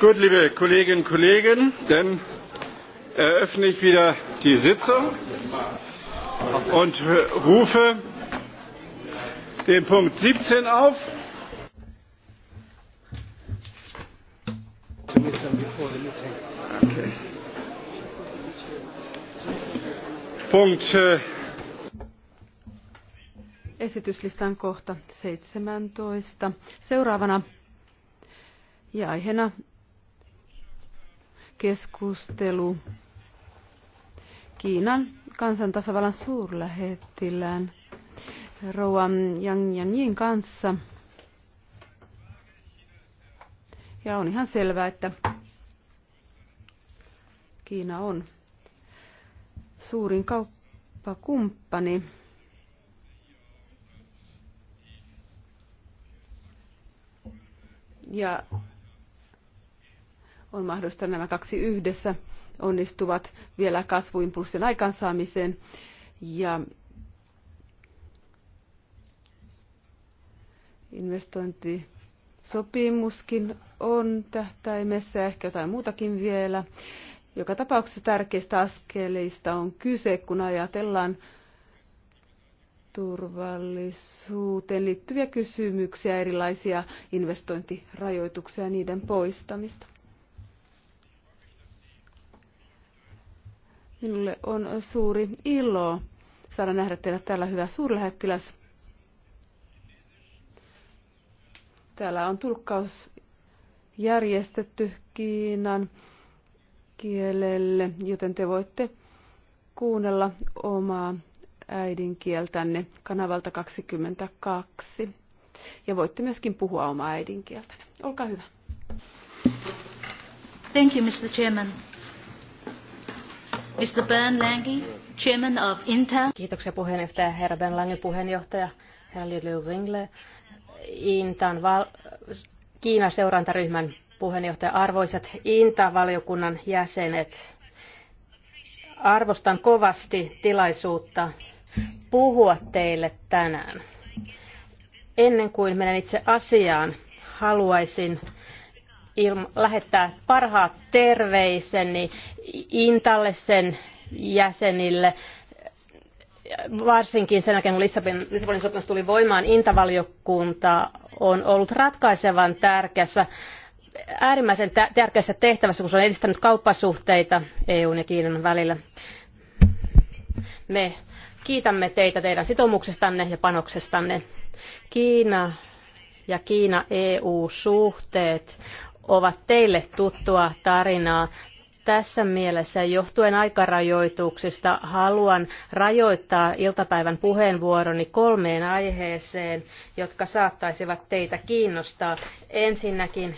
Gut, liebe Kolleginnen und Kollegen, dann eröffne ich wieder die Sitzung und rufe den Punkt 17 auf. E, Esityslistan kohta 17. Seuraavana ja aiheena keskustelu Kiinan kansantasavallan suurlähettilään Rouva Yang Yanjin kanssa. Ja on ihan selvää, että Kiina on suurin kauppakumppani. Ja on mahdollista nämä kaksi yhdessä onnistuvat vielä kasvuimpulssin aikaansaamiseen. Ja investointisopimuskin on tähtäimessä ja ehkä jotain muutakin vielä. Joka tapauksessa tärkeistä askeleista on kyse, kun ajatellaan turvallisuuteen liittyviä kysymyksiä, erilaisia investointirajoituksia ja niiden poistamista. Minulle on suuri ilo saada nähdä teidät täällä hyvä suurlähettiläs. Täällä on tulkkaus järjestetty Kiinan kielelle, joten te voitte kuunnella omaa äidinkieltänne kanavalta 22. Ja voitte myöskin puhua omaa äidinkieltänne. Olkaa hyvä. Thank you, Mr. Chairman. Mr. Bern Lange, Chairman of Inter. Kiitoksia puheenjohtaja, herra Bern Lange, puheenjohtaja, herra Liu Ringle, Intan val- Kiinan seurantaryhmän puheenjohtaja, arvoisat INTA-valiokunnan jäsenet. Arvostan kovasti tilaisuutta puhua teille tänään. Ennen kuin menen itse asiaan, haluaisin ilma- lähettää parhaat terveiseni Intalle sen jäsenille, varsinkin sen jälkeen, kun Lissabonin, Lissabonin sopimus tuli voimaan, Intavaliokunta on ollut ratkaisevan tärkeässä äärimmäisen tärkeässä tehtävässä, kun se on edistänyt kauppasuhteita EUn ja Kiinan välillä. Me kiitämme teitä teidän sitoumuksestanne ja panoksestanne. Kiina ja Kiina-EU-suhteet ovat teille tuttua tarinaa. Tässä mielessä johtuen aikarajoituksista haluan rajoittaa iltapäivän puheenvuoroni kolmeen aiheeseen, jotka saattaisivat teitä kiinnostaa. Ensinnäkin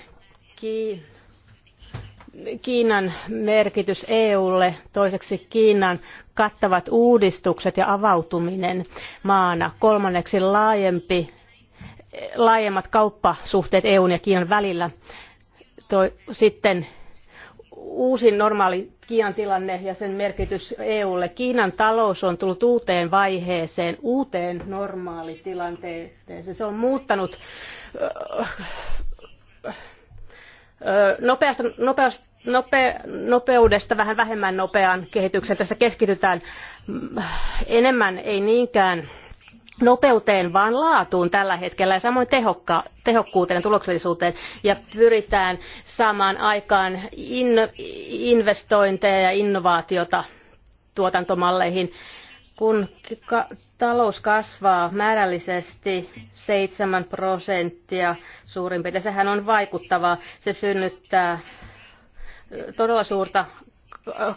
Kiinan merkitys EUlle, toiseksi Kiinan kattavat uudistukset ja avautuminen maana, kolmanneksi laajempi, laajemmat kauppasuhteet EUn ja Kiinan välillä, Toi, sitten uusi normaali Kiinan tilanne ja sen merkitys EUlle. Kiinan talous on tullut uuteen vaiheeseen, uuteen normaalitilanteeseen. Se on muuttanut nopeasta, nopeasta, nope, nopeudesta vähän vähemmän nopeaan kehitykseen. Tässä keskitytään mm, enemmän, ei niinkään nopeuteen, vaan laatuun tällä hetkellä ja samoin tehokka, tehokkuuteen ja tuloksellisuuteen. Ja pyritään saamaan aikaan in, investointeja ja innovaatiota tuotantomalleihin. Kun talous kasvaa määrällisesti 7 prosenttia suurin piirtein, sehän on vaikuttavaa. Se synnyttää todella suurta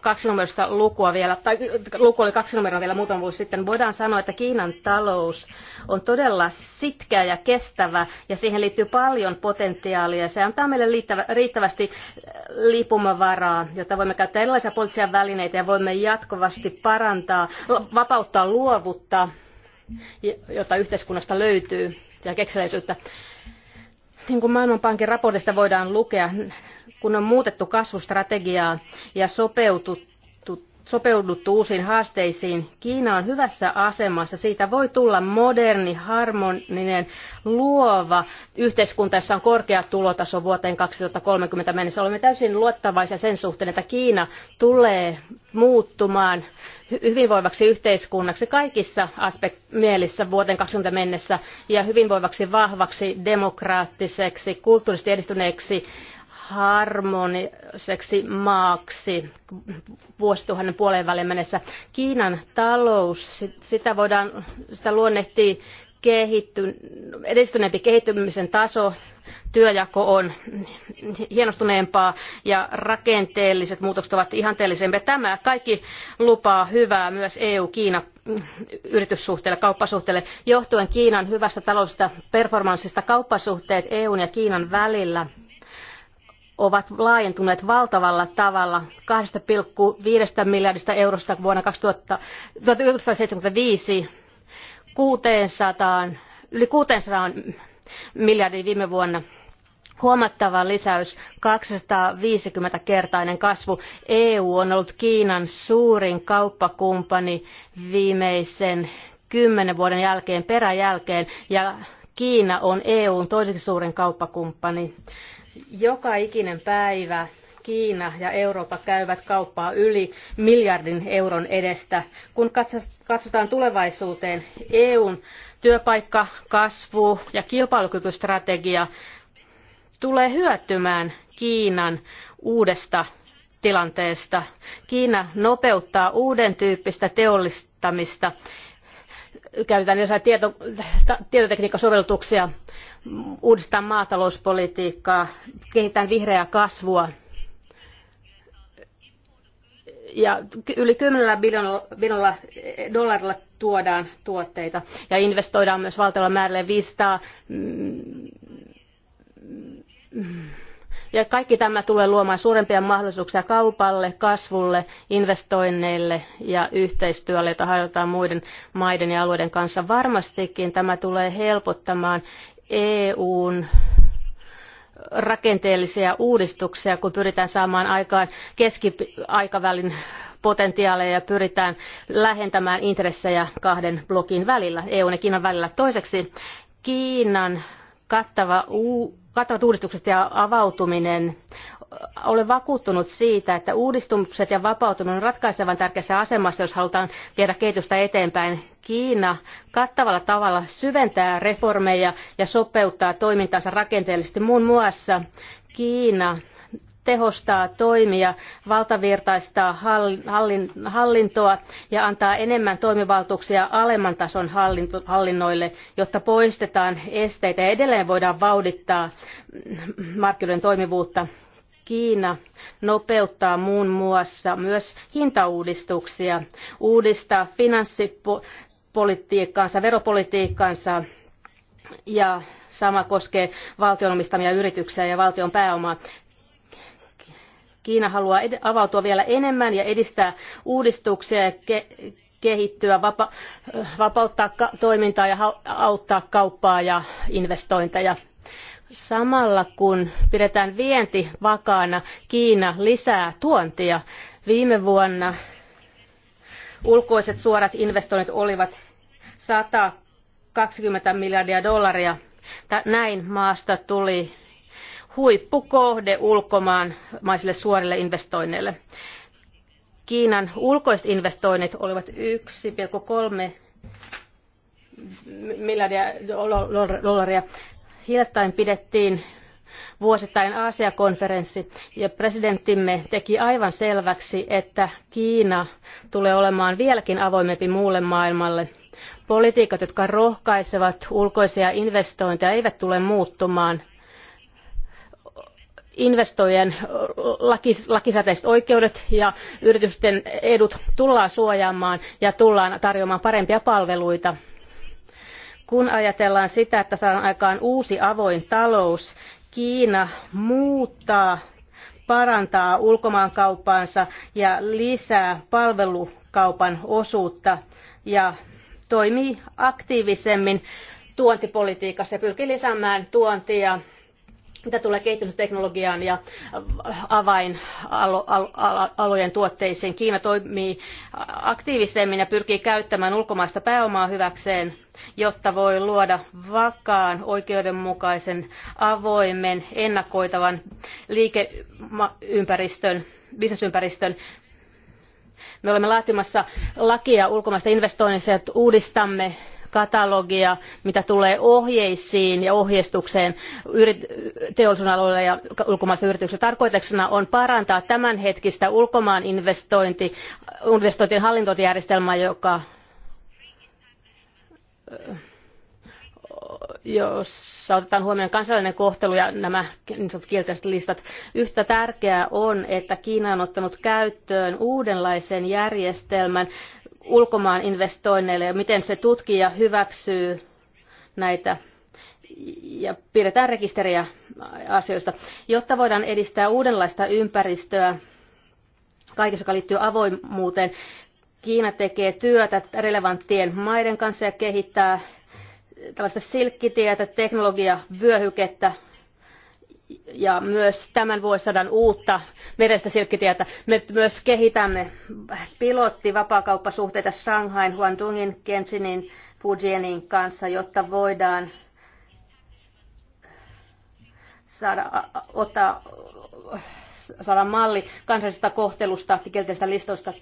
kaksinumeroista lukua vielä, tai luku oli kaksinumeroinen vielä muutama vuosi sitten, voidaan sanoa, että Kiinan talous on todella sitkeä ja kestävä, ja siihen liittyy paljon potentiaalia. Se antaa meille riittävästi äh, liipumavaraa, jota voimme käyttää erilaisia poliittisia välineitä, ja voimme jatkuvasti parantaa, vapauttaa luovutta, jota yhteiskunnasta löytyy, ja kekseleisyyttä. Niin kuin Maailmanpankin raportista voidaan lukea, kun on muutettu kasvustrategiaa ja sopeututtu, sopeuduttu uusiin haasteisiin, Kiina on hyvässä asemassa. Siitä voi tulla moderni, harmoninen, luova yhteiskunta, jossa on korkea tulotaso vuoteen 2030 mennessä. Olemme täysin luottavaisia sen suhteen, että Kiina tulee muuttumaan hyvinvoivaksi yhteiskunnaksi kaikissa aspekt- mielissä vuoteen 20 mennessä ja hyvinvoivaksi, vahvaksi, demokraattiseksi, kulttuurisesti edistyneeksi harmoniseksi maaksi vuosituhannen puoleen välin mennessä. Kiinan talous, sitä, voidaan, sitä luonnehtii kehitty, edistyneempi kehittymisen taso, työjako on hienostuneempaa ja rakenteelliset muutokset ovat ihanteellisempia. Tämä kaikki lupaa hyvää myös EU-Kiina yrityssuhteelle, kauppasuhteille. Johtuen Kiinan hyvästä taloudellisesta performanssista kauppasuhteet EUn ja Kiinan välillä – ovat laajentuneet valtavalla tavalla 2,5 miljardista eurosta vuonna 2000, 1975 600, yli 600 miljardia viime vuonna huomattava lisäys 250-kertainen kasvu. EU on ollut Kiinan suurin kauppakumppani viimeisen kymmenen vuoden jälkeen peräjälkeen ja Kiina on EUn toiseksi suurin kauppakumppani. Joka ikinen päivä Kiina ja Eurooppa käyvät kauppaa yli miljardin euron edestä. Kun katsotaan tulevaisuuteen, EUn työpaikka, kasvu ja kilpailukykystrategia tulee hyötymään Kiinan uudesta tilanteesta. Kiina nopeuttaa uuden tyyppistä teollistamista käytetään jossain tieto, tietotekniikkasovellutuksia, uudistetaan maatalouspolitiikkaa, kehitetään vihreää kasvua. Ja yli 10 miljoonalla dollarilla tuodaan tuotteita ja investoidaan myös valtavalla määrällä 500 mm, mm ja kaikki tämä tulee luomaan suurempia mahdollisuuksia kaupalle, kasvulle, investoinneille ja yhteistyölle, jota harjoitetaan muiden maiden ja alueiden kanssa. Varmastikin tämä tulee helpottamaan EUn rakenteellisia uudistuksia, kun pyritään saamaan aikaan keskiaikavälin potentiaaleja ja pyritään lähentämään intressejä kahden blokin välillä, EUn ja Kiinan välillä. Toiseksi Kiinan kattava uu, kattavat uudistukset ja avautuminen. Olen vakuuttunut siitä, että uudistukset ja vapautuminen on ratkaisevan tärkeässä asemassa, jos halutaan viedä kehitystä eteenpäin. Kiina kattavalla tavalla syventää reformeja ja sopeuttaa toimintaansa rakenteellisesti muun muassa. Kiina tehostaa toimia, valtavirtaistaa hallintoa ja antaa enemmän toimivaltuuksia alemman tason hallinnoille, jotta poistetaan esteitä ja edelleen voidaan vauhdittaa markkinoiden toimivuutta. Kiina nopeuttaa muun muassa myös hintauudistuksia, uudistaa finanssipolitiikkaansa, veropolitiikkaansa ja sama koskee valtion omistamia yrityksiä ja valtion pääomaa. Kiina haluaa avautua vielä enemmän ja edistää uudistuksia ja ke- kehittyä, vapa- vapauttaa toimintaa ja auttaa kauppaa ja investointeja. Samalla kun pidetään vienti vakaana, Kiina lisää tuontia. Viime vuonna ulkoiset suorat investoinnit olivat 120 miljardia dollaria. Näin maasta tuli huippukohde ulkomaanmaisille suorille investoinneille. Kiinan ulkoiset investoinnit olivat 1,3 miljardia dollaria. Hiljattain pidettiin vuosittain Aasia-konferenssi ja presidenttimme teki aivan selväksi, että Kiina tulee olemaan vieläkin avoimempi muulle maailmalle. Politiikat, jotka rohkaisevat ulkoisia investointeja, eivät tule muuttumaan – investoijien lakisääteiset oikeudet ja yritysten edut tullaan suojaamaan ja tullaan tarjoamaan parempia palveluita. kun ajatellaan sitä että saadaan aikaan uusi avoin talous kiina muuttaa parantaa ulkomaankauppaansa ja lisää palvelukaupan osuutta ja toimii aktiivisemmin tuontipolitiikassa ja pyrkii lisäämään tuontia mitä tulee kehittymisteknologiaan ja äh, avainalojen tuotteisiin. Kiina toimii äh, aktiivisemmin ja pyrkii käyttämään ulkomaista pääomaa hyväkseen, jotta voi luoda vakaan, oikeudenmukaisen, avoimen, ennakoitavan liikeympäristön, bisnesympäristön, me olemme laatimassa lakia ulkomaista investoinnista uudistamme katalogia, mitä tulee ohjeisiin ja ohjeistukseen teollisuudenaloilla ja ulkomaisilla yrityksillä. Tarkoituksena on parantaa tämänhetkistä ulkomaan investointi, investointien hallintojärjestelmää, joka jossa otetaan huomioon kansainvälinen kohtelu ja nämä niin sanotut kielteiset listat. Yhtä tärkeää on, että Kiina on ottanut käyttöön uudenlaisen järjestelmän ulkomaan investoinneille ja miten se tutkii ja hyväksyy näitä ja pidetään rekisteriä asioista, jotta voidaan edistää uudenlaista ympäristöä kaikessa, joka liittyy avoimuuteen. Kiina tekee työtä relevanttien maiden kanssa ja kehittää tällaista silkkitietä, teknologiavyöhykettä ja myös tämän vuosisadan uutta merestä silkkitietä. Me myös kehitämme pilottivapaakauppasuhteita Shanghain, Huantungin, Kenshinin, Fujianin kanssa, jotta voidaan saada, ottaa, saada malli kansallisesta kohtelusta, kielteistä listoista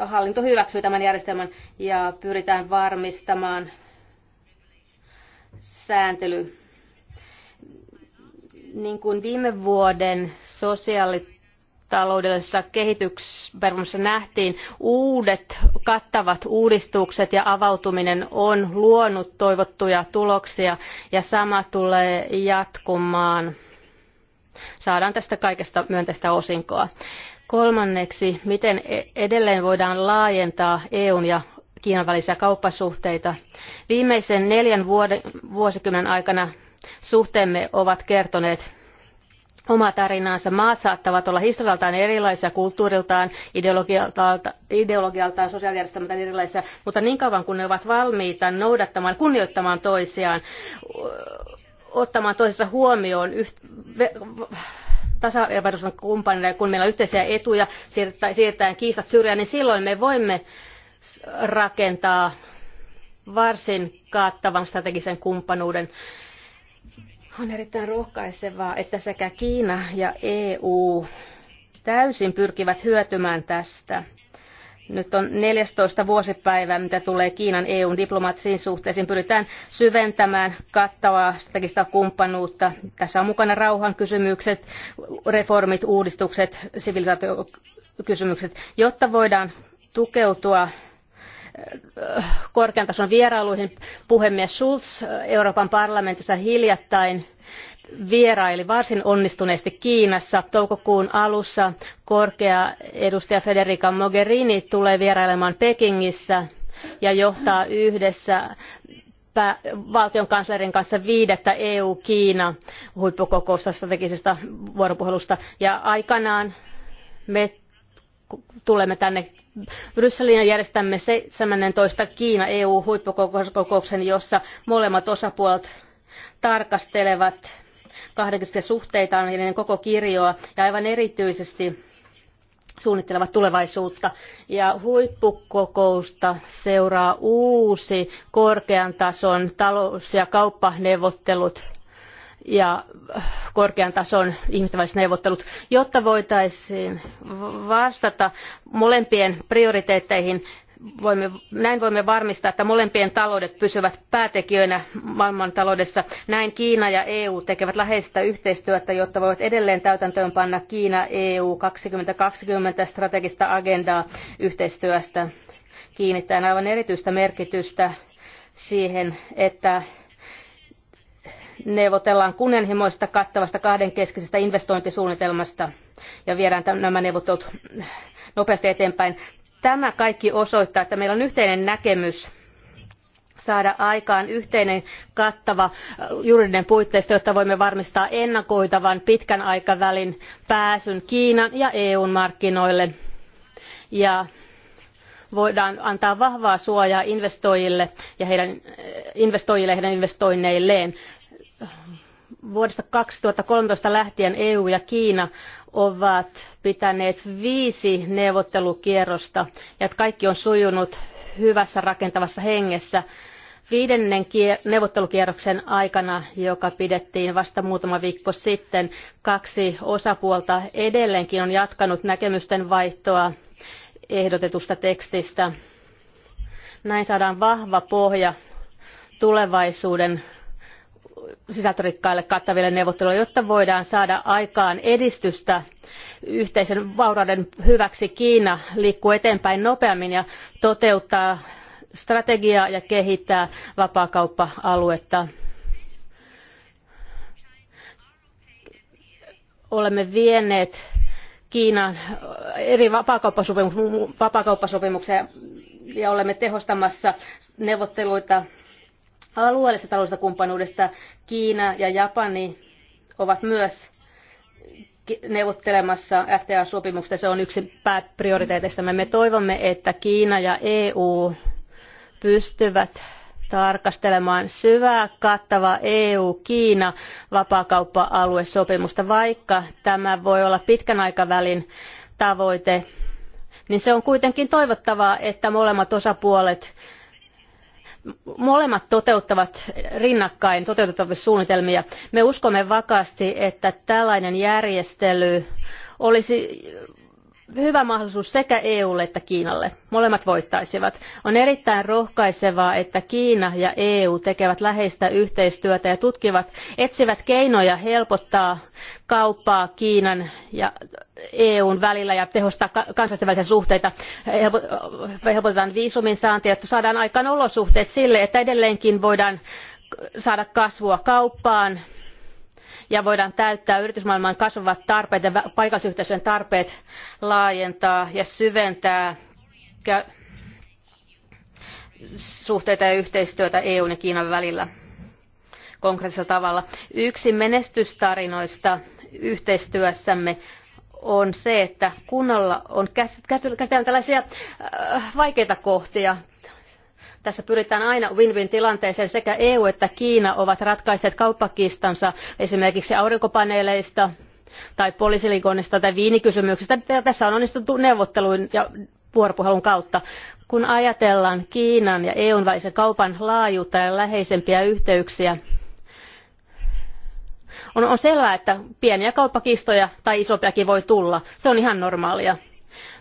hallinto hyväksyy tämän järjestelmän ja pyritään varmistamaan sääntely. Niin kuin viime vuoden sosiaalitaloudellisessa kehityksessä nähtiin, uudet kattavat uudistukset ja avautuminen on luonut toivottuja tuloksia ja sama tulee jatkumaan. Saadaan tästä kaikesta myönteistä osinkoa. Kolmanneksi, miten e- edelleen voidaan laajentaa EUn ja Kiinan välisiä kauppasuhteita. Viimeisen neljän vuoden, vuosikymmenen aikana suhteemme ovat kertoneet oma tarinaansa. Maat saattavat olla historialtaan erilaisia, kulttuuriltaan, ideologialtaan, ideologialtaan sosiaalijärjestelmältään erilaisia, mutta niin kauan kuin ne ovat valmiita noudattamaan, kunnioittamaan toisiaan, ottamaan toisensa huomioon yht, tasavertaisena kumppanina, kun meillä on yhteisiä etuja, siirretään kiistat syrjään, niin silloin me voimme rakentaa varsin kattavan strategisen kumppanuuden. On erittäin rohkaisevaa, että sekä Kiina ja EU täysin pyrkivät hyötymään tästä nyt on 14 vuosipäivää, mitä tulee Kiinan EUn diplomaattisiin suhteisiin. Pyritään syventämään kattavaa strategista kumppanuutta. Tässä on mukana rauhan kysymykset, reformit, uudistukset, sivilisaatiokysymykset, jotta voidaan tukeutua äh, korkean tason vierailuihin. Puhemies Schulz Euroopan parlamentissa hiljattain vieraili varsin onnistuneesti Kiinassa. Toukokuun alussa korkea edustaja Federica Mogherini tulee vierailemaan Pekingissä ja johtaa yhdessä valtionkanslerin kanssa viidettä EU-Kiina huippukokousta strategisesta vuoropuhelusta. Ja aikanaan me tulemme tänne Brysseliin ja järjestämme seitsemäntoista Kiina-EU-huippukokouksen, jossa molemmat osapuolet tarkastelevat kahdenkeskisiä suhteitaan ja niiden koko kirjoa ja aivan erityisesti suunnittelevat tulevaisuutta. Ja huippukokousta seuraa uusi korkean tason talous- ja kauppaneuvottelut ja korkean tason ihmisten väliset neuvottelut, jotta voitaisiin vastata molempien prioriteetteihin voimme, näin voimme varmistaa, että molempien taloudet pysyvät päätekijöinä maailmantaloudessa. Näin Kiina ja EU tekevät läheistä yhteistyötä, jotta voivat edelleen täytäntöönpanna Kiina EU 2020 strategista agendaa yhteistyöstä kiinnittäen aivan erityistä merkitystä siihen, että neuvotellaan kunnianhimoista kattavasta kahdenkeskisestä investointisuunnitelmasta ja viedään nämä neuvottelut nopeasti eteenpäin. Tämä kaikki osoittaa, että meillä on yhteinen näkemys saada aikaan yhteinen kattava äh, juridinen puitteisto, jotta voimme varmistaa ennakoitavan pitkän aikavälin pääsyn Kiinan ja EUn markkinoille. Ja voidaan antaa vahvaa suojaa investoijille ja heidän, äh, investoijille heidän investoinneilleen. Vuodesta 2013 lähtien EU ja Kiina ovat pitäneet viisi neuvottelukierrosta ja että kaikki on sujunut hyvässä rakentavassa hengessä. Viidennen neuvottelukierroksen aikana, joka pidettiin vasta muutama viikko sitten, kaksi osapuolta edelleenkin on jatkanut näkemysten vaihtoa ehdotetusta tekstistä. Näin saadaan vahva pohja tulevaisuuden sisältörikkaille kattaville neuvotteluille, jotta voidaan saada aikaan edistystä yhteisen vaurauden hyväksi. Kiina liikkuu eteenpäin nopeammin ja toteuttaa strategiaa ja kehittää vapaakauppa-aluetta. Olemme vienneet Kiinan eri vapaakauppasopimuksia ja olemme tehostamassa neuvotteluita Alueellisesta taloudellisesta kumppanuudesta Kiina ja Japani ovat myös neuvottelemassa FTA-sopimuksesta. Se on yksi pääprioriteeteista. Me toivomme, että Kiina ja EU pystyvät tarkastelemaan syvää, kattava EU-Kiina vapaakauppa-aluesopimusta. Vaikka tämä voi olla pitkän aikavälin tavoite, niin se on kuitenkin toivottavaa, että molemmat osapuolet Molemmat toteuttavat rinnakkain toteutettavuussuunnitelmia. Me uskomme vakaasti, että tällainen järjestely olisi hyvä mahdollisuus sekä EUlle että Kiinalle. Molemmat voittaisivat. On erittäin rohkaisevaa, että Kiina ja EU tekevät läheistä yhteistyötä ja tutkivat, etsivät keinoja helpottaa kauppaa Kiinan ja EUn välillä ja tehostaa kansallisten välisiä suhteita. Helpotetaan viisumin saantia, että saadaan aikaan olosuhteet sille, että edelleenkin voidaan saada kasvua kauppaan, ja voidaan täyttää yritysmaailman kasvavat tarpeet ja paikallisyhteisöjen tarpeet laajentaa ja syventää suhteita ja yhteistyötä EUn ja Kiinan välillä konkreettisella tavalla. Yksi menestystarinoista yhteistyössämme on se, että kunnolla on käsitelty tällaisia äh, vaikeita kohtia, tässä pyritään aina win-win tilanteeseen. Sekä EU että Kiina ovat ratkaisseet kauppakistansa esimerkiksi aurinkopaneeleista tai poliisilikonista tai viinikysymyksistä. Tässä on onnistuttu neuvotteluin ja vuoropuhelun kautta. Kun ajatellaan Kiinan ja EUn välisen kaupan laajuutta ja läheisempiä yhteyksiä, on, on selvää, että pieniä kauppakistoja tai isompiakin voi tulla. Se on ihan normaalia.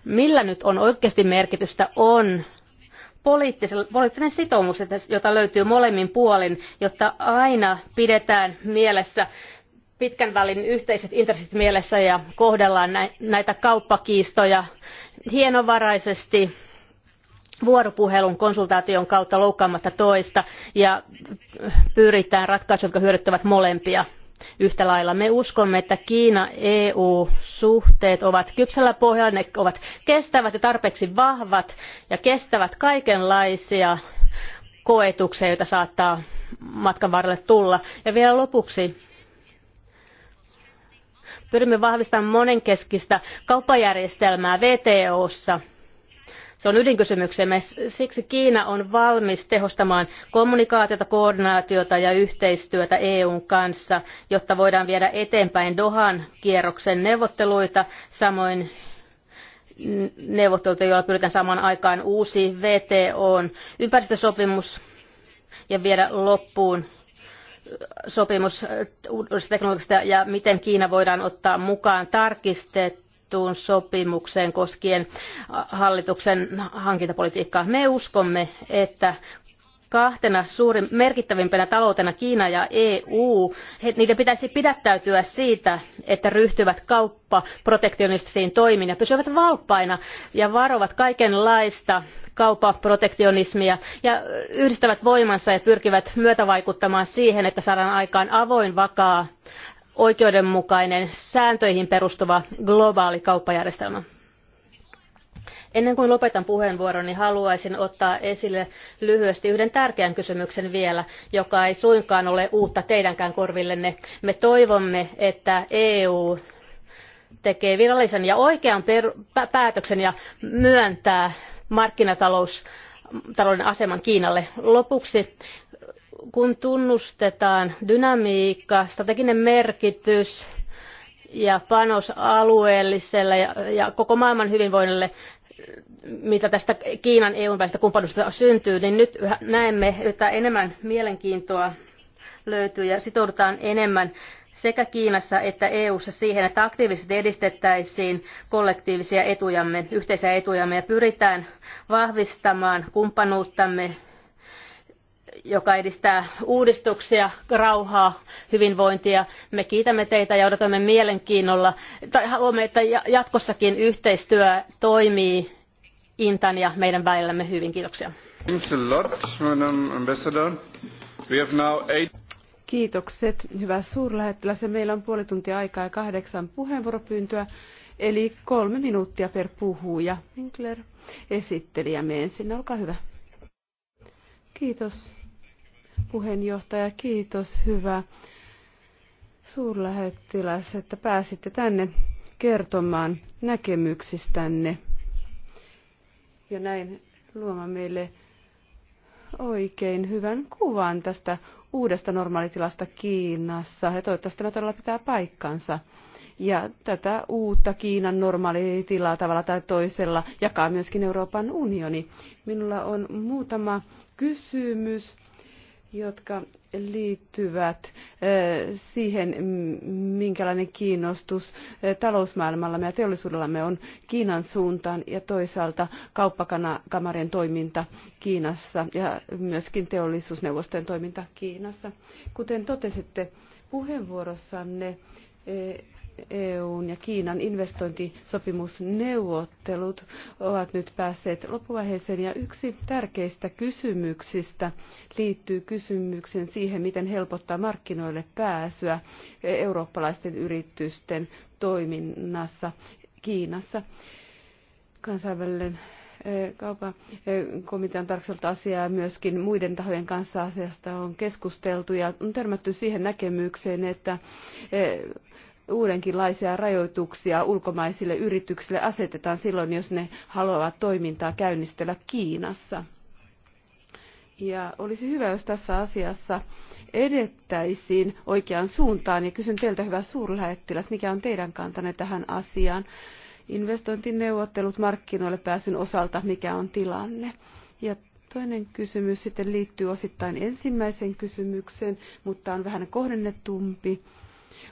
Millä nyt on oikeasti merkitystä on poliittinen sitoumus, jota löytyy molemmin puolin, jotta aina pidetään mielessä pitkän välin yhteiset intressit mielessä ja kohdellaan näitä kauppakiistoja hienovaraisesti vuoropuhelun konsultaation kautta loukkaamatta toista ja pyritään ratkaisuihin jotka hyödyttävät molempia yhtä lailla. Me uskomme, että Kiina-EU-suhteet ovat kypsällä pohjalla, ne ovat kestävät ja tarpeeksi vahvat ja kestävät kaikenlaisia koetuksia, joita saattaa matkan varrelle tulla. Ja vielä lopuksi pyrimme vahvistamaan monenkeskistä kauppajärjestelmää VTOssa – se on ydinkysymyksemme. Siksi Kiina on valmis tehostamaan kommunikaatiota, koordinaatiota ja yhteistyötä EUn kanssa, jotta voidaan viedä eteenpäin Dohan kierroksen neuvotteluita, samoin neuvotteluita, joilla pyritään saamaan aikaan uusi WTO:n ympäristösopimus ja viedä loppuun sopimus uudesta teknologiasta ja miten Kiina voidaan ottaa mukaan tarkistettuun sovittuun sopimukseen koskien hallituksen hankintapolitiikkaa. Me uskomme, että kahtena suurin, merkittävimpänä taloutena Kiina ja EU, he, niiden pitäisi pidättäytyä siitä, että ryhtyvät kauppaprotektionistisiin toimiin ja pysyvät valppaina ja varovat kaikenlaista kauppaprotektionismia ja yhdistävät voimansa ja pyrkivät myötävaikuttamaan siihen, että saadaan aikaan avoin, vakaa oikeudenmukainen, sääntöihin perustuva globaali kauppajärjestelmä. Ennen kuin lopetan puheenvuoroni, niin haluaisin ottaa esille lyhyesti yhden tärkeän kysymyksen vielä, joka ei suinkaan ole uutta teidänkään korvillenne. Me toivomme, että EU tekee virallisen ja oikean päätöksen ja myöntää markkinatalous aseman Kiinalle. Lopuksi kun tunnustetaan dynamiikka, strateginen merkitys ja panos alueelliselle ja, ja koko maailman hyvinvoinnille, mitä tästä Kiinan EUn välistä kumppanuudesta syntyy, niin nyt näemme, että enemmän mielenkiintoa löytyy ja sitoudutaan enemmän sekä Kiinassa että EUssa siihen, että aktiivisesti edistettäisiin kollektiivisia etujamme, yhteisiä etujamme ja pyritään vahvistamaan kumppanuuttamme joka edistää uudistuksia, rauhaa, hyvinvointia. Me kiitämme teitä ja odotamme mielenkiinnolla, tai haluamme, että jatkossakin yhteistyö toimii Intan ja meidän välillämme hyvin. Kiitoksia. Kiitokset, hyvä suurlähettiläs. Meillä on puoli tuntia aikaa ja kahdeksan puheenvuoropyyntöä, eli kolme minuuttia per puhuja. Winkler, esittelijämme ensin, olkaa hyvä. Kiitos puheenjohtaja. Kiitos, hyvä suurlähettiläs, että pääsitte tänne kertomaan näkemyksistänne ja näin luomaan meille oikein hyvän kuvan tästä uudesta normaalitilasta Kiinassa. Ja toivottavasti tämä todella pitää paikkansa. Ja tätä uutta Kiinan normaalitilaa tavalla tai toisella jakaa myöskin Euroopan unioni. Minulla on muutama kysymys jotka liittyvät eh, siihen, minkälainen kiinnostus eh, talousmaailmallamme ja teollisuudellamme on Kiinan suuntaan ja toisaalta kauppakamarien toiminta Kiinassa ja myöskin teollisuusneuvostojen toiminta Kiinassa. Kuten totesitte puheenvuorossanne, eh, EUn ja Kiinan investointisopimusneuvottelut ovat nyt päässeet loppuvaiheeseen ja yksi tärkeistä kysymyksistä liittyy kysymykseen siihen, miten helpottaa markkinoille pääsyä eurooppalaisten yritysten toiminnassa Kiinassa. Kansainvälinen eh, kaupan eh, komitean tarkastelta asiaa ja myöskin muiden tahojen kanssa asiasta on keskusteltu ja on törmätty siihen näkemykseen, että eh, uudenkinlaisia rajoituksia ulkomaisille yrityksille asetetaan silloin, jos ne haluavat toimintaa käynnistellä Kiinassa. Ja olisi hyvä, jos tässä asiassa edettäisiin oikeaan suuntaan. Ja kysyn teiltä, hyvä suurlähettiläs, mikä on teidän kantanne tähän asiaan? Investointineuvottelut markkinoille pääsyn osalta, mikä on tilanne? Ja toinen kysymys sitten liittyy osittain ensimmäiseen kysymykseen, mutta on vähän kohdennetumpi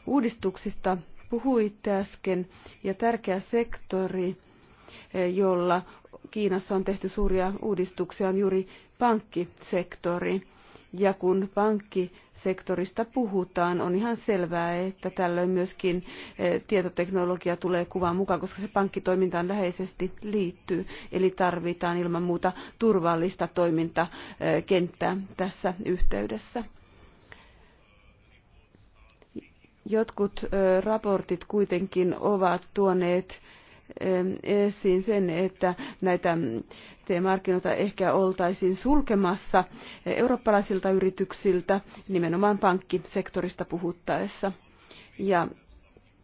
Uudistuksista puhuitte äsken ja tärkeä sektori, eh, jolla Kiinassa on tehty suuria uudistuksia, on juuri pankkisektori. Ja kun pankkisektorista puhutaan, on ihan selvää, että tällöin myöskin eh, tietoteknologia tulee kuvaan mukaan, koska se pankkitoimintaan läheisesti liittyy. Eli tarvitaan ilman muuta turvallista toimintakenttää eh, tässä yhteydessä. Jotkut raportit kuitenkin ovat tuoneet esiin sen, että näitä markkinoita ehkä oltaisiin sulkemassa eurooppalaisilta yrityksiltä, nimenomaan pankkisektorista puhuttaessa. Ja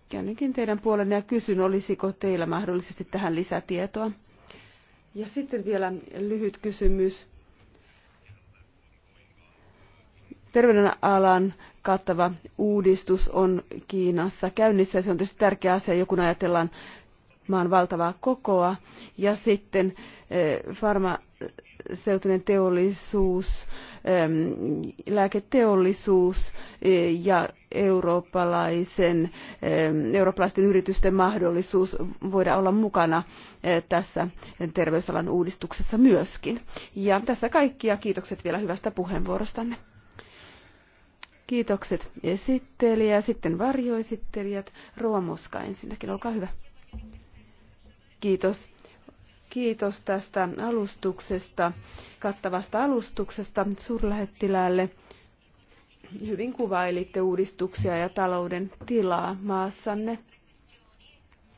käännynkin teidän puolenne ja kysyn, olisiko teillä mahdollisesti tähän lisätietoa. Ja sitten vielä lyhyt kysymys terveydenalan kattava uudistus on Kiinassa käynnissä. Se on tietysti tärkeä asia, kun ajatellaan maan valtavaa kokoa. Ja sitten eh, farmaseutinen teollisuus, lääketeollisuus eh, ja eurooppalaisen, eurooppalaisten yritysten mahdollisuus voida olla mukana eh, tässä terveysalan uudistuksessa myöskin. Ja tässä kaikki ja kiitokset vielä hyvästä puheenvuorostanne. Kiitokset esittelijä, sitten varjoesittelijät. Roa Moska ensinnäkin, olkaa hyvä. Kiitos. Kiitos tästä alustuksesta, kattavasta alustuksesta suurlähettiläälle. Hyvin kuvailitte uudistuksia ja talouden tilaa maassanne.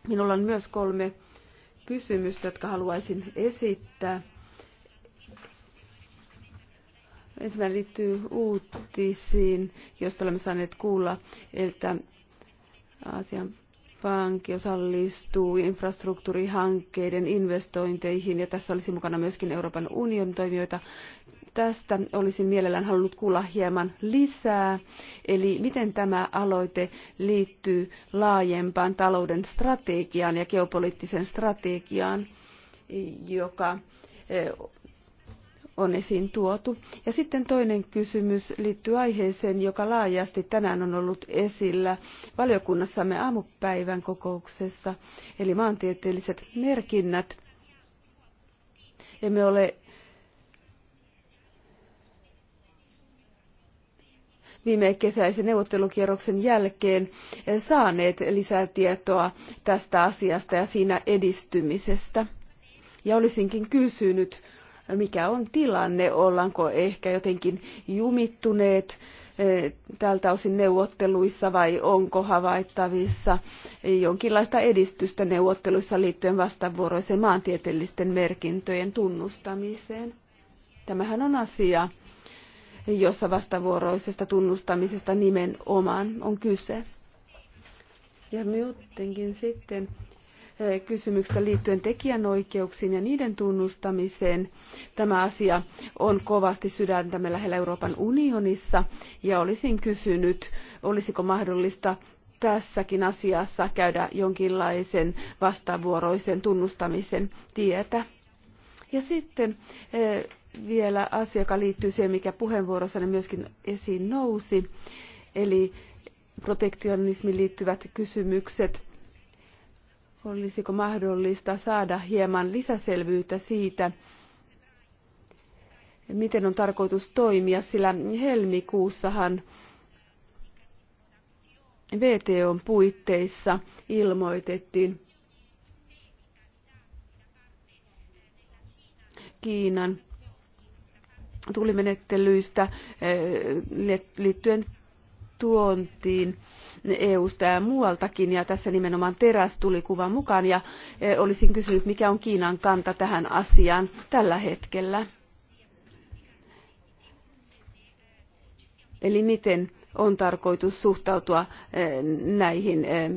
Minulla on myös kolme kysymystä, jotka haluaisin esittää. Ensimmäinen liittyy uutisiin, joista olemme saaneet kuulla, että Aasian pankki osallistuu infrastruktuurihankkeiden investointeihin ja tässä olisi mukana myöskin Euroopan unionin toimijoita. Tästä olisin mielellään halunnut kuulla hieman lisää, eli miten tämä aloite liittyy laajempaan talouden strategiaan ja geopoliittiseen strategiaan, joka eh, on esiin tuotu. Ja sitten toinen kysymys liittyy aiheeseen, joka laajasti tänään on ollut esillä valiokunnassamme aamupäivän kokouksessa, eli maantieteelliset merkinnät. Emme ole viime kesäisen neuvottelukierroksen jälkeen saaneet lisätietoa tästä asiasta ja siinä edistymisestä. Ja olisinkin kysynyt, mikä on tilanne, ollaanko ehkä jotenkin jumittuneet eh, tältä osin neuvotteluissa vai onko havaittavissa jonkinlaista edistystä neuvotteluissa liittyen vastavuoroisen maantieteellisten merkintöjen tunnustamiseen. Tämähän on asia, jossa vastavuoroisesta tunnustamisesta nimenomaan on kyse. Ja myöskin sitten kysymyksestä liittyen tekijänoikeuksiin ja niiden tunnustamiseen. Tämä asia on kovasti sydäntämme lähellä Euroopan unionissa ja olisin kysynyt, olisiko mahdollista tässäkin asiassa käydä jonkinlaisen vastavuoroisen tunnustamisen tietä. Ja sitten eh, vielä asia, joka liittyy siihen, mikä puheenvuorossani myöskin esiin nousi, eli protektionismiin liittyvät kysymykset olisiko mahdollista saada hieman lisäselvyyttä siitä, miten on tarkoitus toimia, sillä helmikuussahan VTOn puitteissa ilmoitettiin Kiinan tulimenettelyistä eh, liittyen tuontiin EU-sta ja muualtakin, ja tässä nimenomaan teräs tuli kuvan mukaan, ja e, olisin kysynyt, mikä on Kiinan kanta tähän asiaan tällä hetkellä. Eli miten on tarkoitus suhtautua e, näihin, e,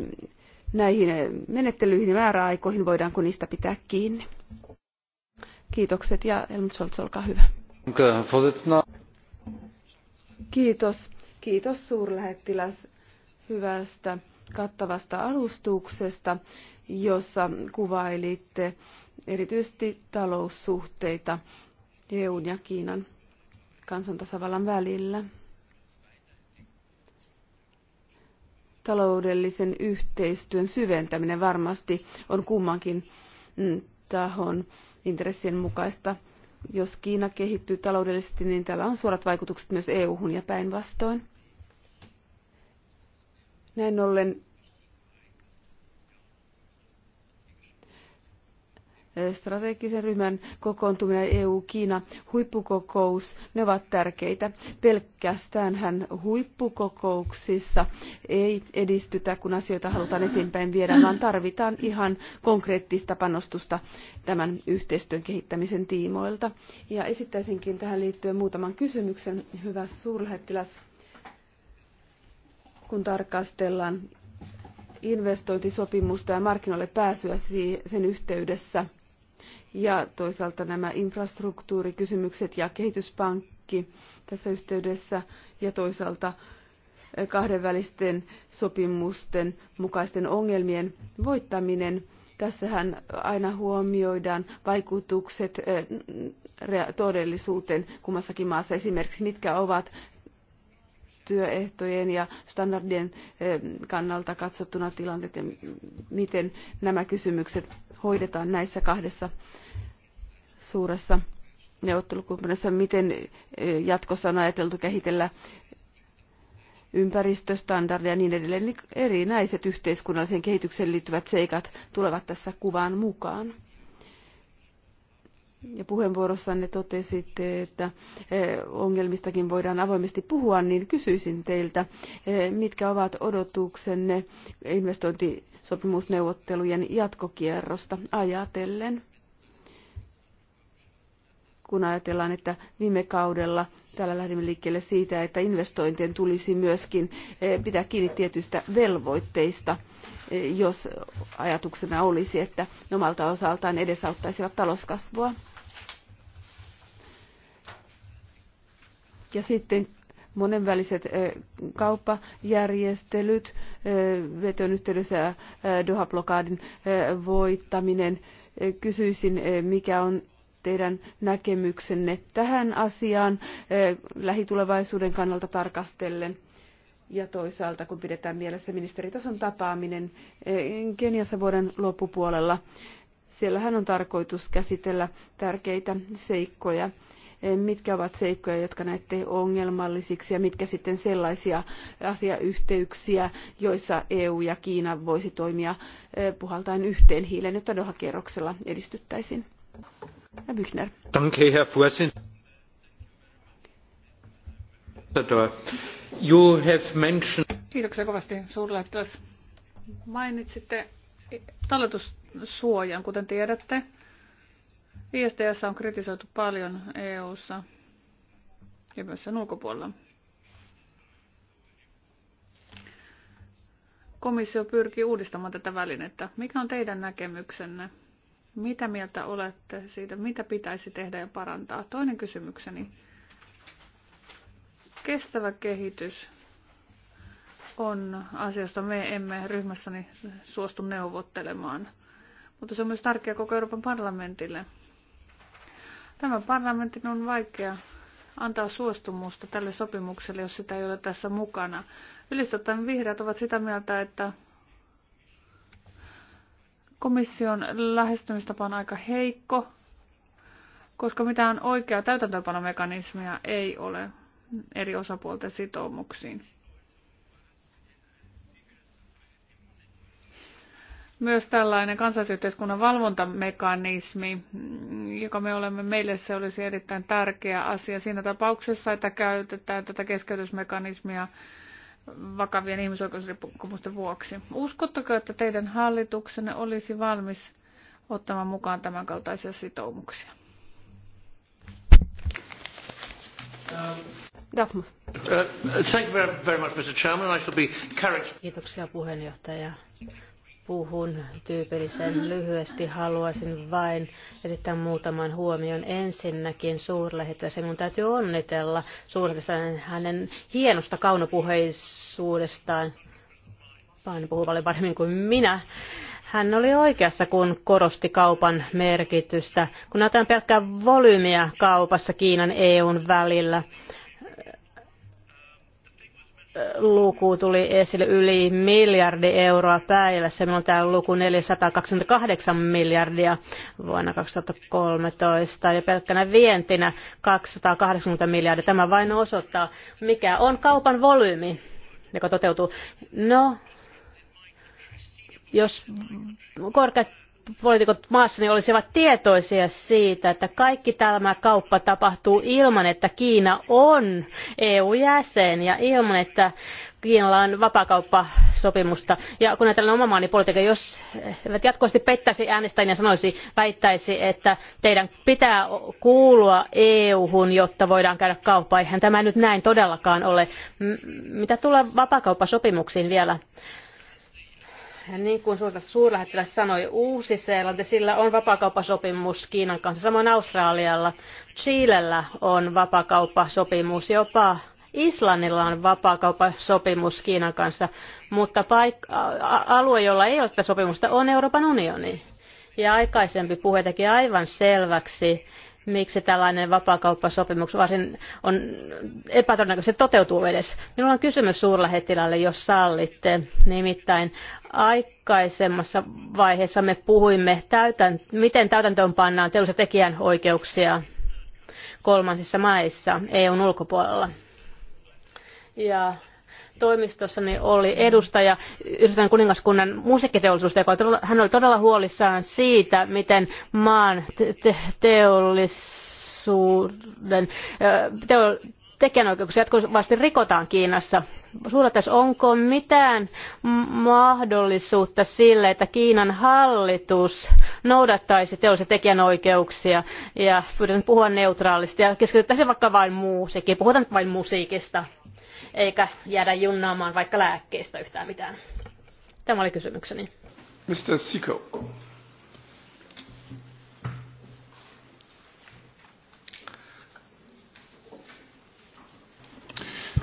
näihin menettelyihin ja määräaikoihin, voidaanko niistä pitää kiinni. Kiitokset ja Helmut Scholz, olkaa hyvä. Kiitos Kiitos suurlähettiläs hyvästä kattavasta alustuksesta, jossa kuvailitte erityisesti taloussuhteita EUn ja Kiinan kansantasavallan välillä. Taloudellisen yhteistyön syventäminen varmasti on kummankin mm, tahon intressien mukaista. Jos Kiina kehittyy taloudellisesti, niin tällä on suorat vaikutukset myös EU-hun ja päinvastoin. Näin ollen strategisen ryhmän kokoontuminen EU-Kiina huippukokous, ne ovat tärkeitä. Pelkästään hän huippukokouksissa ei edistytä, kun asioita halutaan eteenpäin viedä, vaan tarvitaan ihan konkreettista panostusta tämän yhteistyön kehittämisen tiimoilta. Ja esittäisinkin tähän liittyen muutaman kysymyksen, hyvä suurlähettiläs kun tarkastellaan investointisopimusta ja markkinoille pääsyä sen yhteydessä. Ja toisaalta nämä infrastruktuurikysymykset ja kehityspankki tässä yhteydessä ja toisaalta eh, kahdenvälisten sopimusten mukaisten ongelmien voittaminen. Tässähän aina huomioidaan vaikutukset eh, todellisuuteen kummassakin maassa, esimerkiksi mitkä ovat työehtojen ja standardien eh, kannalta katsottuna tilanteet ja miten nämä kysymykset hoidetaan näissä kahdessa suuressa neuvottelukumppanissa, miten eh, jatkossa on ajateltu kehitellä ympäristöstandardeja ja niin edelleen, niin erinäiset yhteiskunnalliseen kehitykseen liittyvät seikat tulevat tässä kuvaan mukaan ja puheenvuorossanne totesitte, että eh, ongelmistakin voidaan avoimesti puhua, niin kysyisin teiltä, eh, mitkä ovat odotuksenne investointisopimusneuvottelujen jatkokierrosta ajatellen? kun ajatellaan, että viime kaudella täällä lähdimme liikkeelle siitä, että investointien tulisi myöskin eh, pitää kiinni tietyistä velvoitteista, eh, jos ajatuksena olisi, että ne omalta osaltaan edesauttaisivat talouskasvua. Ja sitten monenväliset eh, kauppajärjestelyt, veton yhteydessä Doha-blokaadin voittaminen. Kysyisin, mikä on teidän näkemyksenne tähän asiaan eh, lähitulevaisuuden kannalta tarkastellen. Ja toisaalta, kun pidetään mielessä ministeritason tapaaminen eh, Keniassa vuoden loppupuolella, siellähän on tarkoitus käsitellä tärkeitä seikkoja. Eh, mitkä ovat seikkoja, jotka näette ongelmallisiksi ja mitkä sitten sellaisia asiayhteyksiä, joissa EU ja Kiina voisi toimia puhaltaen yhteen hiilen, jotta doha kerroksella edistyttäisiin? Herr Büchner. Herr You have mentioned... Kiitoksia kovasti suurlähettiläs. Mainitsitte talletussuojan, kuten tiedätte. ISDS on kritisoitu paljon EU-ssa ja myös sen ulkopuolella. Komissio pyrkii uudistamaan tätä välinettä. Mikä on teidän näkemyksenne? Mitä mieltä olette siitä, mitä pitäisi tehdä ja parantaa? Toinen kysymykseni. Kestävä kehitys on asiasta me emme ryhmässäni suostu neuvottelemaan, mutta se on myös tärkeä koko Euroopan parlamentille. Tämän parlamentin on vaikea antaa suostumusta tälle sopimukselle, jos sitä ei ole tässä mukana. Ylistottaen vihreät ovat sitä mieltä, että Komission lähestymistapa on aika heikko, koska mitään oikeaa täytäntöönpanomekanismia ei ole eri osapuolten sitoumuksiin. myös tällainen kansallisyhteiskunnan valvontamekanismi, joka me olemme meille, se olisi erittäin tärkeä asia siinä tapauksessa, että käytetään tätä keskeytysmekanismia vakavien ihmisoikeusrikkomusten vuoksi. Uskotteko, että teidän hallituksenne olisi valmis ottamaan mukaan tämänkaltaisia sitoumuksia? Ähm. Äh, Kiitoksia puheenjohtaja puhun tyypillisen lyhyesti. Haluaisin vain esittää muutaman huomion. Ensinnäkin suurlähettiläs, minun täytyy onnitella suurlähettiläs hänen hienosta kaunopuheisuudestaan. Hän puhuu paljon paremmin kuin minä. Hän oli oikeassa, kun korosti kaupan merkitystä. Kun näytetään pelkkää volyymiä kaupassa Kiinan EUn välillä, luku tuli esille yli miljardi euroa päivässä. Minulla on tämä luku 428 miljardia vuonna 2013 ja pelkkänä vientinä 280 miljardia. Tämä vain osoittaa, mikä on kaupan volyymi, joka toteutuu. No, jos korkeat poliitikot maassani niin olisivat tietoisia siitä, että kaikki tämä kauppa tapahtuu ilman, että Kiina on EU-jäsen ja ilman, että Kiinalla on vapaakauppasopimusta. Ja kun ajatellaan oma maani politiikan, jos eivät jatkuvasti pettäisi äänestäjiä ja sanoisi, väittäisi, että teidän pitää kuulua EU-hun, jotta voidaan käydä kauppaa. Eihän tämä nyt näin todellakaan ole. mitä tulee vapaakauppasopimuksiin vielä? Niin kuin suurlähettiläs sanoi, Uusi-Seelanti, sillä on vapaakauppasopimus Kiinan kanssa, samoin Australialla. Chilellä on vapaakauppasopimus jopa Islannilla on vapaakauppasopimus Kiinan kanssa, mutta paik- alue, jolla ei ole tätä sopimusta, on Euroopan unioni. Ja aikaisempi puhe teki aivan selväksi, miksi tällainen vapaakauppasopimus varsin on epätodennäköisesti toteutuu edes. Minulla on kysymys suurlähettilälle, jos sallitte. Nimittäin aikaisemmassa vaiheessa me puhuimme, täytän, miten täytäntöön pannaan teollisia tekijänoikeuksia kolmansissa maissa EUn ulkopuolella. Ja toimistossani oli edustaja Yhdysvaltain kuningaskunnan musiikkiteollisuudesta, joka oli todella, hän oli todella huolissaan siitä, miten maan te- teollisuuden teo- tekijänoikeuksia jatkuvasti rikotaan Kiinassa. Suunnattaisi, onko mitään mahdollisuutta sille, että Kiinan hallitus noudattaisi teollisia tekijänoikeuksia ja pyydän puhua neutraalisti ja keskityttäisiin vaikka vain musiikkiin. Puhutaan vain musiikista eikä jäädä junnaamaan vaikka lääkkeistä yhtään mitään. Tämä oli kysymykseni. Mr. Siko.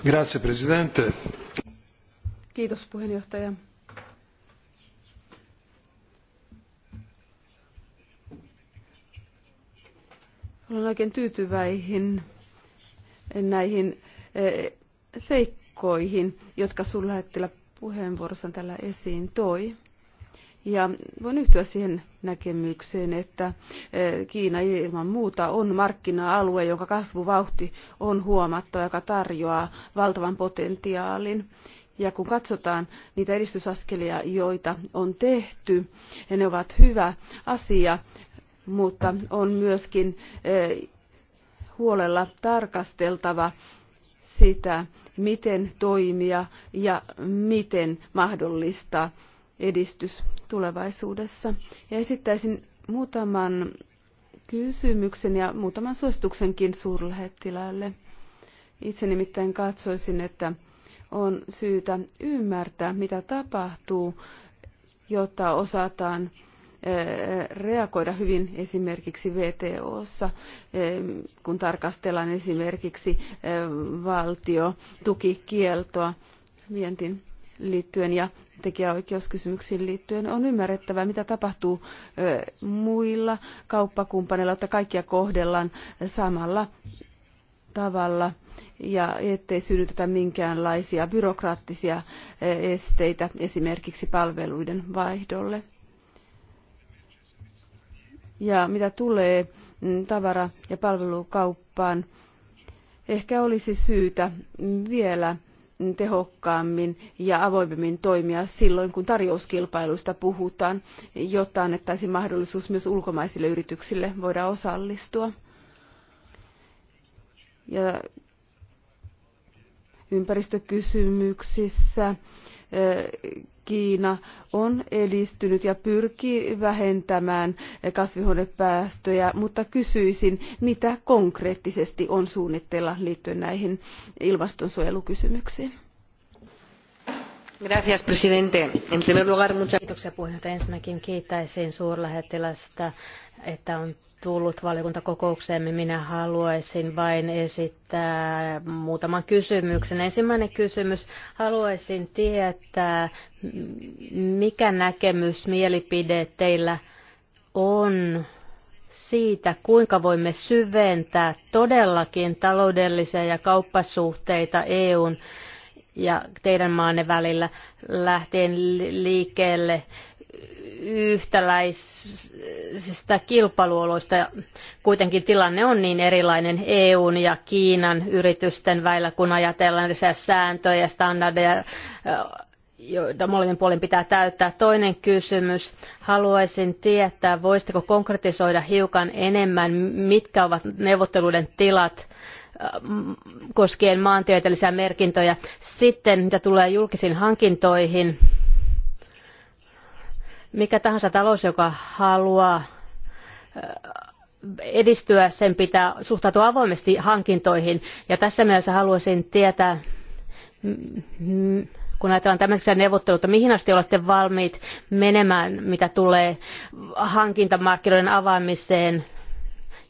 Grazie, Presidente. Kiitos puheenjohtaja. Olen oikein tyytyväinen näihin eh, seikkoihin, jotka sun lähettilä puheenvuorossaan tällä esiin toi. Ja voin yhtyä siihen näkemykseen, että e, Kiina ilman muuta on markkina-alue, jonka kasvuvauhti on huomattava, joka tarjoaa valtavan potentiaalin. Ja kun katsotaan niitä edistysaskelia, joita on tehty, ja ne ovat hyvä asia, mutta on myöskin e, huolella tarkasteltava sitä, miten toimia ja miten mahdollistaa edistys tulevaisuudessa. Ja esittäisin muutaman kysymyksen ja muutaman suosituksenkin suurlähettiläälle. Itse nimittäin katsoisin, että on syytä ymmärtää, mitä tapahtuu, jotta osataan reagoida hyvin esimerkiksi WTOssa, kun tarkastellaan esimerkiksi valtiotukikieltoa vientiin liittyen ja tekijäoikeuskysymyksiin liittyen on ymmärrettävä, mitä tapahtuu muilla kauppakumppaneilla, että kaikkia kohdellaan samalla tavalla ja ettei synnytetä minkäänlaisia byrokraattisia esteitä esimerkiksi palveluiden vaihdolle. Ja mitä tulee mm, tavara- ja palvelukauppaan, ehkä olisi syytä vielä tehokkaammin ja avoimemmin toimia silloin, kun tarjouskilpailuista puhutaan, jotta annettaisiin mahdollisuus myös ulkomaisille yrityksille voida osallistua. Ja ympäristökysymyksissä Kiina on edistynyt ja pyrkii vähentämään kasvihuonepäästöjä, mutta kysyisin, mitä konkreettisesti on suunnitteilla liittyen näihin ilmastonsuojelukysymyksiin? Gracias, presidente. En primer lugar, muchas... Kiitoksia puheenjohtaja. Ensinnäkin kiittäisin suurlähettilästä, että on tullut valiokuntakokoukseemme. Minä haluaisin vain esittää muutaman kysymyksen. Ensimmäinen kysymys. Haluaisin tietää, mikä näkemys, mielipide teillä on siitä, kuinka voimme syventää todellakin taloudellisia ja kauppasuhteita EUn ja teidän maanne välillä lähtien liikkeelle yhtäläisistä kilpailuoloista. Kuitenkin tilanne on niin erilainen EUn ja Kiinan yritysten välillä, kun ajatellaan sääntöjä ja standardeja, eh, joita molemmin puolin pitää täyttää. Toinen kysymys. Haluaisin tietää, voisitteko konkretisoida hiukan enemmän, mitkä ovat neuvotteluiden tilat eh, koskien maantieteellisiä merkintöjä. Sitten mitä tulee julkisiin hankintoihin, mikä tahansa talous, joka haluaa edistyä, sen pitää suhtautua avoimesti hankintoihin. Ja tässä mielessä haluaisin tietää, kun ajatellaan tämmöisiä neuvotteluita, mihin asti olette valmiit menemään, mitä tulee hankintamarkkinoiden avaamiseen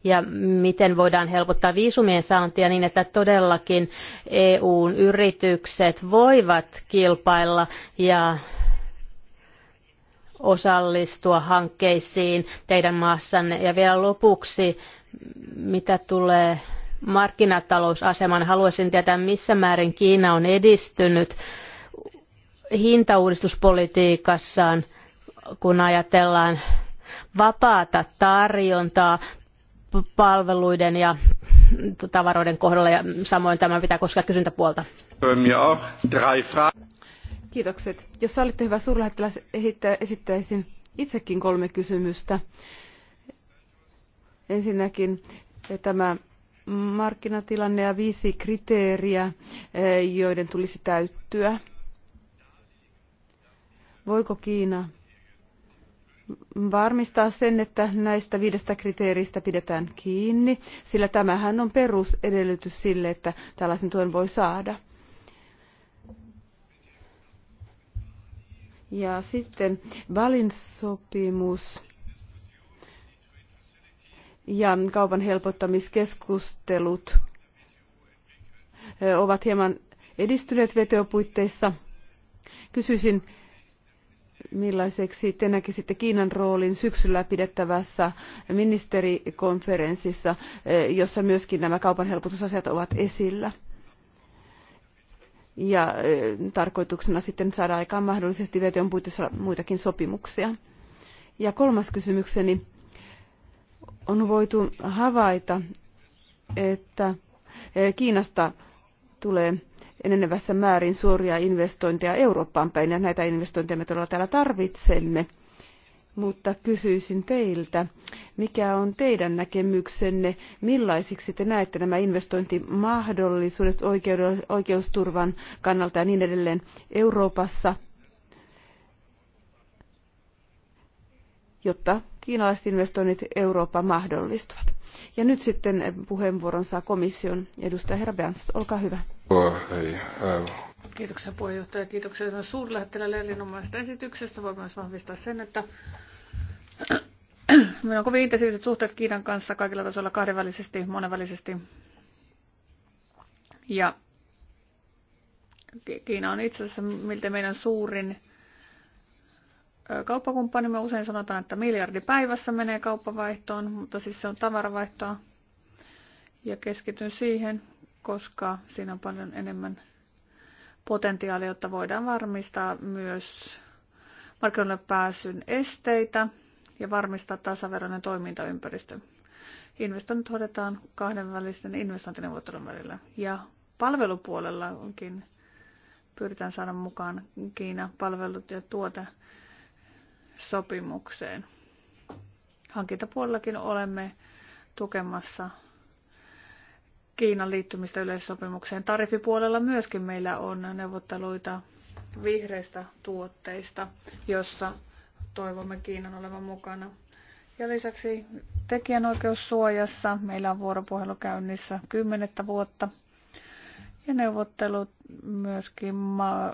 ja miten voidaan helpottaa viisumien saantia niin, että todellakin EUn yritykset voivat kilpailla ja osallistua hankkeisiin teidän maassanne. Ja vielä lopuksi, mitä tulee markkinatalousasemaan, haluaisin tietää, missä määrin Kiina on edistynyt hintauudistuspolitiikassaan, kun ajatellaan vapaata tarjontaa palveluiden ja tavaroiden kohdalla ja samoin tämä pitää koskea kysyntäpuolta. Kiitokset. Jos sallitte hyvä suurlähettiläs, esittäisin itsekin kolme kysymystä. Ensinnäkin eh, tämä markkinatilanne ja viisi kriteeriä, eh, joiden tulisi täyttyä. Voiko Kiina varmistaa sen, että näistä viidestä kriteeristä pidetään kiinni, sillä tämähän on perusedellytys sille, että tällaisen tuen voi saada. Ja sitten Balin sopimus ja kaupan helpottamiskeskustelut ovat hieman edistyneet vetopuitteissa. Kysyisin, millaiseksi te näkisitte Kiinan roolin syksyllä pidettävässä ministerikonferenssissa, jossa myöskin nämä kaupan helpotusasiat ovat esillä? ja tarkoituksena sitten saada aikaan mahdollisesti VTOn puitteissa muitakin sopimuksia. Ja kolmas kysymykseni on voitu havaita, että Kiinasta tulee enenevässä määrin suoria investointeja Eurooppaan päin ja näitä investointeja me todella täällä tarvitsemme mutta kysyisin teiltä, mikä on teidän näkemyksenne, millaisiksi te näette nämä investointimahdollisuudet oikeusturvan kannalta ja niin edelleen Euroopassa, jotta kiinalaiset investoinnit Eurooppaan mahdollistuvat. Ja nyt sitten puheenvuoron saa komission edustaja Herra Berns, olkaa hyvä. Kiitoksia puheenjohtaja, kiitoksia suurlähettiläille erinomaisesta esityksestä. Voin myös vahvistaa sen, että Meillä on kovin intensiiviset suhteet Kiinan kanssa kaikilla tasoilla kahdenvälisesti, monenvälisesti. Ja Kiina on itse asiassa miltä meidän suurin kauppakumppanimme. Usein sanotaan, että miljardi päivässä menee kauppavaihtoon, mutta siis se on tavaravaihtoa. Ja keskityn siihen, koska siinä on paljon enemmän potentiaalia, jotta voidaan varmistaa myös markkinoille pääsyn esteitä – ja varmistaa tasaveroinen toimintaympäristö. Investoinnit hoidetaan kahdenvälisten investointineuvottelun välillä. Ja palvelupuolella onkin pyritään saada mukaan Kiina palvelut ja tuote sopimukseen. Hankintapuolellakin olemme tukemassa Kiinan liittymistä yleissopimukseen. Tarifipuolella myöskin meillä on neuvotteluita vihreistä tuotteista, jossa toivomme Kiinan olevan mukana. Ja lisäksi tekijänoikeussuojassa meillä on vuoropuhelu käynnissä kymmenettä vuotta. Ja neuvottelut myöskin ma-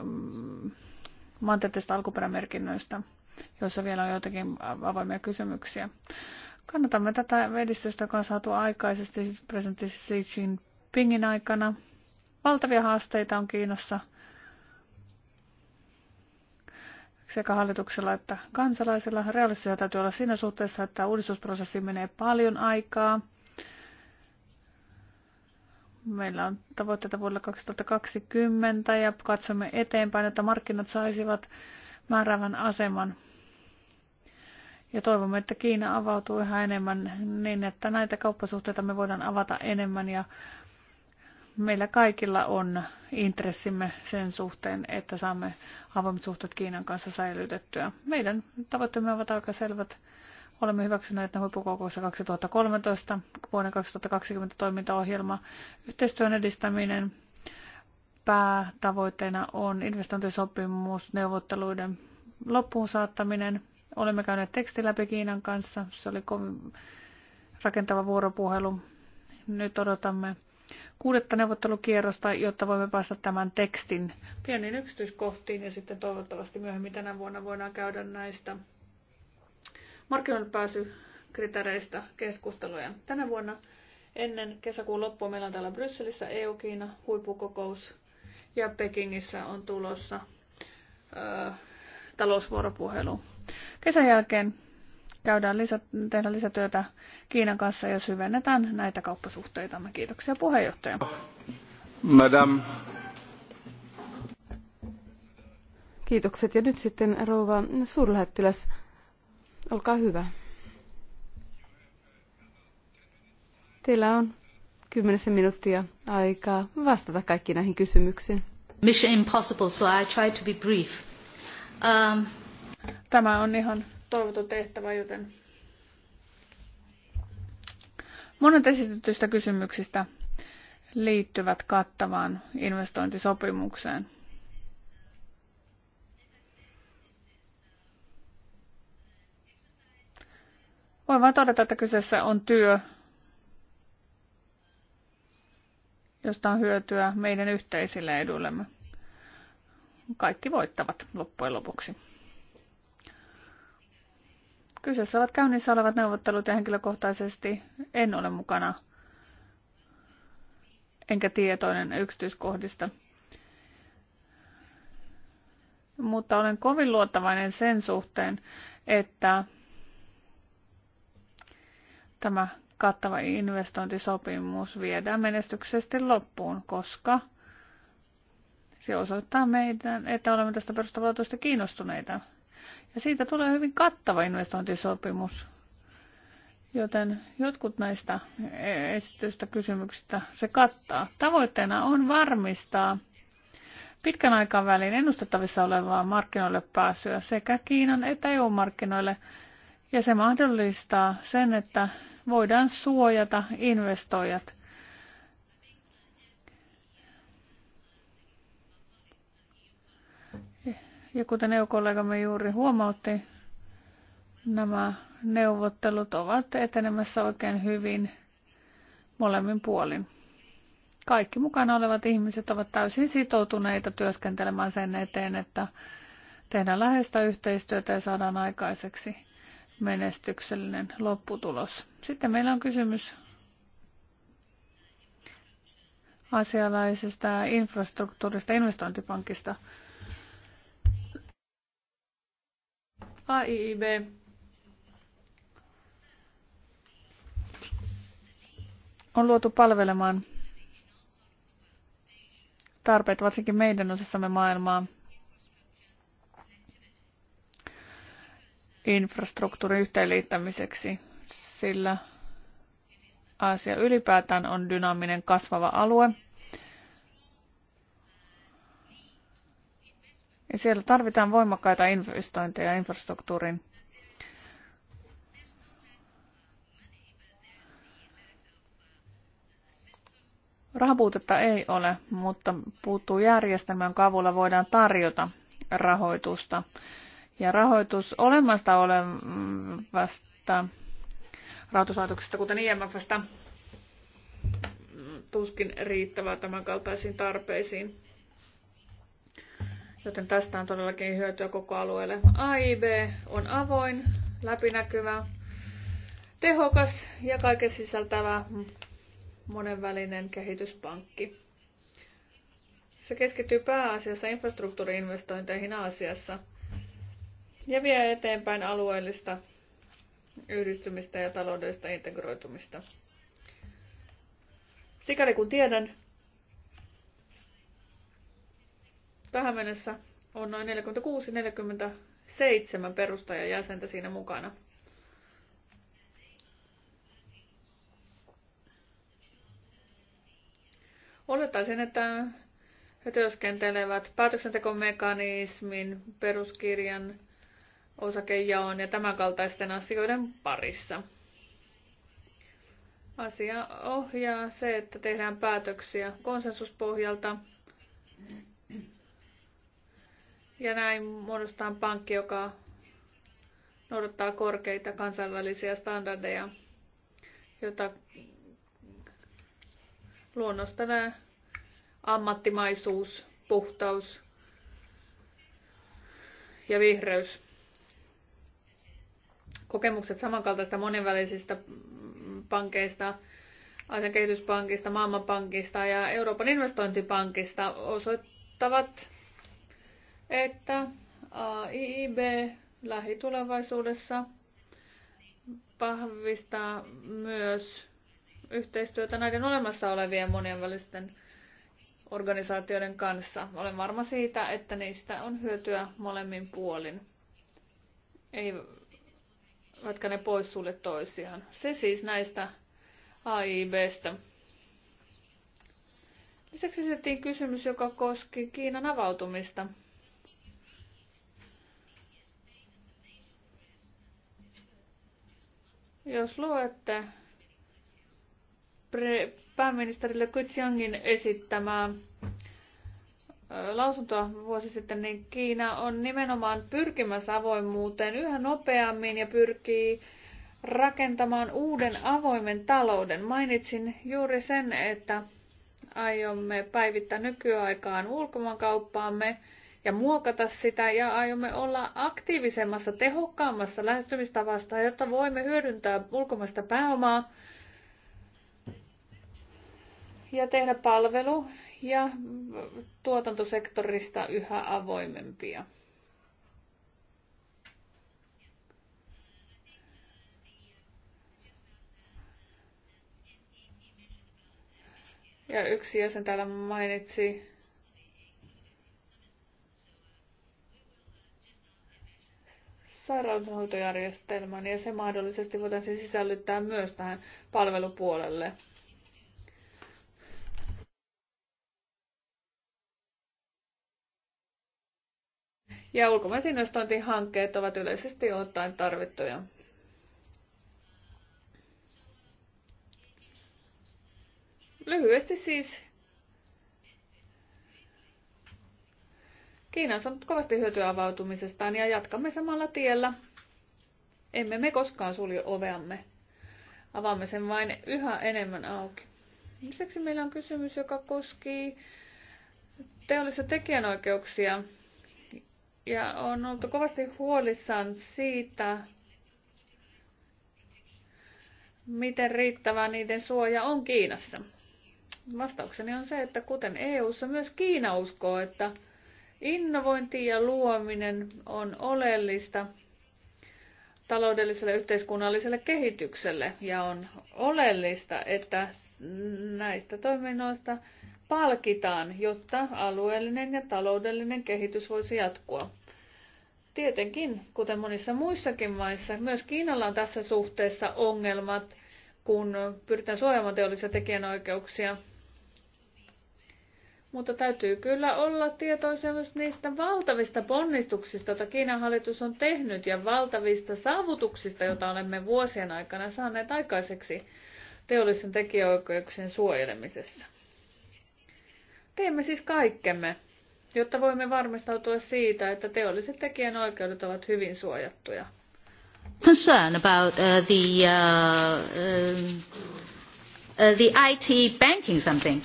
maantieteellisistä alkuperämerkinnöistä, joissa vielä on joitakin avoimia kysymyksiä. Kannatamme tätä edistystä, joka on saatu aikaisesti presidentti Xi Jinpingin aikana. Valtavia haasteita on Kiinassa – sekä hallituksella että kansalaisilla. Realistisia täytyy olla siinä suhteessa, että uudistusprosessi menee paljon aikaa. Meillä on tavoitteita vuodelle 2020 ja katsomme eteenpäin, että markkinat saisivat määrävän aseman. Ja toivomme, että Kiina avautuu yhä enemmän niin, että näitä kauppasuhteita me voidaan avata enemmän ja meillä kaikilla on intressimme sen suhteen, että saamme avoimet suhteet Kiinan kanssa säilytettyä. Meidän tavoitteemme ovat aika selvät. Olemme hyväksyneet ne huippukokouksessa 2013 vuoden 2020 toimintaohjelma. Yhteistyön edistäminen päätavoitteena on neuvotteluiden loppuun saattaminen. Olemme käyneet teksti läpi Kiinan kanssa. Se oli kovin rakentava vuoropuhelu. Nyt odotamme kuudetta neuvottelukierrosta, jotta voimme päästä tämän tekstin pieniin yksityiskohtiin ja sitten toivottavasti myöhemmin tänä vuonna voidaan käydä näistä markkinoille pääsykriteereistä keskusteluja. Tänä vuonna ennen kesäkuun loppua meillä on täällä Brysselissä EU-Kiina huippukokous ja Pekingissä on tulossa ö, talousvuoropuhelu. Kesän jälkeen käydään lisä, tehdä lisätyötä Kiinan kanssa ja syvennetään näitä mä Kiitoksia puheenjohtaja. Madame. Kiitokset. Ja nyt sitten rouva suurlähettiläs, olkaa hyvä. Teillä on kymmenisen minuuttia aikaa vastata kaikkiin näihin kysymyksiin. Mission impossible, so I try to be brief. Um... Tämä on ihan toivoton tehtävä, joten monet esitetyistä kysymyksistä liittyvät kattavaan investointisopimukseen. Voin vain todeta, että kyseessä on työ, josta on hyötyä meidän yhteisille eduillemme. Kaikki voittavat loppujen lopuksi. Kyseessä ovat käynnissä olevat neuvottelut ja henkilökohtaisesti en ole mukana enkä tietoinen yksityiskohdista. Mutta olen kovin luottavainen sen suhteen, että tämä kattava investointisopimus viedään menestyksellisesti loppuun, koska se osoittaa meidän, että olemme tästä perustavaltuista kiinnostuneita ja siitä tulee hyvin kattava investointisopimus. Joten jotkut näistä esitystä kysymyksistä se kattaa. Tavoitteena on varmistaa pitkän aikavälin ennustettavissa olevaa markkinoille pääsyä sekä Kiinan että EU-markkinoille. Ja se mahdollistaa sen, että voidaan suojata investoijat Ja kuten EU-kollegamme juuri huomautti, nämä neuvottelut ovat etenemässä oikein hyvin molemmin puolin. Kaikki mukana olevat ihmiset ovat täysin sitoutuneita työskentelemään sen eteen, että tehdään läheistä yhteistyötä ja saadaan aikaiseksi menestyksellinen lopputulos. Sitten meillä on kysymys asialaisesta infrastruktuurista investointipankista. B. on luotu palvelemaan tarpeet, varsinkin meidän osassamme maailmaa, infrastruktuurin yhteenliittämiseksi, sillä Aasia ylipäätään on dynaaminen kasvava alue – niin siellä tarvitaan voimakkaita investointeja infrastruktuuriin. Rahapuutetta ei ole, mutta puuttuu järjestelmä, jonka avulla voidaan tarjota rahoitusta. Ja rahoitus olemasta olevasta rahoituslaitoksesta, kuten IMFstä, tuskin riittävää tämänkaltaisiin tarpeisiin joten tästä on todellakin hyötyä koko alueelle. AIB on avoin, läpinäkyvä, tehokas ja kaiken sisältävä monenvälinen kehityspankki. Se keskittyy pääasiassa infrastruktuuriinvestointeihin Aasiassa ja vie eteenpäin alueellista yhdistymistä ja taloudellista integroitumista. Sikäli kun tiedän, Tähän mennessä on noin 46-47 perustajajäsentä siinä mukana. Olettaisin, että he työskentelevät päätöksentekomekanismin, peruskirjan, osakejaon ja tämänkaltaisten asioiden parissa. Asia ohjaa se, että tehdään päätöksiä konsensuspohjalta ja näin muodostetaan pankki, joka noudattaa korkeita kansainvälisiä standardeja, jota luonnosta nämä ammattimaisuus, puhtaus ja vihreys. Kokemukset samankaltaista monenvälisistä pankeista, Aasian kehityspankista, Maailmanpankista ja Euroopan investointipankista osoittavat että AIIB lähitulevaisuudessa vahvistaa myös yhteistyötä näiden olemassa olevien monienvälisten organisaatioiden kanssa. Olen varma siitä, että niistä on hyötyä molemmin puolin. Ei vaikka ne sulle toisiaan. Se siis näistä AIBstä. Lisäksi esitettiin kysymys, joka koski Kiinan avautumista – Jos luette pääministerille Kytsiangin esittämää lausuntoa vuosi sitten, niin Kiina on nimenomaan pyrkimässä avoimuuteen yhä nopeammin ja pyrkii rakentamaan uuden avoimen talouden. Mainitsin juuri sen, että aiomme päivittää nykyaikaan ulkomaankauppaamme ja muokata sitä ja aiomme olla aktiivisemmassa, tehokkaammassa lähestymistavassa, jotta voimme hyödyntää ulkomaista pääomaa ja tehdä palvelu- ja tuotantosektorista yhä avoimempia. Ja yksi jäsen täällä mainitsi sairaanhoitojärjestelmän ja se mahdollisesti voitaisiin sisällyttää myös tähän palvelupuolelle. Ja ulkomaisinvestointihankkeet ovat yleisesti ottaen tarvittuja. Lyhyesti siis Kiina on saanut kovasti hyötyä avautumisestaan ja jatkamme samalla tiellä. Emme me koskaan sulje oveamme. Avaamme sen vain yhä enemmän auki. Lisäksi meillä on kysymys, joka koski teollisia tekijänoikeuksia. Ja on oltu kovasti huolissaan siitä, miten riittävä niiden suoja on Kiinassa. Vastaukseni on se, että kuten EU:ssa myös Kiina uskoo, että Innovointi ja luominen on oleellista taloudelliselle yhteiskunnalliselle kehitykselle ja on oleellista, että näistä toiminnoista palkitaan, jotta alueellinen ja taloudellinen kehitys voisi jatkua. Tietenkin, kuten monissa muissakin maissa, myös Kiinalla on tässä suhteessa ongelmat, kun pyritään suojaamaan teollisia tekijänoikeuksia – mutta täytyy kyllä olla tietoisia myös niistä valtavista ponnistuksista, joita Kiinan hallitus on tehnyt ja valtavista saavutuksista, joita olemme vuosien aikana saaneet aikaiseksi teollisten tekijäoikeuksien suojelemisessa. Teemme siis kaikkemme, jotta voimme varmistautua siitä, että teolliset oikeudet ovat hyvin suojattuja. Concern about uh, the, uh, um, uh, the IT banking something.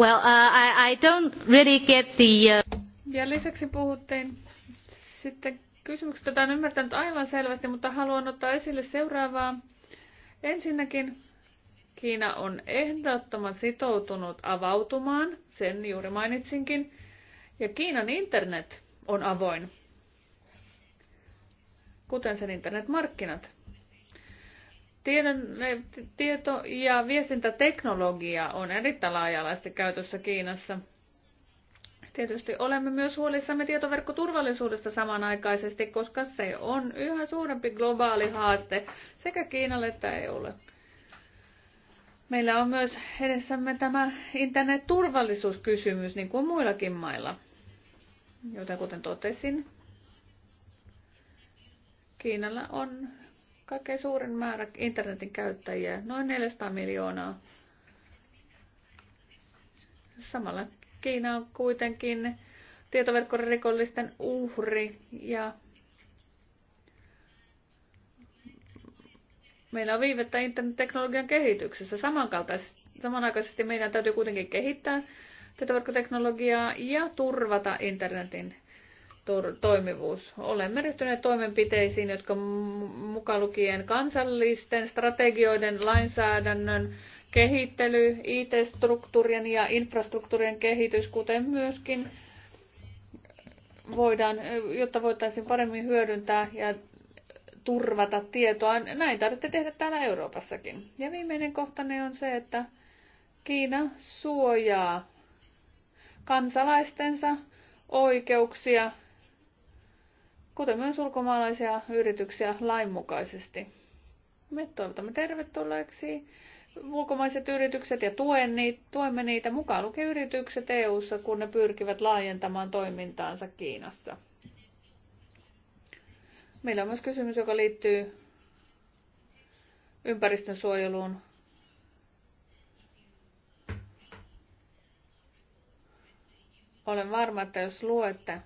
Well, uh, I, I don't really get the... Uh... Ja lisäksi puhuttiin sitten kysymykset, joita ymmärtänyt aivan selvästi, mutta haluan ottaa esille seuraavaa. Ensinnäkin Kiina on ehdottoman sitoutunut avautumaan, sen juuri mainitsinkin, ja Kiinan internet on avoin, kuten sen internetmarkkinat. Tiedon, eh, tieto- ja viestintäteknologia on erittäin laaja käytössä Kiinassa. Tietysti olemme myös huolissamme tietoverkkoturvallisuudesta samanaikaisesti, koska se on yhä suurempi globaali haaste sekä Kiinalle että EUlle. Meillä on myös edessämme tämä internetturvallisuuskysymys, niin kuin muillakin mailla. Joten kuten totesin, Kiinalla on kaikkein suurin määrä internetin käyttäjiä, noin 400 miljoonaa. Samalla Kiina on kuitenkin tietoverkkorikollisten uhri ja meillä on viivettä internetteknologian kehityksessä. samanaikaisesti meidän täytyy kuitenkin kehittää tietoverkkoteknologiaa ja turvata internetin toimivuus. Olemme ryhtyneet toimenpiteisiin, jotka mukaan lukien kansallisten strategioiden, lainsäädännön kehittely, IT-struktuurien ja infrastruktuurien kehitys, kuten myöskin voidaan, jotta voitaisiin paremmin hyödyntää ja turvata tietoa. Näin tarvitsee tehdä täällä Euroopassakin. Ja viimeinen kohtane on se, että Kiina suojaa kansalaistensa oikeuksia kuten myös ulkomaalaisia yrityksiä lainmukaisesti. Me toivotamme tervetulleeksi ulkomaiset yritykset ja tuen niitä, tuemme niitä mukaan lukien yritykset EU-ssa, kun ne pyrkivät laajentamaan toimintaansa Kiinassa. Meillä on myös kysymys, joka liittyy suojeluun. Olen varma, että jos luette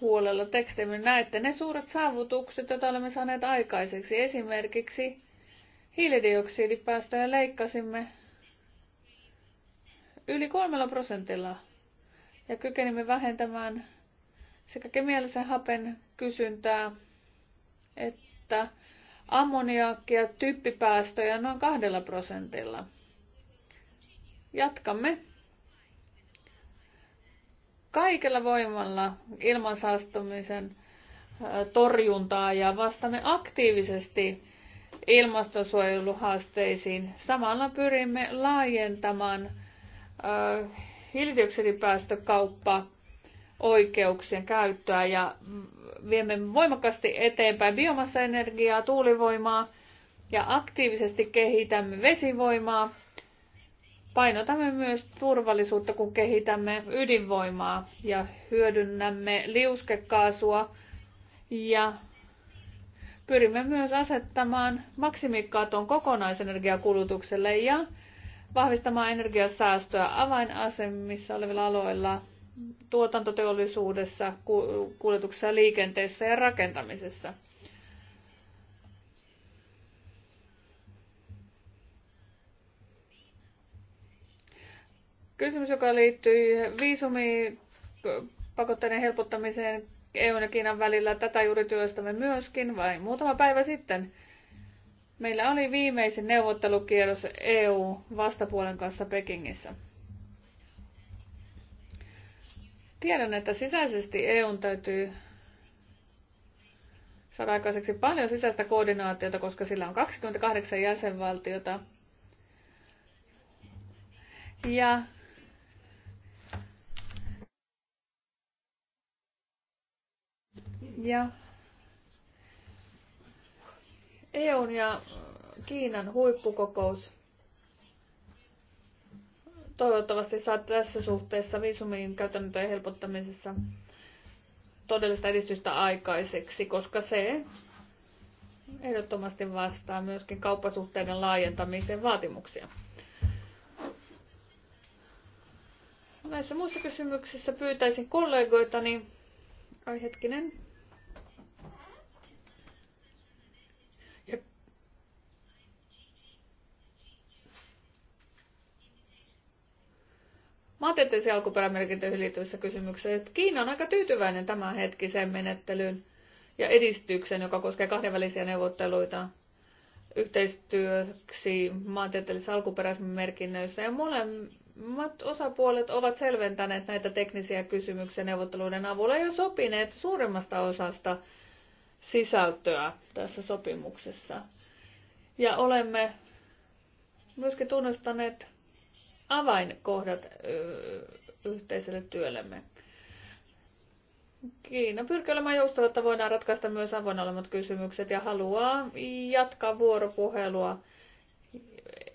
huolella tekstimme, näette ne suuret saavutukset, joita olemme saaneet aikaiseksi. Esimerkiksi hiilidioksidipäästöjä leikkasimme yli kolmella prosentilla ja kykenimme vähentämään sekä kemiallisen hapen kysyntää että ammoniakkia typpipäästöjä noin kahdella prosentilla. Jatkamme kaikella voimalla ilmansaastumisen torjuntaa ja vastaamme aktiivisesti ilmastonsuojeluhaasteisiin. Samalla pyrimme laajentamaan hiilidioksidipäästökauppaa oikeuksien käyttöä ja viemme voimakkaasti eteenpäin biomassaenergiaa, tuulivoimaa ja aktiivisesti kehitämme vesivoimaa Painotamme myös turvallisuutta, kun kehitämme ydinvoimaa ja hyödynnämme liuskekaasua ja pyrimme myös asettamaan maksimikaton kokonaisenergiakulutukselle ja vahvistamaan energiasäästöä avainasemissa olevilla aloilla tuotantoteollisuudessa, kuljetuksessa, liikenteessä ja rakentamisessa. Kysymys, joka liittyy viisumiin, pakotteiden helpottamiseen EUn ja Kiinan välillä. Tätä juuri työstämme myöskin vain muutama päivä sitten. Meillä oli viimeisin neuvottelukierros EU-vastapuolen kanssa Pekingissä. Tiedän, että sisäisesti EUn täytyy saada aikaiseksi paljon sisäistä koordinaatiota, koska sillä on 28 jäsenvaltiota. Ja Ja EUn ja Kiinan huippukokous toivottavasti saat tässä suhteessa viisumin käytäntöjen helpottamisessa todellista edistystä aikaiseksi, koska se ehdottomasti vastaa myöskin kauppasuhteiden laajentamisen vaatimuksia. Näissä muissa kysymyksissä pyytäisin kollegoitani, ai hetkinen, maantieteellisiin alkuperämerkintöihin liittyvissä kysymyksissä, että Kiina on aika tyytyväinen hetkiseen menettelyyn ja edistykseen, joka koskee kahdenvälisiä neuvotteluita yhteistyöksi maantieteellisissä alkuperäismerkinnöissä. Ja molemmat osapuolet ovat selventäneet näitä teknisiä kysymyksiä neuvotteluiden avulla ja sopineet suuremmasta osasta sisältöä tässä sopimuksessa. Ja olemme myöskin tunnustaneet avainkohdat yhteiselle työllemme. Kiina pyrkii olemaan joustava, että voidaan ratkaista myös avoin olemat kysymykset ja haluaa jatkaa vuoropuhelua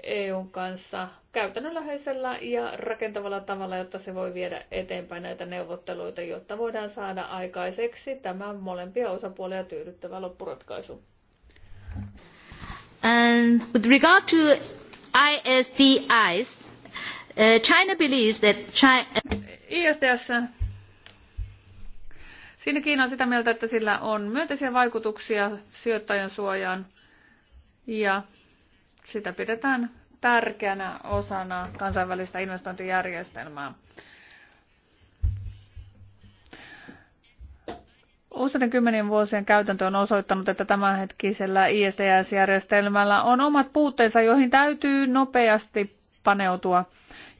EUn kanssa käytännönläheisellä ja rakentavalla tavalla, jotta se voi viedä eteenpäin näitä neuvotteluita, jotta voidaan saada aikaiseksi tämä molempia osapuolia tyydyttävä loppuratkaisu. And with regard to ISDIs, Uh, China believes that China... Siinä Kiina on sitä mieltä, että sillä on myönteisiä vaikutuksia sijoittajan suojaan ja sitä pidetään tärkeänä osana kansainvälistä investointijärjestelmää. Useiden kymmenien vuosien käytäntö on osoittanut, että tämänhetkisellä ISDS-järjestelmällä on omat puutteensa, joihin täytyy nopeasti paneutua.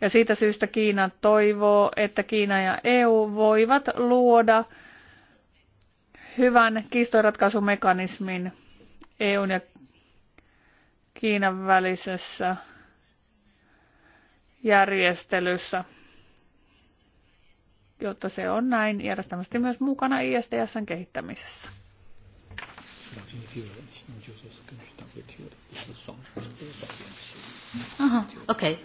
Ja siitä syystä Kiina toivoo, että Kiina ja EU voivat luoda hyvän kiistoratkaisumekanismin EUn ja Kiinan välisessä järjestelyssä, jotta se on näin järjestelmästi myös mukana ISDSn kehittämisessä. Uh-huh. Okay.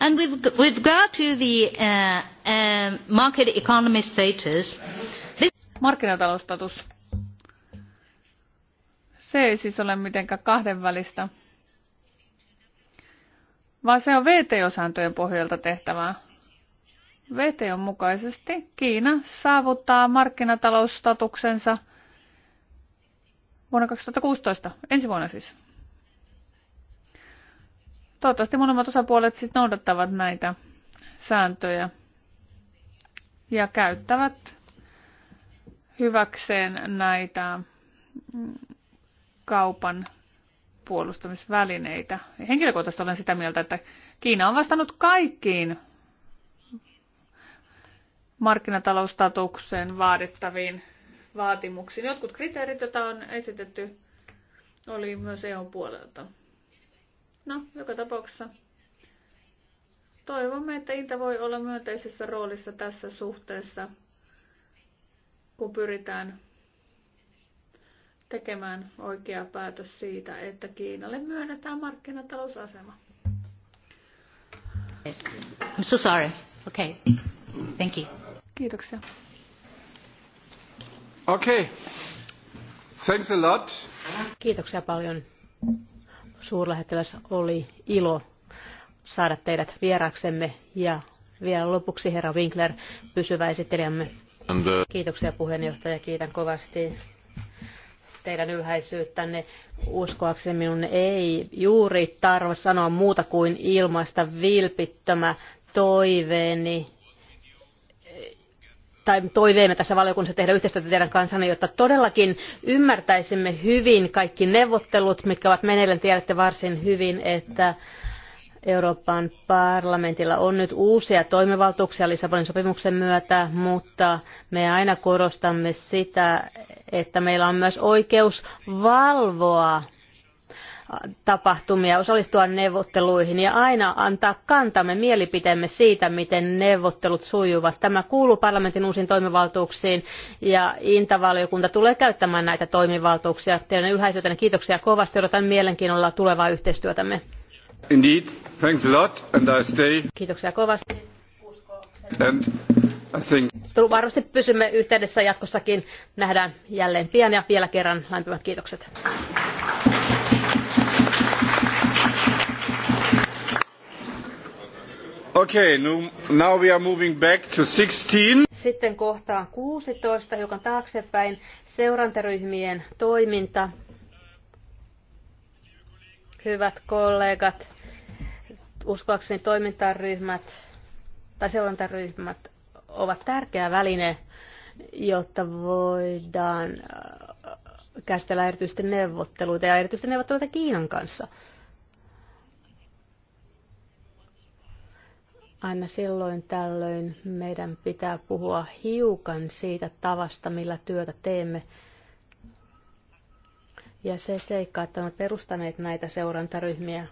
And with, with regard to the uh, uh, market economy status, this markkinataloustatus, se ei siis ole mitenkään kahdenvälistä, vaan se on VTO-sääntöjen pohjalta tehtävää. vto mukaisesti Kiina saavuttaa markkinataloustatuksensa Vuonna 2016, ensi vuonna siis. Toivottavasti molemmat osapuolet siis noudattavat näitä sääntöjä ja käyttävät hyväkseen näitä mm, kaupan puolustamisvälineitä. Henkilökohtaisesti olen sitä mieltä, että Kiina on vastannut kaikkiin markkinataloustatukseen vaadittaviin vaatimuksiin. Jotkut kriteerit, joita on esitetty, oli myös EUn puolelta. No, joka tapauksessa toivomme, että Inta voi olla myönteisessä roolissa tässä suhteessa, kun pyritään tekemään oikea päätös siitä, että Kiinalle myönnetään markkinatalousasema. I'm so sorry. Okay. Thank you. Kiitoksia. Kiitoksia paljon. Suurlähettiläs oli ilo saada teidät vieraksemme ja vielä lopuksi herra Winkler, pysyvä esittelijämme. Uh, Kiitoksia puheenjohtaja, kiitän kovasti teidän ylhäisyyttänne. Uskoakseni minun ei juuri tarvitse sanoa muuta kuin ilmaista vilpittömä toiveeni tai toiveemme tässä valiokunnassa tehdä yhteistyötä teidän kanssanne, jotta todellakin ymmärtäisimme hyvin kaikki neuvottelut, mitkä ovat meneillään. Tiedätte varsin hyvin, että Euroopan parlamentilla on nyt uusia toimivaltuuksia Lissabonin sopimuksen myötä, mutta me aina korostamme sitä, että meillä on myös oikeus valvoa tapahtumia, osallistua neuvotteluihin ja aina antaa kantamme mielipiteemme siitä, miten neuvottelut sujuvat. Tämä kuuluu parlamentin uusiin toimivaltuuksiin ja Intavaliokunta tulee käyttämään näitä toimivaltuuksia. Teidän ylhäisyytenne kiitoksia kovasti. Odotan mielenkiinnolla tulevaa yhteistyötämme. Indeed. Thanks a lot and I stay. Kiitoksia kovasti. And I think... Varmasti pysymme yhteydessä jatkossakin. Nähdään jälleen pian ja vielä kerran lämpimät kiitokset. Okay, now we are moving back to 16. Sitten kohtaan 16, joka on taaksepäin seurantaryhmien toiminta. Hyvät kollegat, uskoakseni toimintaryhmät tai seurantaryhmät ovat tärkeä väline, jotta voidaan äh, käsitellä erityisesti neuvotteluita ja erityisesti neuvotteluita Kiinan kanssa – aina silloin tällöin meidän pitää puhua hiukan siitä tavasta, millä työtä teemme. Ja se seikka, että olemme perustaneet näitä seurantaryhmiä,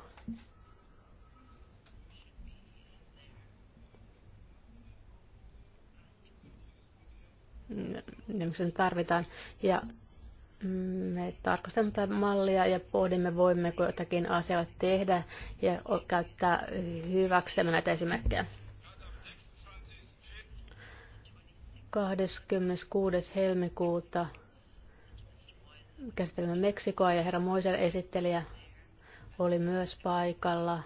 tarvitaan. Ja me tarkastamme tätä mallia ja pohdimme, voimmeko jotakin asioita tehdä ja käyttää hyväksemme näitä esimerkkejä. 26. helmikuuta käsittelemme Meksikoa ja herra Moisel esittelijä oli myös paikalla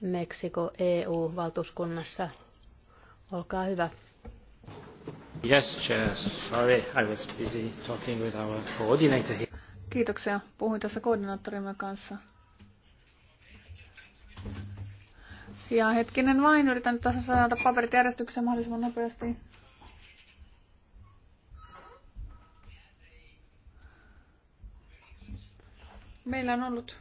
Meksiko EU-valtuuskunnassa. Olkaa hyvä. Kiitoksia. Puhuin tässä koordinaattorimme kanssa. Ja hetkinen vain, yritän nyt tässä saada paperit järjestykseen mahdollisimman nopeasti. Meillä on ollut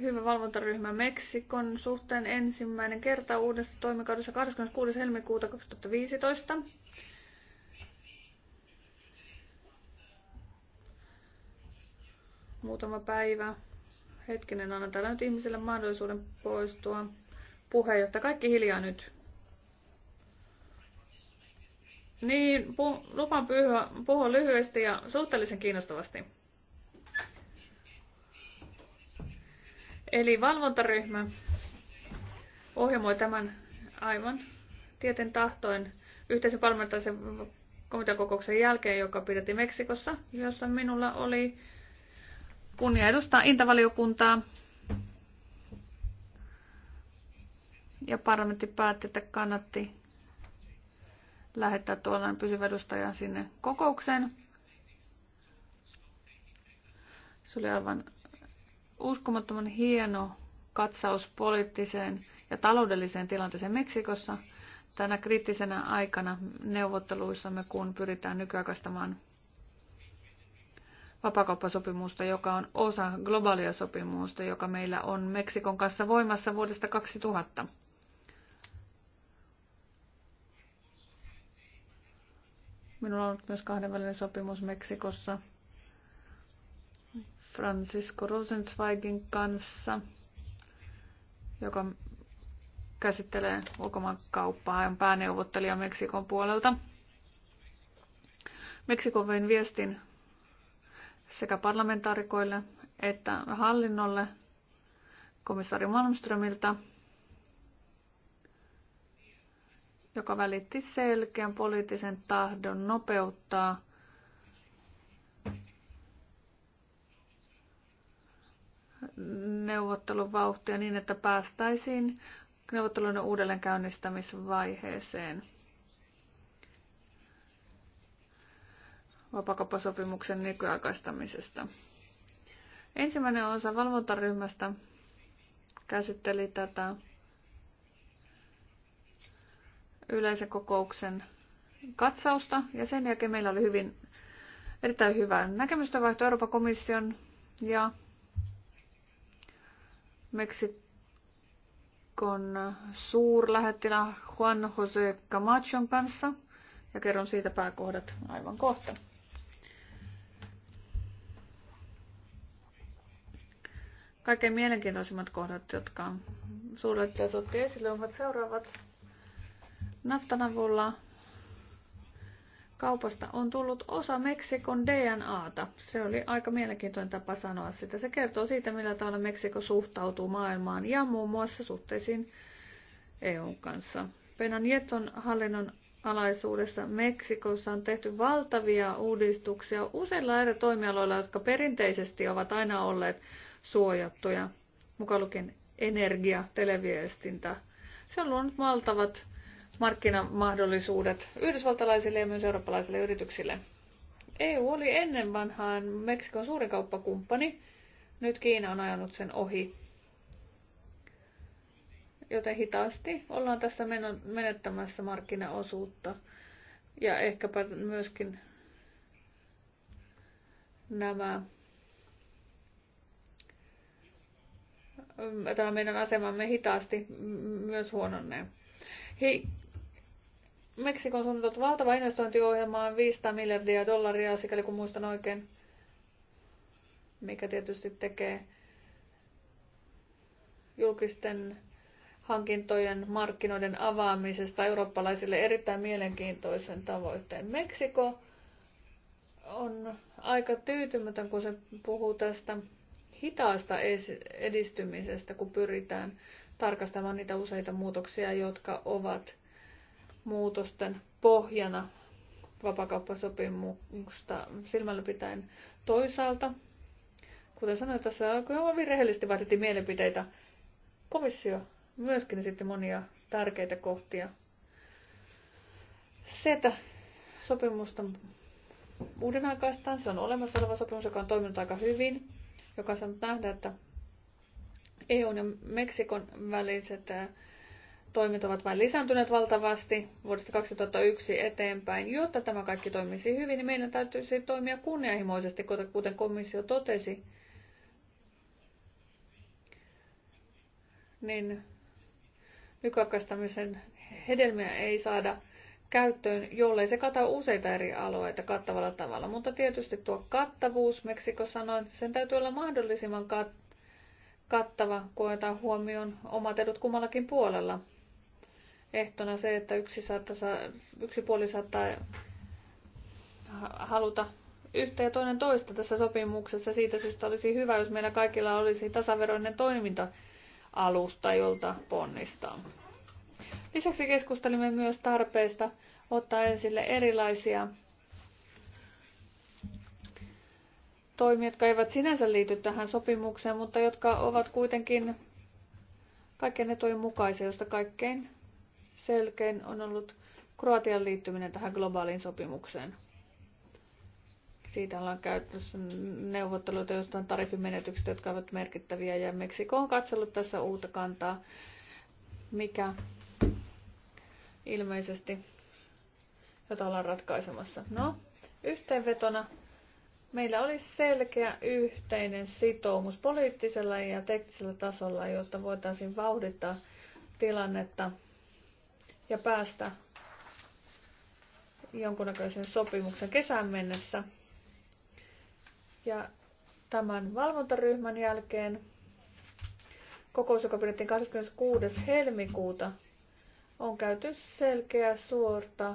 hyvä valvontaryhmä Meksikon suhteen ensimmäinen kerta uudessa toimikaudessa 26. helmikuuta 2015. Muutama päivä. Hetkinen, annan täällä nyt ihmiselle mahdollisuuden poistua. Puheenjohtaja, kaikki hiljaa nyt. Niin, pu- lupaan puhua lyhyesti ja suhteellisen kiinnostavasti. Eli valvontaryhmä ohjelmoi tämän aivan tieten tahtoin yhteisen parlamentaarisen komiteakokouksen jälkeen, joka pidettiin Meksikossa, jossa minulla oli kunnia edustaa intavaliokuntaa. Ja parlamentti päätti, että kannatti lähettää tuollainen pysyvä edustaja sinne kokoukseen. Se oli aivan uskomattoman hieno katsaus poliittiseen ja taloudelliseen tilanteeseen Meksikossa tänä kriittisenä aikana neuvotteluissamme, kun pyritään nykyaikaistamaan vapakauppasopimusta, joka on osa globaalia sopimusta, joka meillä on Meksikon kanssa voimassa vuodesta 2000. Minulla on ollut myös kahdenvälinen sopimus Meksikossa Francisco Rosenzweigin kanssa, joka käsittelee ulkomaankauppaa ja on pääneuvottelija Meksikon puolelta. Meksikon vein viestin sekä parlamentaarikoille että hallinnolle komissaari Malmströmiltä, joka välitti selkeän poliittisen tahdon nopeuttaa neuvottelun vauhtia niin, että päästäisiin uudelleen uudelleenkäynnistämisvaiheeseen. vapakauppasopimuksen nykyaikaistamisesta. Ensimmäinen osa valvontaryhmästä käsitteli tätä yleisen kokouksen katsausta ja sen jälkeen meillä oli hyvin erittäin hyvä näkemystä vaihto Euroopan komission ja Meksikon suurlähettilä Juan José Camachon kanssa ja kerron siitä pääkohdat aivan kohta. Kaikkein mielenkiintoisimmat kohdat, jotka suurlähettiläs otti esille, ovat seuraavat. Naftan avulla kaupasta on tullut osa Meksikon DNAta. Se oli aika mielenkiintoinen tapa sanoa sitä. Se kertoo siitä, millä tavalla Meksiko suhtautuu maailmaan ja muun muassa suhteisiin EUn kanssa. Penanieton hallinnon alaisuudessa Meksikossa on tehty valtavia uudistuksia useilla eri toimialoilla, jotka perinteisesti ovat aina olleet suojattuja, mukaan lukien energia, televiestintä. Se on luonut valtavat markkinamahdollisuudet yhdysvaltalaisille ja myös eurooppalaisille yrityksille. EU oli ennen vanhaan Meksikon suurin kauppakumppani. Nyt Kiina on ajanut sen ohi. Joten hitaasti ollaan tässä menettämässä markkinaosuutta. Ja ehkäpä myöskin nämä tämä meidän asemamme hitaasti myös huononnee. Meksikon suunniteltu valtava investointiohjelma on 500 miljardia dollaria, sikäli kun muistan oikein, mikä tietysti tekee julkisten hankintojen markkinoiden avaamisesta eurooppalaisille erittäin mielenkiintoisen tavoitteen. Meksiko on aika tyytymätön, kun se puhuu tästä hitaasta edistymisestä, kun pyritään tarkastamaan niitä useita muutoksia, jotka ovat muutosten pohjana vapakauppasopimusta silmällä pitäen toisaalta. Kuten sanoin tässä alkuun, hyvin rehellisesti vaihdettiin mielipiteitä. Komissio myöskin sitten monia tärkeitä kohtia. Se, että sopimusta uuden aikaistaan, se on olemassa oleva sopimus, joka on toiminut aika hyvin, joka on saanut nähdä, että EUn ja Meksikon väliset toimet ovat vain lisääntyneet valtavasti vuodesta 2001 eteenpäin. Jotta tämä kaikki toimisi hyvin, niin meidän täytyisi toimia kunnianhimoisesti, kuten komissio totesi. Niin nykyaikaistamisen hedelmiä ei saada käyttöön, jollei se kata useita eri alueita kattavalla tavalla. Mutta tietysti tuo kattavuus, Meksiko sanoi, sen täytyy olla mahdollisimman kat- kattava, kun huomioon omat edut kummallakin puolella ehtona se, että yksi, saattaa, yksi puoli saattaa haluta yhtä ja toinen toista tässä sopimuksessa. Siitä syystä olisi hyvä, jos meillä kaikilla olisi tasaveroinen toiminta-alusta, jolta ponnistaa. Lisäksi keskustelimme myös tarpeesta ottaa esille erilaisia toimia, jotka eivät sinänsä liity tähän sopimukseen, mutta jotka ovat kuitenkin kaikkien etujen mukaisia, joista kaikkein selkein on ollut Kroatian liittyminen tähän globaaliin sopimukseen. Siitä ollaan käytössä neuvotteluita jostain tarifimenetyksestä, jotka ovat merkittäviä, ja Meksiko on katsellut tässä uutta kantaa, mikä ilmeisesti, jota ollaan ratkaisemassa. No, yhteenvetona meillä olisi selkeä yhteinen sitoumus poliittisella ja teknisellä tasolla, jotta voitaisiin vauhdittaa tilannetta ja päästä jonkunnäköisen sopimuksen kesän mennessä. Ja tämän valvontaryhmän jälkeen kokous, joka pidettiin 26. helmikuuta, on käyty selkeä suorta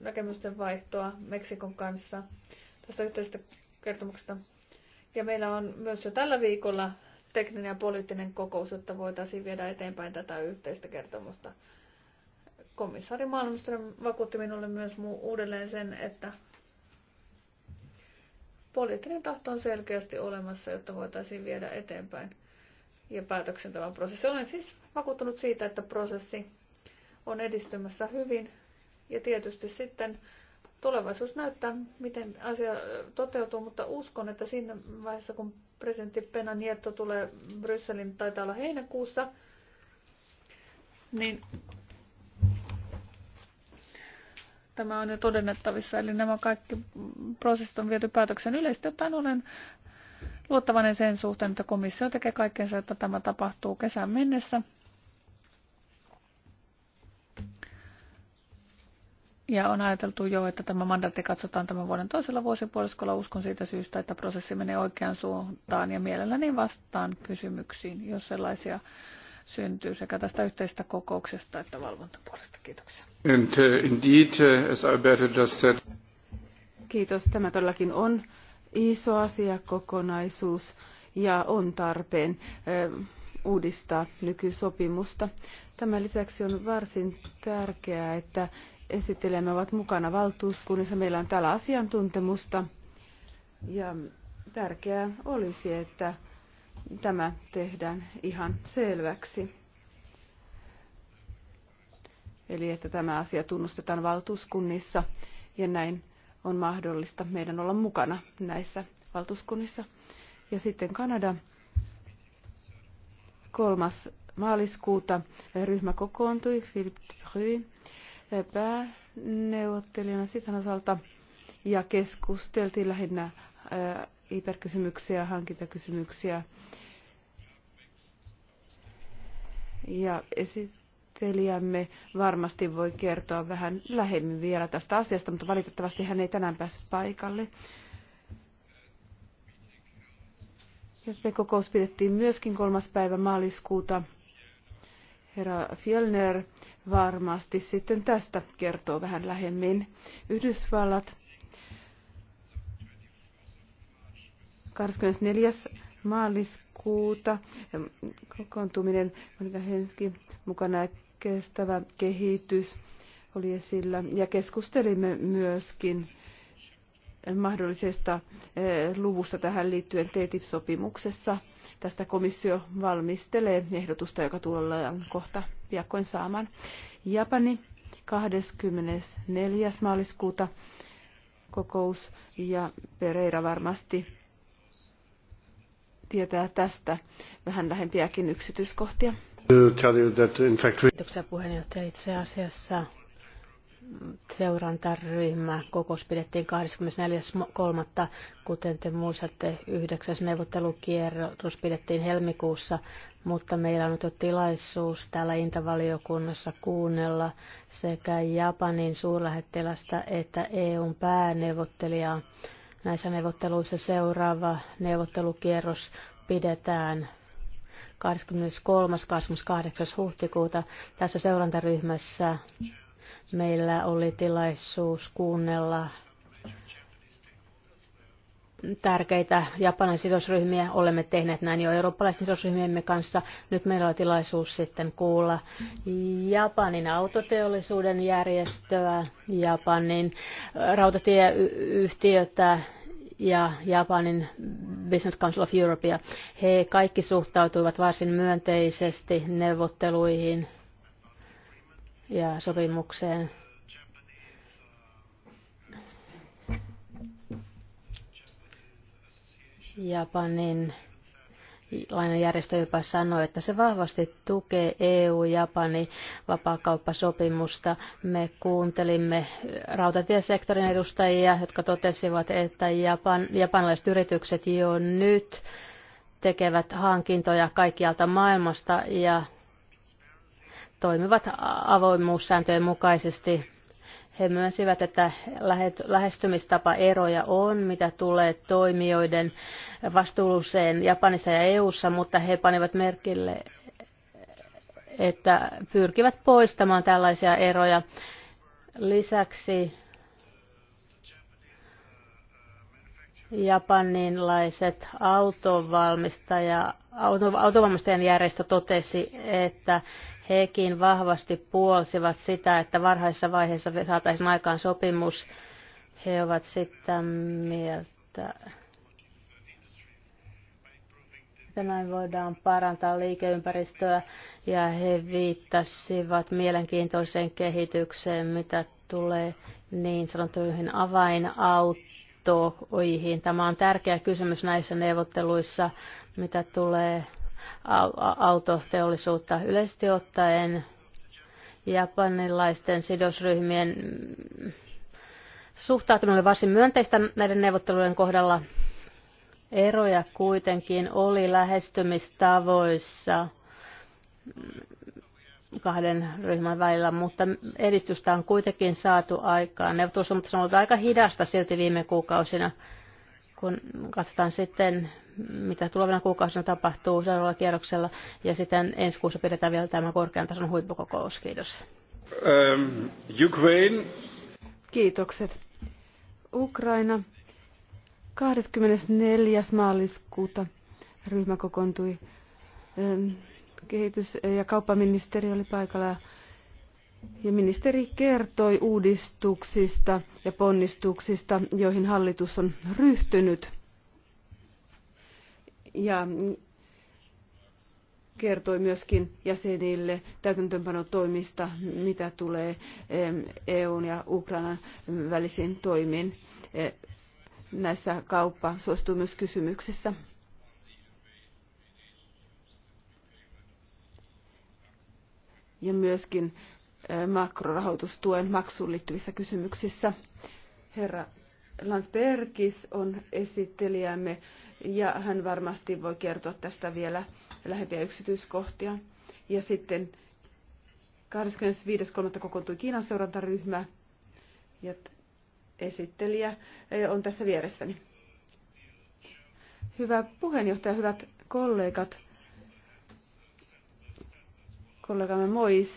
näkemysten vaihtoa Meksikon kanssa tästä yhteisestä kertomuksesta. Ja meillä on myös jo tällä viikolla tekninen ja poliittinen kokous, jotta voitaisiin viedä eteenpäin tätä yhteistä kertomusta komissaari Malmström vakuutti minulle myös muu uudelleen sen, että poliittinen tahto on selkeästi olemassa, jotta voitaisiin viedä eteenpäin ja päätöksen tämän prosessin. Olen siis vakuuttunut siitä, että prosessi on edistymässä hyvin ja tietysti sitten tulevaisuus näyttää, miten asia toteutuu, mutta uskon, että siinä vaiheessa, kun presidentti Pena Nieto tulee Brysselin, taitaa olla heinäkuussa, niin tämä on jo todennettavissa. Eli nämä kaikki prosessit on viety päätöksen yleisesti ottaen olen luottavainen sen suhteen, että komissio tekee kaikkensa, että tämä tapahtuu kesän mennessä. Ja on ajateltu jo, että tämä mandaatti katsotaan tämän vuoden toisella vuosipuoliskolla. Uskon siitä syystä, että prosessi menee oikeaan suuntaan ja mielelläni vastaan kysymyksiin, jos sellaisia syntyy sekä tästä yhteisestä kokouksesta että valvontapuolesta. Kiitoksia. And, uh, indeed, uh, as Alberto just said. Kiitos. Tämä todellakin on iso asiakokonaisuus ja on tarpeen uh, uudistaa nykysopimusta. Tämän lisäksi on varsin tärkeää, että esittelemme ovat mukana valtuuskunnissa. Meillä on täällä asiantuntemusta ja tärkeää olisi, että Tämä tehdään ihan selväksi. Eli että tämä asia tunnustetaan valtuuskunnissa ja näin on mahdollista meidän olla mukana näissä valtuuskunnissa. Ja sitten Kanada 3. maaliskuuta ryhmä kokoontui, Philip Dury pääneuvottelijana sitä osalta ja keskusteltiin lähinnä IPER-kysymyksiä, hankintakysymyksiä. Ja esittelijämme varmasti voi kertoa vähän lähemmin vielä tästä asiasta, mutta valitettavasti hän ei tänään päässyt paikalle. Ja me kokous pidettiin myöskin kolmas päivä maaliskuuta. Herra Fjellner varmasti sitten tästä kertoo vähän lähemmin. Yhdysvallat 24. maaliskuuta kokoontuminen Monika Henski mukana kestävä kehitys oli esillä ja keskustelimme myöskin mahdollisesta eh, luvusta tähän liittyen TTIP-sopimuksessa. Tästä komissio valmistelee ehdotusta, joka tulee kohta piakkoin saamaan. Japani 24. maaliskuuta kokous ja Pereira varmasti tietää tästä vähän lähempiäkin yksityiskohtia. Kiitoksia puheenjohtaja. Itse asiassa seurantaryhmä kokous pidettiin 24.3. Kuten te muistatte, yhdeksäs neuvottelukierros pidettiin helmikuussa, mutta meillä on nyt jo tilaisuus täällä Intavaliokunnassa kuunnella sekä Japanin suurlähettilästä että EUn pääneuvottelijaa Näissä neuvotteluissa seuraava neuvottelukierros pidetään 23.28. huhtikuuta. Tässä seurantaryhmässä meillä oli tilaisuus kuunnella tärkeitä Japanin sidosryhmiä. Olemme tehneet näin jo eurooppalaisten sidosryhmiemme kanssa. Nyt meillä on tilaisuus sitten kuulla Japanin autoteollisuuden järjestöä, Japanin äh, rautatieyhtiötä ja Japanin Business Council of Europea. He kaikki suhtautuivat varsin myönteisesti neuvotteluihin ja sopimukseen Japanin lainajärjestö jopa sanoi, että se vahvasti tukee EU-Japani vapaakauppasopimusta. Me kuuntelimme rautatiesektorin edustajia, jotka totesivat, että Japan, japanilaiset yritykset jo nyt tekevät hankintoja kaikkialta maailmasta ja toimivat avoimuussääntöjen mukaisesti he myönsivät, että lähestymistapaeroja on, mitä tulee toimijoiden vastuulliseen Japanissa ja EU:ssa, mutta he panivat merkille, että pyrkivät poistamaan tällaisia eroja. Lisäksi japanilaiset autovalmistaja, auto, autovalmistajan järjestö totesi, että Hekin vahvasti puolsivat sitä, että varhaisessa vaiheessa saataisiin aikaan sopimus. He ovat sitä mieltä, että näin voidaan parantaa liikeympäristöä ja he viittasivat mielenkiintoiseen kehitykseen, mitä tulee niin sanottuihin avainautoihin. Tämä on tärkeä kysymys näissä neuvotteluissa, mitä tulee autoteollisuutta yleisesti ottaen japanilaisten sidosryhmien suhtautuminen oli varsin myönteistä näiden neuvottelujen kohdalla. Eroja kuitenkin oli lähestymistavoissa kahden ryhmän välillä, mutta edistystä on kuitenkin saatu aikaan. Neuvottelussa on ollut aika hidasta silti viime kuukausina, kun katsotaan sitten mitä tulevina kuukausina tapahtuu seuraavalla kierroksella. Ja sitten ensi kuussa pidetään vielä tämä korkean tason huippukokous. Kiitos. Um, Ukraine. Kiitokset. Ukraina. 24. maaliskuuta ryhmä kokoontui. Ähm, kehitys- ja kauppaministeri oli paikalla ja ministeri kertoi uudistuksista ja ponnistuksista, joihin hallitus on ryhtynyt ja kertoi myöskin jäsenille täytäntöönpanotoimista, mitä tulee EUn ja Ukrainan välisiin toimiin e, näissä kauppa Ja myöskin e, makrorahoitustuen maksuun liittyvissä kysymyksissä. Herra Landsbergis on esittelijämme ja hän varmasti voi kertoa tästä vielä lähempiä yksityiskohtia. Ja sitten 25.3. kokoontui Kiinan seurantaryhmä ja esittelijä e, on tässä vieressäni. Hyvä puheenjohtaja, hyvät kollegat. Kollegamme Mois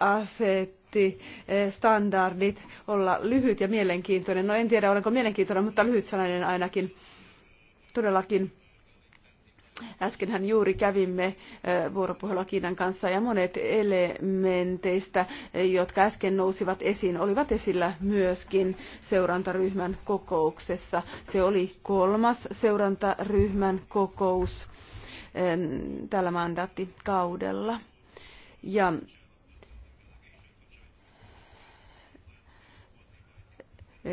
asetti e, standardit olla lyhyt ja mielenkiintoinen. No en tiedä, olenko mielenkiintoinen, mutta lyhyt sanainen ainakin. Todellakin Äskenhän juuri kävimme vuoropuhelua Kiinan kanssa ja monet elementeistä, jotka äsken nousivat esiin, olivat esillä myöskin seurantaryhmän kokouksessa. Se oli kolmas seurantaryhmän kokous tällä mandaattikaudella. Ja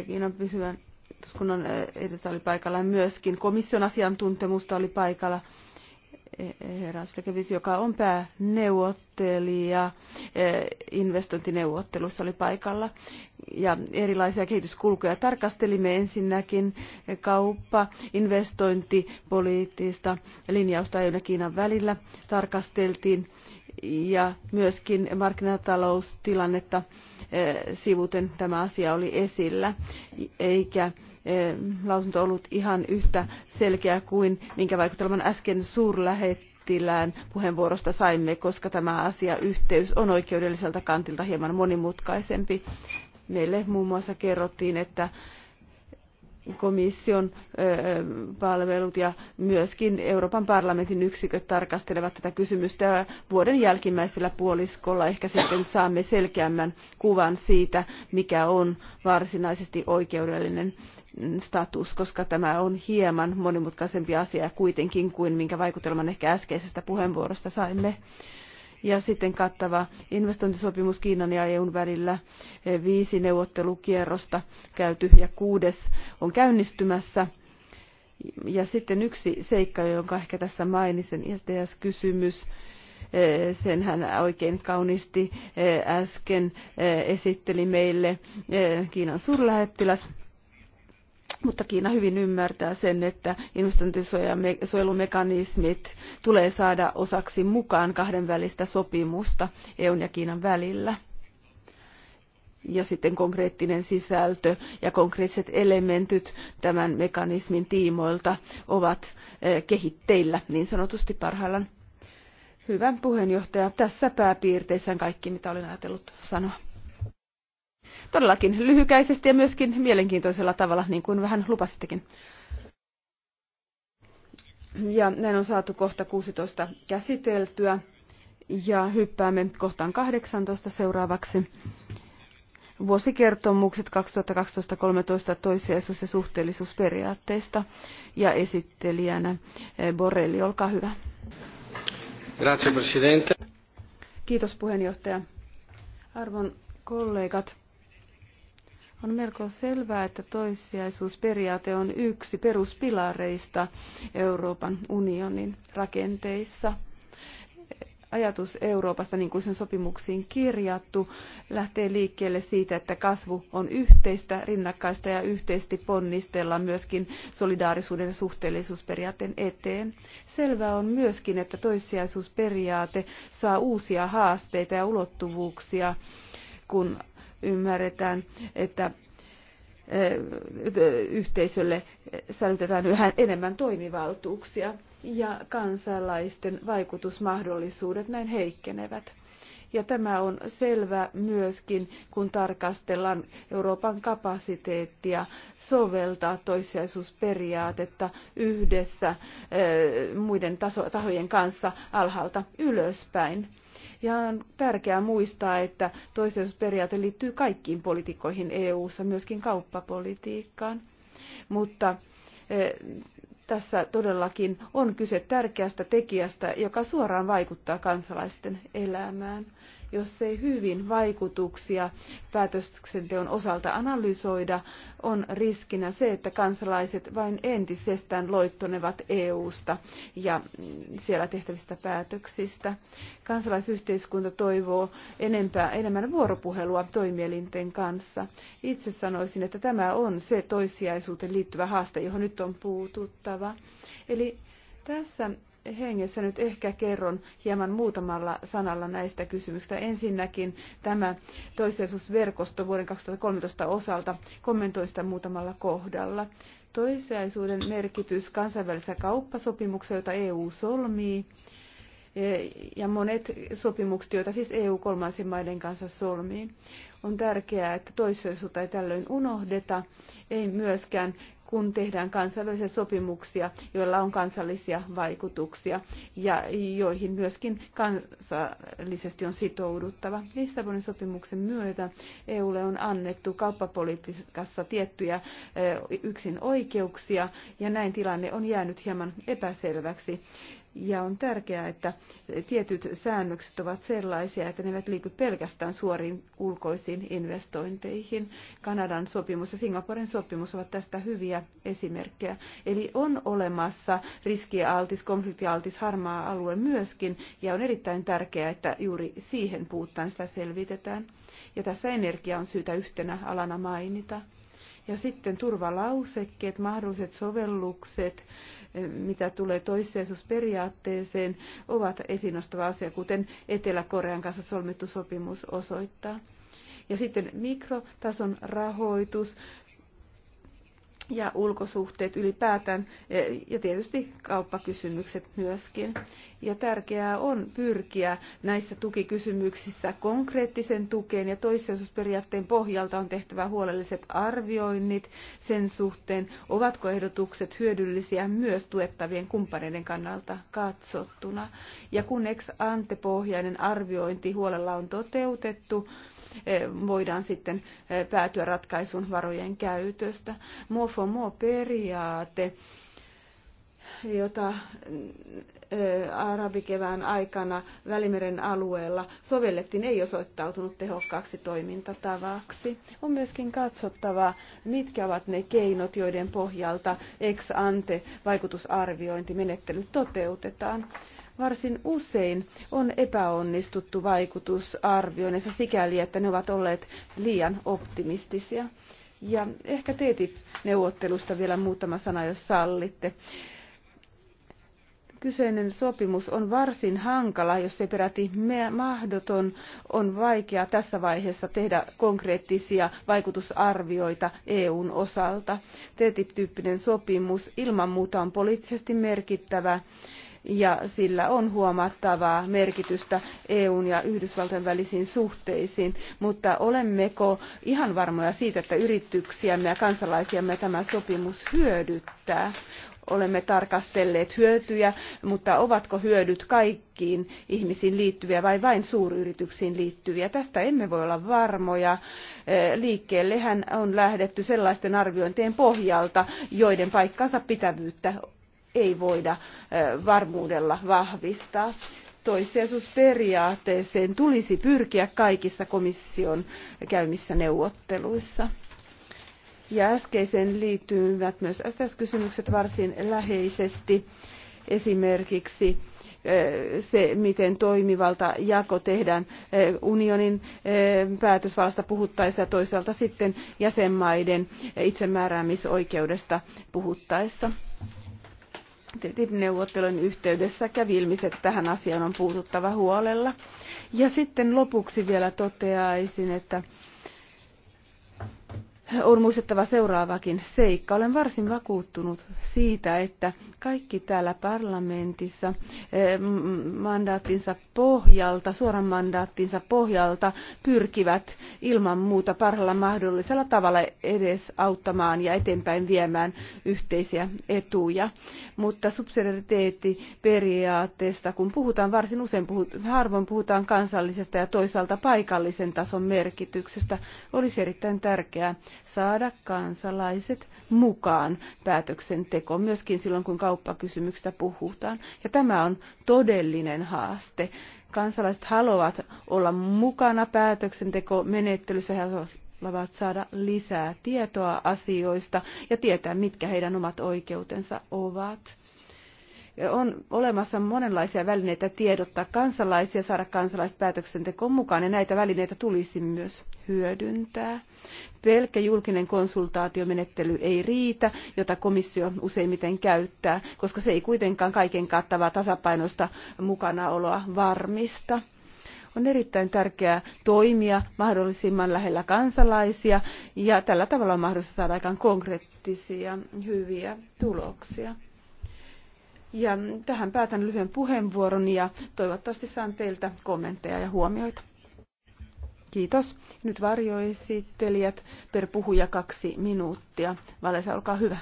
Kiinan pysyvän eduskunnan edustaja eh, oli paikalla ja myöskin komission asiantuntemusta oli paikalla. Eh, eh, herra Slekevits, joka on pääneuvottelija investointineuvottelussa, oli paikalla. Ja erilaisia kehityskulkuja tarkastelimme ensinnäkin kauppa, investointipoliittista linjausta EUn ja Kiinan välillä tarkasteltiin ja myöskin markkinataloustilannetta sivuten tämä asia oli esillä, eikä lausunto ollut ihan yhtä selkeä kuin minkä vaikutelman äsken suurlähettilään puheenvuorosta saimme, koska tämä asiayhteys on oikeudelliselta kantilta hieman monimutkaisempi. Meille muun muassa kerrottiin, että komission palvelut ja myöskin Euroopan parlamentin yksiköt tarkastelevat tätä kysymystä vuoden jälkimmäisellä puoliskolla. Ehkä sitten saamme selkeämmän kuvan siitä, mikä on varsinaisesti oikeudellinen status, koska tämä on hieman monimutkaisempi asia kuitenkin kuin minkä vaikutelman ehkä äskeisestä puheenvuorosta saimme ja sitten kattava investointisopimus Kiinan ja EUn välillä. Eh, viisi neuvottelukierrosta käyty ja kuudes on käynnistymässä. Ja sitten yksi seikka, jonka ehkä tässä mainitsen, isds kysymys eh, sen hän oikein kauniisti eh, äsken esitteli meille Kiinan suurlähettiläs mutta Kiina hyvin ymmärtää sen, että investointisuojelumekanismit tulee saada osaksi mukaan kahdenvälistä sopimusta EUn ja Kiinan välillä. Ja sitten konkreettinen sisältö ja konkreettiset elementit tämän mekanismin tiimoilta ovat eh, kehitteillä niin sanotusti parhaillaan. Hyvä puheenjohtaja, tässä pääpiirteissään kaikki mitä olin ajatellut sanoa todellakin lyhykäisesti ja myöskin mielenkiintoisella tavalla, niin kuin vähän lupasittekin. Ja näin on saatu kohta 16 käsiteltyä. Ja hyppäämme kohtaan 18 seuraavaksi. Vuosikertomukset 2012-2013 toisiaisuus- ja suhteellisuusperiaatteista. Ja esittelijänä eh, Borrelli, olkaa hyvä. Grazie, Presidente. Kiitos puheenjohtaja. Arvon kollegat, on melko selvää, että toissijaisuusperiaate on yksi peruspilareista Euroopan unionin rakenteissa ajatus Euroopasta, niin kuin sen sopimuksiin kirjattu, lähtee liikkeelle siitä, että kasvu on yhteistä, rinnakkaista ja yhteisesti ponnistellaan myöskin solidaarisuuden ja suhteellisuusperiaatteen eteen. Selvää on myöskin, että toissijaisuusperiaate saa uusia haasteita ja ulottuvuuksia kun ymmärretään, eh, että yhteisölle sälytetään yhä enemmän toimivaltuuksia ja kansalaisten vaikutusmahdollisuudet näin heikkenevät. Ja tämä on selvä myöskin, kun tarkastellaan Euroopan kapasiteettia soveltaa toissijaisuusperiaatetta yhdessä eh, muiden taso, tahojen kanssa alhaalta ylöspäin. Ja on tärkeää muistaa, että toissijaisuusperiaate liittyy kaikkiin politiikkoihin EU-ssa, myöskin kauppapolitiikkaan. Mutta eh, tässä todellakin on kyse tärkeästä tekijästä, joka suoraan vaikuttaa kansalaisten elämään jos ei hyvin vaikutuksia päätöksenteon osalta analysoida, on riskinä se, että kansalaiset vain entisestään loittonevat EU-sta ja siellä tehtävistä päätöksistä. Kansalaisyhteiskunta toivoo enempää, enemmän vuoropuhelua toimielinten kanssa. Itse sanoisin, että tämä on se toissijaisuuteen liittyvä haaste, johon nyt on puututtava. Eli tässä hengessä nyt ehkä kerron hieman muutamalla sanalla näistä kysymyksistä. Ensinnäkin tämä toissijaisuusverkosto vuoden 2013 osalta kommentoin sitä muutamalla kohdalla. Toissijaisuuden merkitys kansainvälisessä kauppasopimuksessa, jota EU solmii, e, ja monet sopimukset, joita siis EU kolmansien maiden kanssa solmii. On tärkeää, että toissijaisuutta ei tällöin unohdeta, ei myöskään kun tehdään kansainvälisiä sopimuksia, joilla on kansallisia vaikutuksia ja joihin myöskin kansallisesti on sitouduttava. Lissabonin sopimuksen myötä EUlle on annettu kauppapolitiikassa tiettyjä eh, yksin oikeuksia ja näin tilanne on jäänyt hieman epäselväksi. Ja on tärkeää, että tietyt säännökset ovat sellaisia, että ne eivät liity pelkästään suoriin ulkoisiin investointeihin. Kanadan sopimus ja Singaporen sopimus ovat tästä hyviä esimerkkejä. Eli on olemassa riskialtis, konfliktialtis, harmaa alue myöskin, ja on erittäin tärkeää, että juuri siihen puuttaan sitä selvitetään. Ja tässä energia on syytä yhtenä alana mainita. Ja sitten turvalausekkeet, mahdolliset sovellukset, eh, mitä tulee toissijaisuusperiaatteeseen, ovat esinostava asia, kuten Etelä-Korean kanssa solmittu sopimus osoittaa. Ja sitten mikrotason rahoitus, ja ulkosuhteet ylipäätään e, ja tietysti kauppakysymykset myöskin. Ja tärkeää on pyrkiä näissä tukikysymyksissä konkreettisen tukeen ja toissijaisuusperiaatteen pohjalta on tehtävä huolelliset arvioinnit sen suhteen, ovatko ehdotukset hyödyllisiä myös tuettavien kumppaneiden kannalta katsottuna. Ja kun ex antepohjainen arviointi huolella on toteutettu, Eh, voidaan sitten eh, päätyä ratkaisun varojen käytöstä. muo for more periaate jota eh, arabikevään aikana Välimeren alueella sovellettiin, ei osoittautunut tehokkaaksi toimintatavaksi. On myöskin katsottava, mitkä ovat ne keinot, joiden pohjalta ex ante vaikutusarviointimenettely toteutetaan varsin usein on epäonnistuttu vaikutusarvioinnissa sikäli, että ne ovat olleet liian optimistisia. Ja ehkä TTIP-neuvottelusta vielä muutama sana, jos sallitte. Kyseinen sopimus on varsin hankala, jos se peräti mahdoton. On vaikea tässä vaiheessa tehdä konkreettisia vaikutusarvioita EUn osalta. TTIP-tyyppinen sopimus ilman muuta on poliittisesti merkittävä ja sillä on huomattavaa merkitystä EUn ja Yhdysvaltojen välisiin suhteisiin, mutta olemmeko ihan varmoja siitä, että yrityksiämme ja kansalaisiamme tämä sopimus hyödyttää? olemme tarkastelleet hyötyjä, mutta ovatko hyödyt kaikkiin ihmisiin liittyviä vai vain suuryrityksiin liittyviä? Tästä emme voi olla varmoja. Eh, liikkeellehän on lähdetty sellaisten arviointien pohjalta, joiden paikkansa pitävyyttä ei voida varmuudella vahvistaa. Toissijaisuusperiaatteeseen tulisi pyrkiä kaikissa komission käymissä neuvotteluissa. Ja äskeiseen liittyvät myös ss kysymykset varsin läheisesti. Esimerkiksi se, miten toimivalta jako tehdään unionin päätösvallasta puhuttaessa ja toisaalta sitten jäsenmaiden itsemääräämisoikeudesta puhuttaessa. TTIP-neuvottelujen yhteydessä kävi ilmi, että tähän asiaan on puututtava huolella. Ja sitten lopuksi vielä toteaisin, että on muistettava seuraavakin seikka. Olen varsin vakuuttunut siitä, että kaikki täällä parlamentissa eh, mandaattinsa pohjalta, suoran mandaattinsa pohjalta pyrkivät ilman muuta parhaalla mahdollisella tavalla edes auttamaan ja eteenpäin viemään yhteisiä etuja. Mutta subsidiariteettiperiaatteesta, kun puhutaan varsin usein, harvoin puhutaan kansallisesta ja toisaalta paikallisen tason merkityksestä, olisi erittäin tärkeää saada kansalaiset mukaan päätöksentekoon, myöskin silloin kun kauppakysymyksistä puhutaan. Ja tämä on todellinen haaste. Kansalaiset haluavat olla mukana päätöksentekomenettelyssä, he haluavat saada lisää tietoa asioista ja tietää, mitkä heidän omat oikeutensa ovat on olemassa monenlaisia välineitä tiedottaa kansalaisia, saada kansalaiset päätöksentekoon mukaan, ja näitä välineitä tulisi myös hyödyntää. Pelkkä julkinen konsultaatiomenettely ei riitä, jota komissio useimmiten käyttää, koska se ei kuitenkaan kaiken kattavaa tasapainoista mukanaoloa varmista on erittäin tärkeää toimia mahdollisimman lähellä kansalaisia ja tällä tavalla on mahdollista saada aikaan konkreettisia hyviä tuloksia. Ja tähän päätän lyhyen puheenvuoron ja toivottavasti saan teiltä kommentteja ja huomioita. Kiitos. Nyt varjoesittelijät per puhuja kaksi minuuttia. Valesa, olkaa hyvä.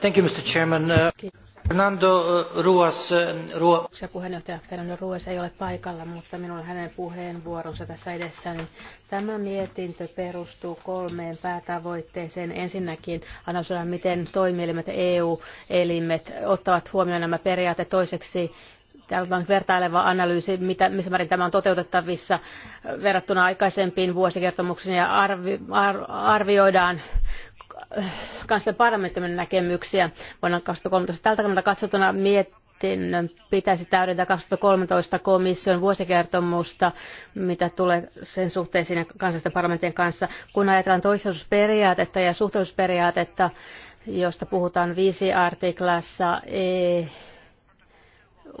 Thank you, Mr. Chairman. Kiitos. Fernando eh, Ruas, eh, Ruo... puheenjohtaja Fernando Ruas ei ole paikalla, mutta minulla on hänen puheenvuoronsa tässä edessäni. Niin tämä mietintö perustuu kolmeen päätavoitteeseen. Ensinnäkin analysoida, miten toimielimet EU-elimet ottavat huomioon nämä periaatteet. Toiseksi Täällä on vertaileva analyysi, mitä, missä määrin tämä on toteutettavissa verrattuna aikaisempiin vuosikertomuksiin ja arvi, ar, arvioidaan kanssa parlamentamme näkemyksiä vuonna 2013. Tältä kannalta katsottuna mietinnön pitäisi täydentää 2013 komission vuosikertomusta, mitä tulee sen suhteisiin kansallisten parlamenttien kanssa. Kun ajatellaan toisellisuusperiaatetta ja suhteellisuusperiaatetta, josta puhutaan viisi artiklassa, e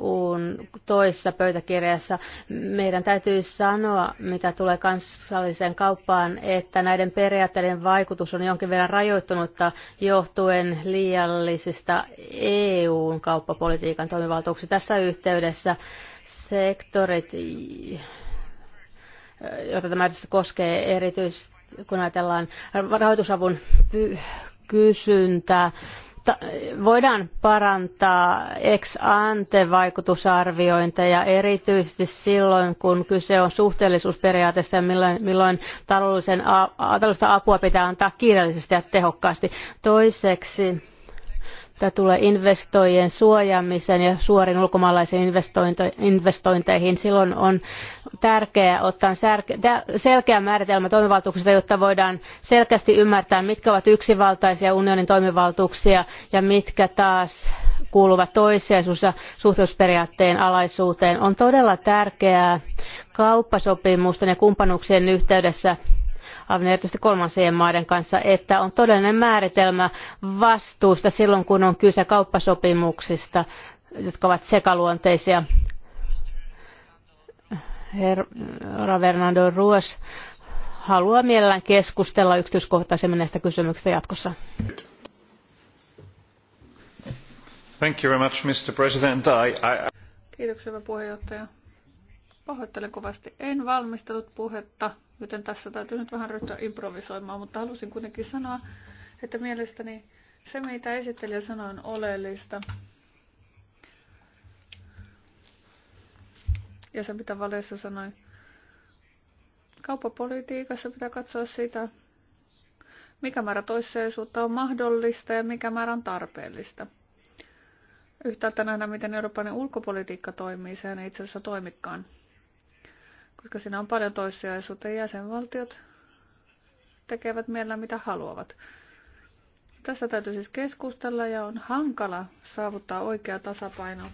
EUn toisessa pöytäkirjassa. Meidän täytyy sanoa, mitä tulee kansalliseen kauppaan, että näiden periaatteiden vaikutus on jonkin verran rajoittunutta johtuen liiallisista EUn kauppapolitiikan toimivaltuuksista. Tässä yhteydessä sektorit, joita tämä koskee erityisesti, kun ajatellaan rahoitusavun kysyntää, Eh, voidaan parantaa ex ante vaikutusarviointeja erityisesti silloin, kun kyse on suhteellisuusperiaatteesta ja milloin, milloin taloudellista apua pitää antaa kiireellisesti ja tehokkaasti. Toiseksi mitä tulee investoijien suojaamiseen ja suorin ulkomaalaisiin investointeihin. Silloin on tärkeää ottaa selkeä määritelmä toimivaltuuksista, jotta voidaan selkeästi ymmärtää, mitkä ovat yksivaltaisia unionin toimivaltuuksia ja mitkä taas kuuluvat toissijaisuus- ja suhteusperiaatteen alaisuuteen. On todella tärkeää kauppasopimusten ja kumppanuuksien yhteydessä aivan erityisesti kolmansien maiden kanssa, että on todellinen määritelmä vastuusta silloin, kun on kyse kauppasopimuksista, jotka ovat sekaluonteisia. Herra Fernando Ruos haluaa mielellään keskustella yksityiskohtaisemmin näistä kysymyksistä jatkossa. Thank you very much, Mr. President. I, I... Kiitoksia, puheenjohtaja. Pahoittelen kovasti. En valmistellut puhetta, joten tässä täytyy nyt vähän ryhtyä improvisoimaan, mutta halusin kuitenkin sanoa, että mielestäni se, mitä esittelijä sanoi, on oleellista. Ja se, mitä Valessa sanoi, kauppapolitiikassa pitää katsoa sitä, mikä määrä toisseisuutta on mahdollista ja mikä määrä on tarpeellista. Yhtäältä nähdään, miten Euroopan ulkopolitiikka toimii, sehän ei itse asiassa toimikaan koska siinä on paljon toissijaisuutta ja jäsenvaltiot tekevät mielellä mitä haluavat. Tässä täytyy siis keskustella ja on hankala saavuttaa oikea tasapaino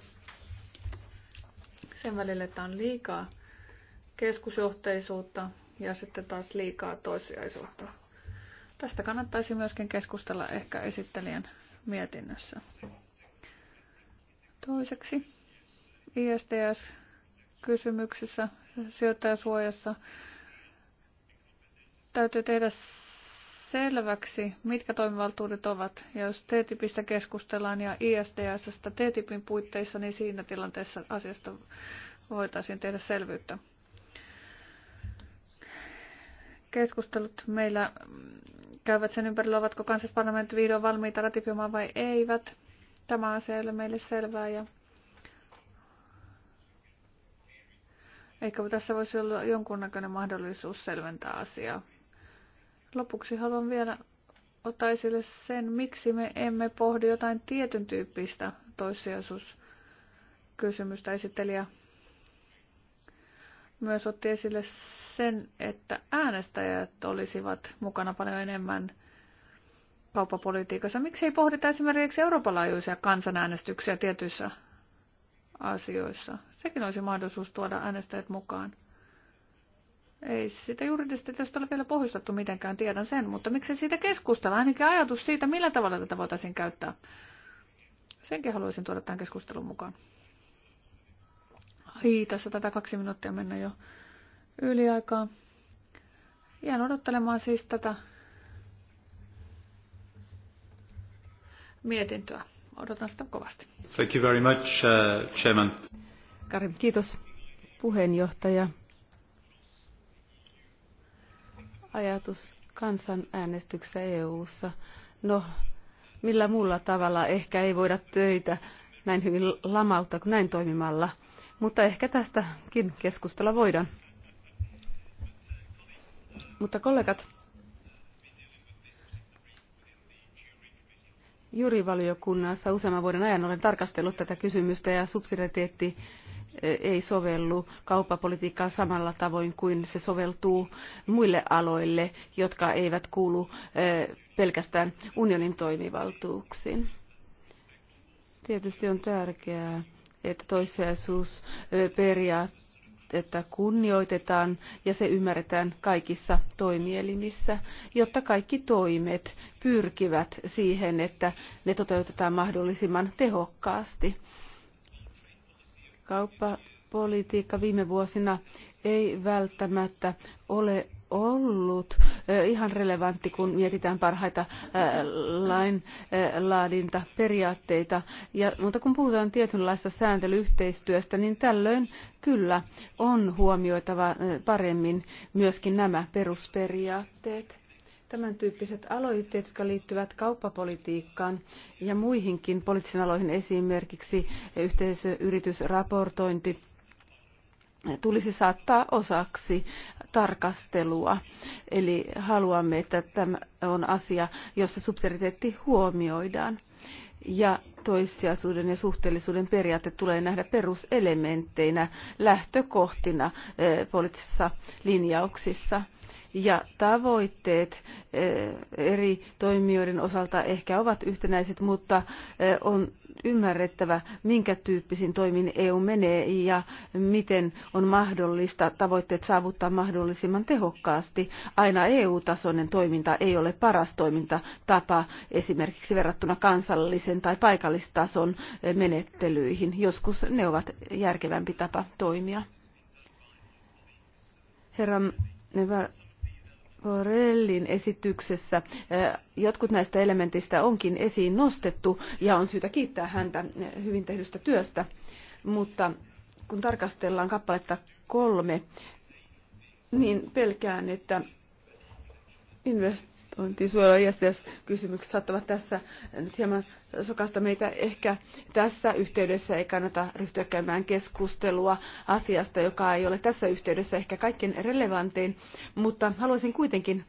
sen välillä, että on liikaa keskusjohteisuutta ja sitten taas liikaa toissijaisuutta. Tästä kannattaisi myöskin keskustella ehkä esittelijän mietinnössä. Toiseksi ISTS-kysymyksissä sijoittajasuojassa täytyy tehdä selväksi, mitkä toimivaltuudet ovat. Ja jos TTIPistä keskustellaan ja ISDSstä TTIPin puitteissa, niin siinä tilanteessa asiasta voitaisiin tehdä selvyyttä. Keskustelut meillä käyvät sen ympärillä, ovatko kansallisparlamentit vihdoin valmiita ratifioimaan vai eivät. Tämä asia ei ole meille selvää ja Ehkä tässä voisi olla jonkunnäköinen mahdollisuus selventää asiaa. Lopuksi haluan vielä ottaa esille sen, miksi me emme pohdi jotain tietyn tyyppistä toissijaisuuskysymystä. Esittelijä myös otti esille sen, että äänestäjät olisivat mukana paljon enemmän kauppapolitiikassa. Miksi ei pohdita esimerkiksi eurooppalaajuisia kansanäänestyksiä tietyissä asioissa. Sekin olisi mahdollisuus tuoda äänestäjät mukaan. Ei sitä juridisesti tietysti ole vielä pohjustettu mitenkään, tiedän sen, mutta miksi siitä keskustella? Ainakin ajatus siitä, millä tavalla tätä voitaisiin käyttää. Senkin haluaisin tuoda tämän keskustelun mukaan. Ai, tässä tätä kaksi minuuttia mennä jo yli aikaa. Jään odottelemaan siis tätä mietintöä. Odotan sitä kovasti. Thank you very much, uh, Chairman. Karim, kiitos puheenjohtaja. Ajatus kansanäänestyksessä EU-ssa. No, millä muulla tavalla ehkä ei voida töitä näin hyvin lamauttaa kuin näin toimimalla. Mutta ehkä tästäkin keskustella voidaan. Mutta kollegat, Jurivaliokunnassa useamman vuoden ajan olen tarkastellut tätä kysymystä ja subsidiariteetti e, ei sovellu kauppapolitiikkaan samalla tavoin kuin se soveltuu muille aloille, jotka eivät kuulu e, pelkästään unionin toimivaltuuksiin. Tietysti on tärkeää, että toissijaisuusperiaatteet että kunnioitetaan ja se ymmärretään kaikissa toimielimissä, jotta kaikki toimet pyrkivät siihen, että ne toteutetaan mahdollisimman tehokkaasti. Kauppapolitiikka viime vuosina ei välttämättä ole ollut eh, ihan relevantti, kun mietitään parhaita eh, lainlaadintaperiaatteita. Eh, ja, mutta kun puhutaan tietynlaista sääntelyyhteistyöstä, niin tällöin kyllä on huomioitava paremmin myöskin nämä perusperiaatteet tämän tyyppiset aloitteet, jotka liittyvät kauppapolitiikkaan ja muihinkin poliittisiin aloihin, esimerkiksi yhteisöyritysraportointi, tulisi saattaa osaksi tarkastelua. Eli haluamme, että tämä on asia, jossa subsidiariteetti huomioidaan. Ja toissijaisuuden ja suhteellisuuden periaate tulee nähdä peruselementteinä, lähtökohtina eh, poliittisissa linjauksissa. Ja tavoitteet eh, eri toimijoiden osalta ehkä ovat yhtenäiset, mutta eh, on ymmärrettävä, minkä tyyppisiin toimiin EU menee ja miten on mahdollista tavoitteet saavuttaa mahdollisimman tehokkaasti. Aina EU-tasoinen toiminta ei ole paras toimintatapa esimerkiksi verrattuna kansallisen tai paikallisen paikallistason menettelyihin. Joskus ne ovat järkevämpi tapa toimia. Herra Borellin esityksessä eh, jotkut näistä elementistä onkin esiin nostettu ja on syytä kiittää häntä hyvin tehdystä työstä, mutta kun tarkastellaan kappaletta kolme, niin pelkään, että invest- Suola ja kysymykset saattavat tässä nyt hieman sokasta meitä. Ehkä tässä yhteydessä ei kannata ryhtyä käymään keskustelua asiasta, joka ei ole tässä yhteydessä ehkä kaikkein relevantein, mutta haluaisin kuitenkin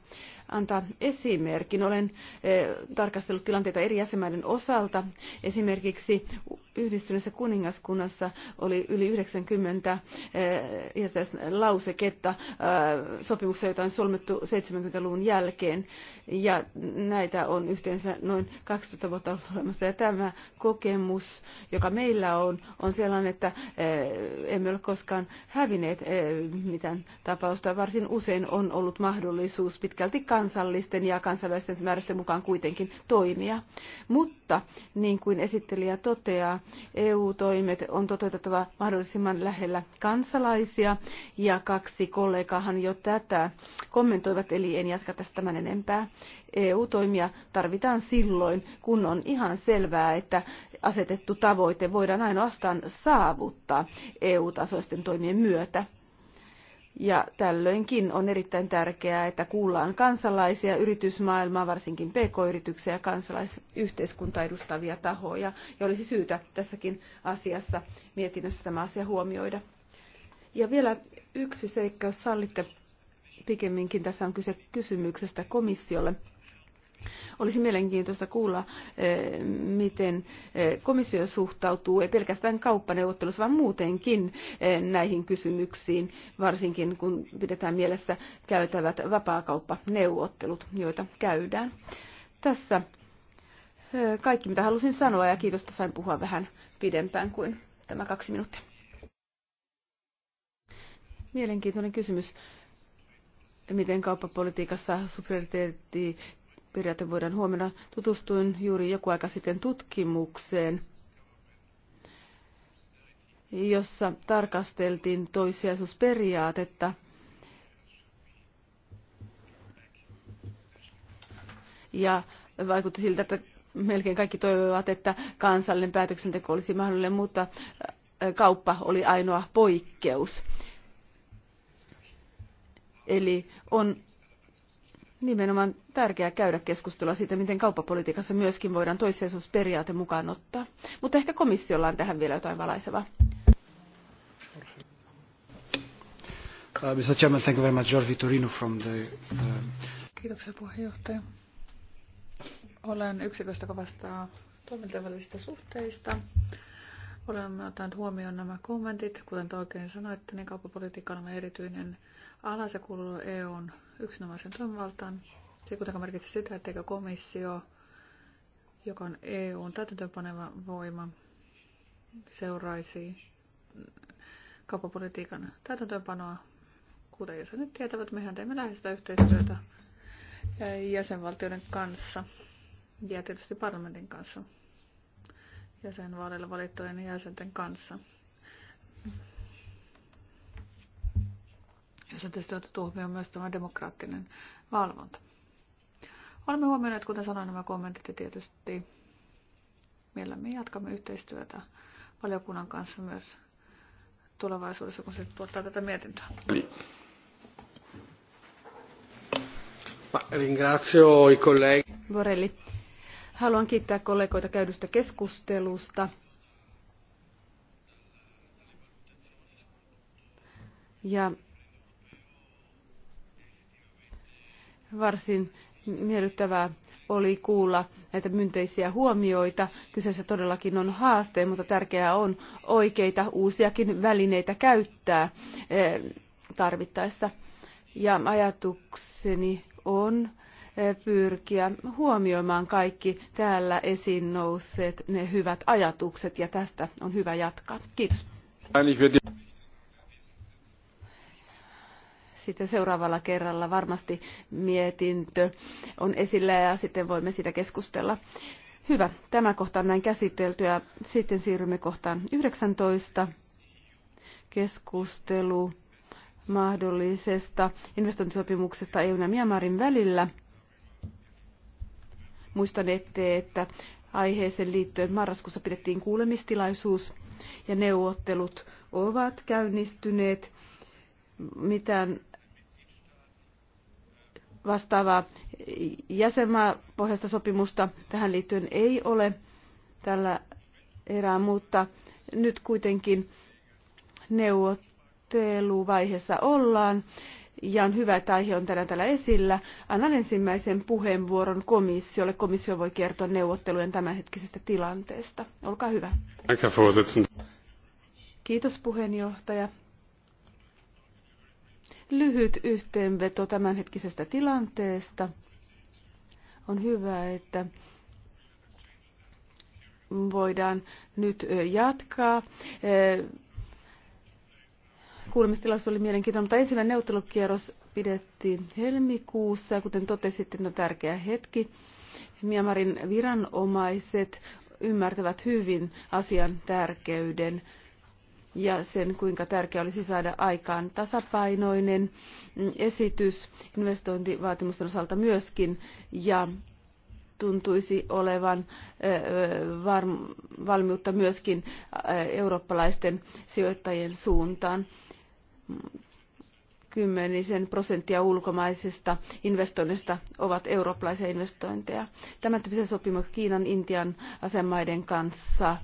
antaa esimerkin. Olen eh, tarkastellut tilanteita eri jäsenmaiden osalta. Esimerkiksi yhdistyneessä kuningaskunnassa oli yli 90 eh, lauseketta eh, sopimuksia, joita on solmittu 70-luvun jälkeen. Ja näitä on yhteensä noin 20 vuotta ollut olemassa. Ja tämä kokemus, joka meillä on, on sellainen, että emme ole koskaan hävinneet mitään tapausta. Varsin usein on ollut mahdollisuus pitkälti kansallisten ja kansainvälisten määräysten mukaan kuitenkin toimia. Mutta niin kuin esittelijä toteaa, EU-toimet on toteutettava mahdollisimman lähellä kansalaisia ja kaksi kollegaahan jo tätä kommentoivat, eli en jatka tästä tämän enempää. EU-toimia tarvitaan silloin, kun on ihan selvää, että asetettu tavoite voidaan ainoastaan saavuttaa EU-tasoisten toimien myötä. Ja tällöinkin on erittäin tärkeää, että kuullaan kansalaisia, yritysmaailmaa, varsinkin pk-yrityksiä ja kansalaisyhteiskunta edustavia tahoja. Ja olisi syytä tässäkin asiassa mietinnössä tämä asia huomioida. Ja vielä yksi seikka, jos sallitte pikemminkin. Tässä on kyse kysymyksestä komissiolle. Olisi mielenkiintoista kuulla, eh, miten eh, komissio suhtautuu, ei pelkästään kauppaneuvottelussa, vaan muutenkin eh, näihin kysymyksiin, varsinkin kun pidetään mielessä käytävät vapaakauppaneuvottelut, joita käydään. Tässä kaikki, mitä halusin sanoa, ja kiitos, että sain puhua vähän pidempään kuin tämä kaksi minuuttia. Mielenkiintoinen kysymys miten kauppapolitiikassa subsidiariteetti periaate voidaan huomenna. Tutustuin juuri joku aika sitten tutkimukseen, jossa tarkasteltiin toissijaisuusperiaatetta. Ja vaikutti siltä, että melkein kaikki toivoivat, että kansallinen päätöksenteko olisi mahdollinen, mutta äh, kauppa oli ainoa poikkeus. Eli on nimenomaan tärkeää käydä keskustelua siitä, miten kauppapolitiikassa myöskin voidaan toissijaisuusperiaate mukaan ottaa. Mutta ehkä komissiolla on tähän vielä jotain valaisevaa. Uh, Mr. Chairman, thank you very much. George Vitorino from the... Uh... Kiitoksia puheenjohtaja. Olen yksiköstä, joka vastaa toimintavälisistä suhteista. Olen ottanut huomioon nämä kommentit. Kuten te oikein sanoitte, niin kauppapolitiikka on erityinen ala, se kuuluu EUn yksinomaisen toimivaltaan. Se kuitenkaan merkitsee sitä, etteikö komissio, joka on EUn täytäntöönpaneva voima, seuraisi kauppapolitiikan täytäntöönpanoa. Kuten jäsenet tietävät, mehän teemme läheistä yhteistyötä jäsenvaltioiden kanssa ja tietysti parlamentin kanssa jäsenvaaleilla valittujen jäsenten kanssa. Tässä on tietysti otettu huomioon myös tämä demokraattinen valvonta. Olemme huomioineet, kuten sanoin, nämä kommentit ja tietysti mielellämme jatkamme yhteistyötä valiokunnan kanssa myös tulevaisuudessa, kun se tuottaa tätä mietintöä. Vorelli, Borelli. Haluan kiittää kollegoita käydystä keskustelusta. Ja Varsin miellyttävää oli kuulla näitä myönteisiä huomioita. Kyseessä todellakin on haaste, mutta tärkeää on oikeita uusiakin välineitä käyttää eh, tarvittaessa. Ja ajatukseni on eh, pyrkiä huomioimaan kaikki täällä esiin nousseet ne hyvät ajatukset ja tästä on hyvä jatkaa. Kiitos sitten seuraavalla kerralla varmasti mietintö on esillä ja sitten voimme siitä keskustella. Hyvä, tämä kohta on näin käsitelty ja sitten siirrymme kohtaan 19. Keskustelu mahdollisesta investointisopimuksesta EUn ja Myanmarin välillä. Muistan ette, että aiheeseen liittyen marraskuussa pidettiin kuulemistilaisuus ja neuvottelut ovat käynnistyneet. Mitään vastaavaa jäsenmaapohjaista sopimusta tähän liittyen ei ole tällä erää, mutta nyt kuitenkin neuvotteluvaiheessa ollaan. Ja on hyvä, että aihe on tänään täällä esillä. Annan ensimmäisen puheenvuoron komissiolle. Komissio voi kertoa neuvottelujen tämänhetkisestä tilanteesta. Olkaa hyvä. Kiitos puheenjohtaja lyhyt yhteenveto tämänhetkisestä tilanteesta. On hyvä, että voidaan nyt jatkaa. Kuulemistilaisuus oli mielenkiintoinen, mutta ensimmäinen neuvottelukierros pidettiin helmikuussa ja kuten totesitte, on no, tärkeä hetki. Miamarin viranomaiset ymmärtävät hyvin asian tärkeyden ja sen, kuinka tärkeää olisi saada aikaan tasapainoinen esitys investointivaatimusten osalta myöskin. Ja tuntuisi olevan valmiutta myöskin eurooppalaisten sijoittajien suuntaan. Kymmenisen prosenttia ulkomaisista investoinneista ovat eurooppalaisia investointeja. Tämän tyyppisiä sopimuksia Kiinan, Intian asemaiden kanssa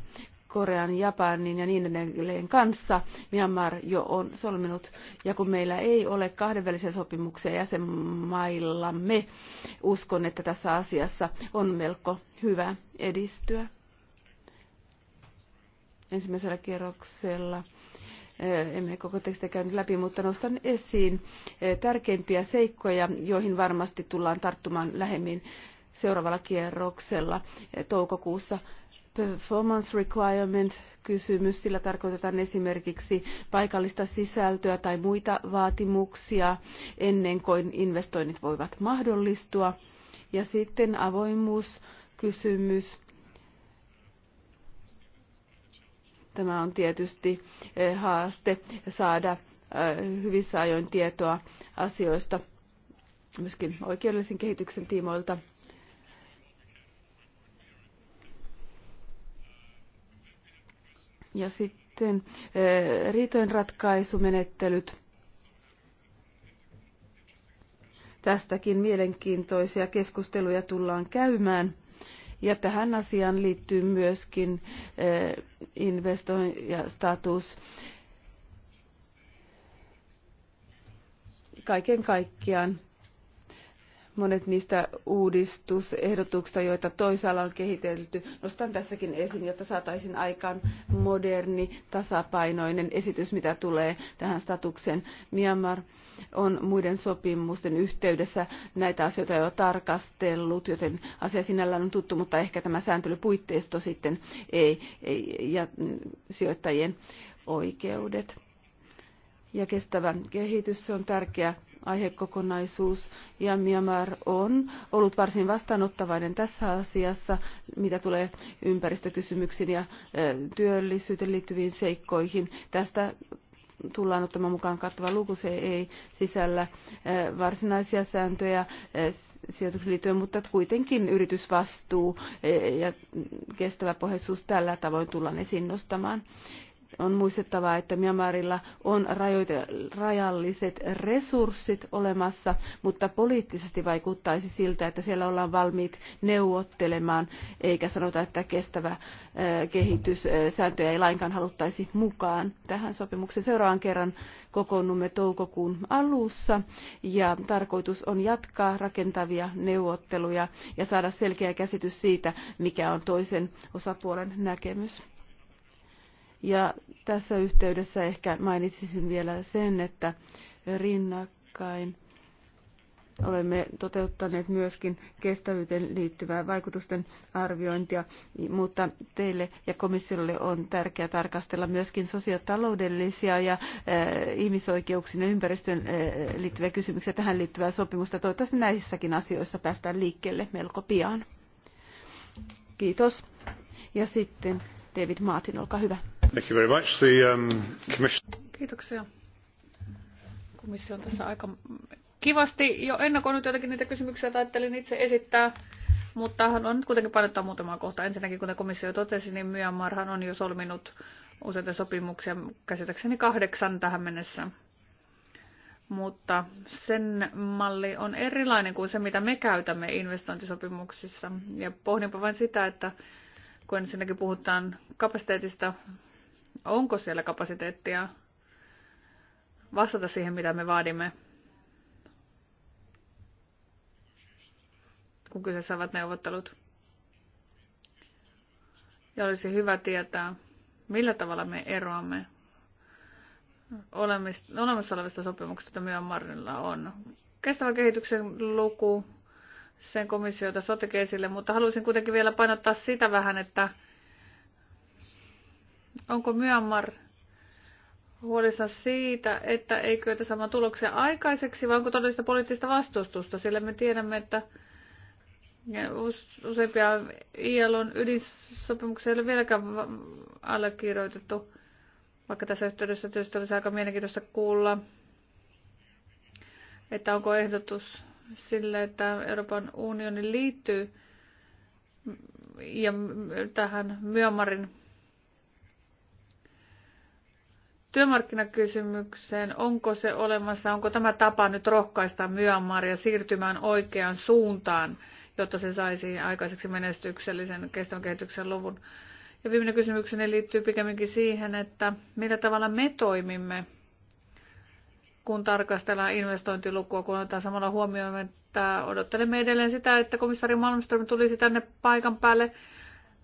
Korean, Japanin ja niin edelleen kanssa Myanmar jo on solminut. Ja kun meillä ei ole kahdenvälisiä sopimuksia jäsenmaillamme, uskon, että tässä asiassa on melko hyvä edistyä. Ensimmäisellä kierroksella eh, emme koko tekstiä käynyt läpi, mutta nostan esiin eh, tärkeimpiä seikkoja, joihin varmasti tullaan tarttumaan lähemmin seuraavalla kierroksella eh, toukokuussa performance requirement kysymys, sillä tarkoitetaan esimerkiksi paikallista sisältöä tai muita vaatimuksia ennen kuin investoinnit voivat mahdollistua. Ja sitten avoimuuskysymys. Tämä on tietysti e, haaste saada e, hyvissä ajoin tietoa asioista myöskin oikeudellisen kehityksen tiimoilta – Ja sitten eh, riitojen ratkaisumenettelyt. Tästäkin mielenkiintoisia keskusteluja tullaan käymään. Ja tähän asiaan liittyy myöskin eh, investointistatus. Kaiken kaikkiaan monet niistä uudistusehdotuksista, joita toisaalla on kehitelty. Nostan tässäkin esiin, jotta saataisiin aikaan moderni, tasapainoinen esitys, mitä tulee tähän statukseen. Myanmar on muiden sopimusten yhteydessä näitä asioita jo tarkastellut, joten asia sinällään on tuttu, mutta ehkä tämä sääntelypuitteisto sitten ei, ei ja sijoittajien oikeudet. Ja kestävä kehitys, se on tärkeä aihekokonaisuus ja Myanmar on ollut varsin vastaanottavainen tässä asiassa, mitä tulee ympäristökysymyksiin ja työllisyyteen liittyviin seikkoihin. Tästä tullaan ottamaan mukaan kattava luku. Se ei sisällä varsinaisia sääntöjä sijoituksiin liittyen, mutta kuitenkin yritysvastuu ja kestävä pohjaisuus tällä tavoin tullaan esiin nostamaan on muistettava, että Myanmarilla on rajalliset resurssit olemassa, mutta poliittisesti vaikuttaisi siltä, että siellä ollaan valmiit neuvottelemaan, eikä sanota, että kestävä eh, kehityssääntöjä eh, ei lainkaan haluttaisi mukaan tähän sopimukseen. Seuraavan kerran kokoonnumme toukokuun alussa ja tarkoitus on jatkaa rakentavia neuvotteluja ja saada selkeä käsitys siitä, mikä on toisen osapuolen näkemys. Ja tässä yhteydessä ehkä mainitsisin vielä sen, että rinnakkain olemme toteuttaneet myöskin kestävyyteen liittyvää vaikutusten arviointia, mutta teille ja komissiolle on tärkeää tarkastella myöskin sosiotaloudellisia ja eh, ihmisoikeuksien ja ympäristöön eh, liittyviä kysymyksiä tähän liittyvää sopimusta. Toivottavasti näissäkin asioissa päästään liikkeelle melko pian. Kiitos. Ja sitten David Martin, olkaa hyvä. Um, Kiitoksia. Komissio on tässä aika kivasti jo ennakoinut jotakin niitä kysymyksiä, joita ajattelin itse esittää. Mutta hän on nyt kuitenkin painottaa muutamaa kohtaa. Ensinnäkin, kuten komissio totesi, niin Myanmarhan on jo solminut useita sopimuksia, käsittääkseni kahdeksan tähän mennessä. Mutta sen malli on erilainen kuin se, mitä me käytämme investointisopimuksissa. Ja pohdinpa vain sitä, että kun ensinnäkin puhutaan kapasiteetista Onko siellä kapasiteettia vastata siihen, mitä me vaadimme? kun kyseessä ovat neuvottelut. Ja olisi hyvä tietää, millä tavalla me eroamme olemassa olevista sopimuksista, joita Marnilla on. Kestävän kehityksen luku, sen komissiota sotekeisille, esille, mutta haluaisin kuitenkin vielä painottaa sitä vähän, että Onko Myanmar huolissa siitä, että ei kyetä saamaan tuloksia aikaiseksi, vai onko todellista poliittista vastustusta? Sillä me tiedämme, että useampia ILon ydinsopimuksia ei ole vieläkään allekirjoitettu, vaikka tässä yhteydessä tietysti olisi aika mielenkiintoista kuulla, että onko ehdotus sille, että Euroopan unioni liittyy ja tähän Myanmarin työmarkkinakysymykseen, onko se olemassa, onko tämä tapa nyt rohkaista Myanmaria siirtymään oikeaan suuntaan, jotta se saisi aikaiseksi menestyksellisen kestävän kehityksen luvun. Ja viimeinen kysymykseni liittyy pikemminkin siihen, että millä tavalla me toimimme, kun tarkastellaan investointilukua, kun otetaan samalla huomioon, että odottelemme edelleen sitä, että komissaari Malmström tulisi tänne paikan päälle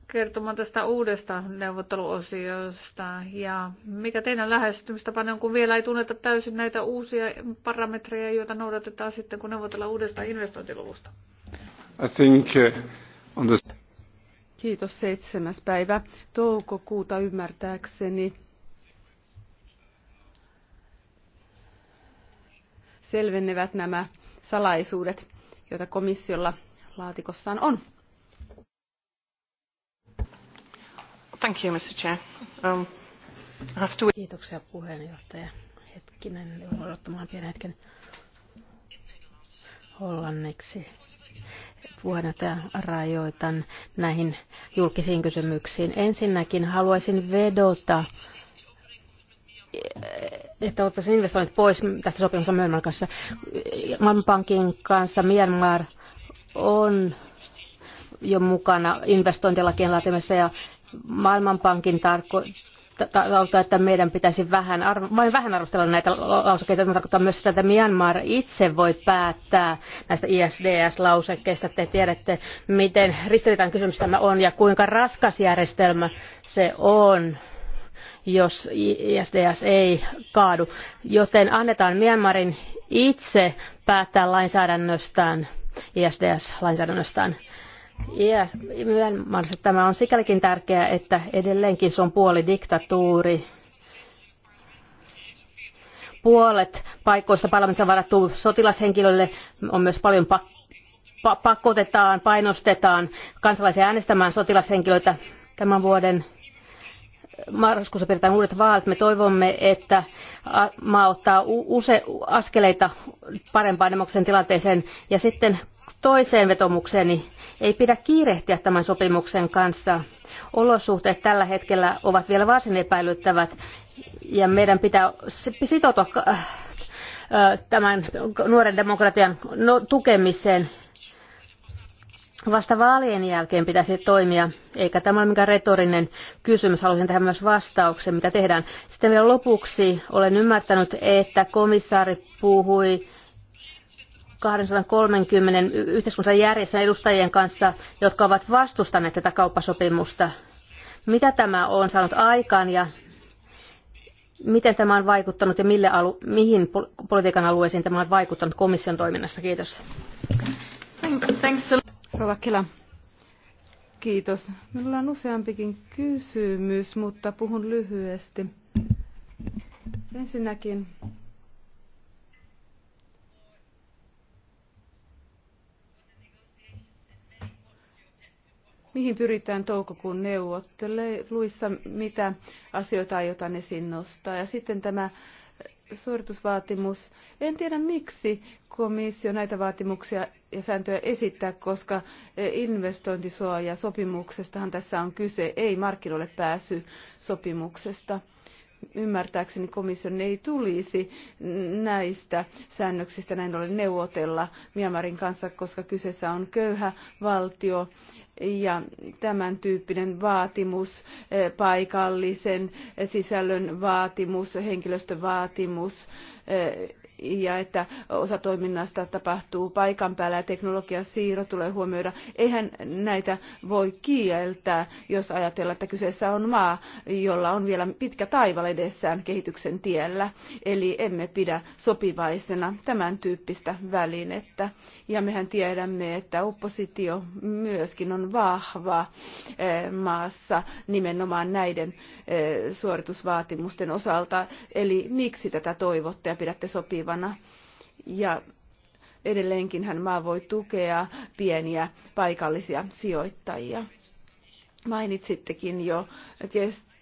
kertomaan tästä uudesta neuvotteluosiosta ja mikä teidän lähestymistapanne on, kun vielä ei tunneta täysin näitä uusia parametreja, joita noudatetaan sitten, kun neuvotellaan uudesta investointiluvusta? I think, uh, on this... Kiitos. Seitsemäs päivä toukokuuta ymmärtääkseni. Selvennevät nämä salaisuudet, joita komissiolla laatikossaan on. Thank you, Mr. Chair. Um, I have to... Kiitoksia puheenjohtaja. Hetkinen, joudun odottamaan pienen hetken hollanniksi puheenjohtaja rajoitan näihin julkisiin kysymyksiin. Ensinnäkin haluaisin vedota, että ottaisin investoinnit pois tästä sopimusta Myanmar kanssa. Maailmanpankin kanssa Myanmar on jo mukana investointilakien laatimisessa ja Maailmanpankin tarko- taholta, että meidän pitäisi vähän, arvo, vähän arvostella näitä lausekkeita. mutta tarkoittaa myös sitä, että Myanmar itse voi päättää näistä ISDS-lausekkeista. Te tiedätte, miten ristiriitainen kysymys tämä on ja kuinka raskas järjestelmä se on jos ISDS ei kaadu. Joten annetaan Myanmarin itse päättää lainsäädännöstään, ISDS-lainsäädännöstään. Yes, Myanmarissa tämä on sikälikin tärkeää, että edelleenkin se on puoli diktatuuri. Puolet paikoista parlamentissa varattu sotilashenkilöille on myös paljon pak- pa- pakotetaan, painostetaan kansalaisia äänestämään sotilashenkilöitä tämän vuoden marraskuussa pidetään uudet vaalit. Me toivomme, että maa ottaa use askeleita parempaan demokratian tilanteeseen. Ja sitten toiseen vetomukseeni ei pidä kiirehtiä tämän sopimuksen kanssa. Olosuhteet tällä hetkellä ovat vielä varsin epäilyttävät ja meidän pitää sitoutua äh, äh, tämän nuoren demokratian no, tukemiseen. Vasta vaalien jälkeen pitäisi toimia, eikä tämä ole mikään retorinen kysymys. Haluaisin tähän myös vastauksen, mitä tehdään. Sitten vielä lopuksi olen ymmärtänyt, että komissaari puhui 230 yhteiskunnan järjestön edustajien kanssa, jotka ovat vastustaneet tätä kauppasopimusta. Mitä tämä on saanut aikaan ja miten tämä on vaikuttanut ja mille alu, mihin politiikan alueisiin tämä on vaikuttanut komission toiminnassa? Kiitos. Thanks. Rova Kiitos. Minulla on useampikin kysymys, mutta puhun lyhyesti. Ensinnäkin mihin pyritään toukokuun neuvotteluissa, mitä asioita aiotaan esiin nostaa. Ja sitten tämä suoritusvaatimus. En tiedä miksi komissio näitä vaatimuksia ja sääntöjä esittää, koska e, investointisuoja sopimuksestahan tässä on kyse, ei markkinoille pääsy sopimuksesta ymmärtääkseni komission ei tulisi näistä säännöksistä näin ollen neuvotella Myanmarin kanssa, koska kyseessä on köyhä valtio ja tämän tyyppinen vaatimus, eh, paikallisen sisällön vaatimus, henkilöstövaatimus eh, ja että osa toiminnasta tapahtuu paikan päällä ja teknologian siirro tulee huomioida. Eihän näitä voi kieltää, jos ajatellaan, että kyseessä on maa, jolla on vielä pitkä taival edessään kehityksen tiellä. Eli emme pidä sopivaisena tämän tyyppistä välinettä. Ja mehän tiedämme, että oppositio myöskin on vahva eh, maassa nimenomaan näiden eh, suoritusvaatimusten osalta. Eli miksi tätä toivotte ja pidätte sopivaa? toimivana. Ja edelleenkin hän maa voi tukea pieniä paikallisia sijoittajia mainitsittekin jo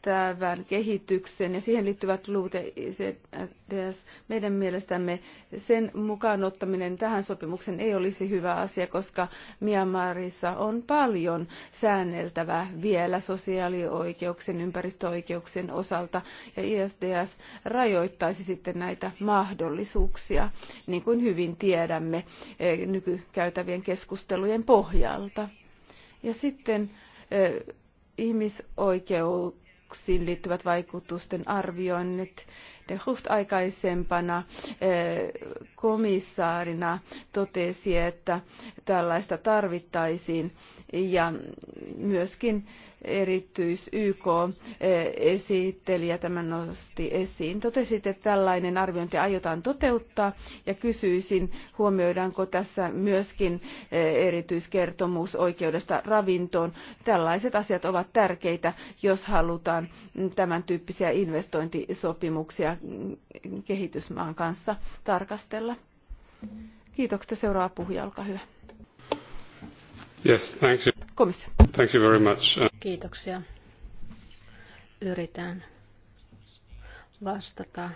kestävän kehityksen ja siihen liittyvät luvut ja ICDS, meidän mielestämme sen mukaan ottaminen tähän sopimukseen ei olisi hyvä asia, koska Myanmarissa on paljon säänneltävää vielä sosiaalioikeuksien, ympäristöoikeuksien osalta ja ISDS rajoittaisi sitten näitä mahdollisuuksia, niin kuin hyvin tiedämme eh, nykykäytävien keskustelujen pohjalta. Ja sitten eh, ihmisoikeus vaikutuksiin liittyvät vaikutusten arvioinnit De Hucht aikaisempana eh, komissaarina totesi, että tällaista tarvittaisiin ja myöskin erityis YK eh, ja tämän nosti esiin. Totesit, että tällainen arviointi aiotaan toteuttaa ja kysyisin, huomioidaanko tässä myöskin eh, erityiskertomus oikeudesta ravintoon. Tällaiset asiat ovat tärkeitä, jos halutaan tämän tyyppisiä investointisopimuksia kehitysmaan kanssa tarkastella. Kiitokset Seuraava puhuja, olkaa hyvä. Yes, thank you. Komissio. Thank you very much. Kiitoksia. Yritän vastata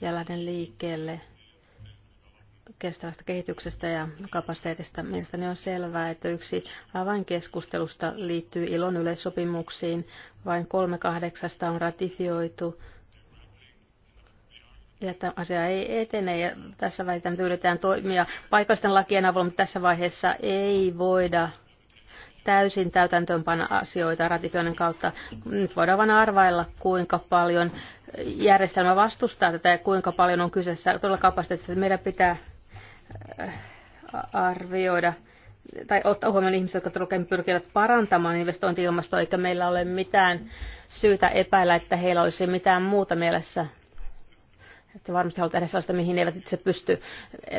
jälleen liikkeelle kestävästä kehityksestä ja kapasiteetista. Mielestäni on selvää, että yksi avainkeskustelusta liittyy ilon yleissopimuksiin. Vain kolme kahdeksasta on ratifioitu ja tämä asia ei etene. Ja tässä väitän, että yritetään toimia paikallisten lakien avulla, mutta tässä vaiheessa ei voida täysin täytäntöönpana asioita ratifioinnin kautta. Nyt voidaan vain arvailla, kuinka paljon järjestelmä vastustaa tätä ja kuinka paljon on kyseessä todella kapasiteetista. Meidän pitää äh, arvioida tai ottaa huomioon ihmiset, jotka todellakin pyrkivät parantamaan investointi eikä meillä ole mitään syytä epäillä, että heillä olisi mitään muuta mielessä että varmasti halutaan tehdä sellaista, mihin eivät itse pysty.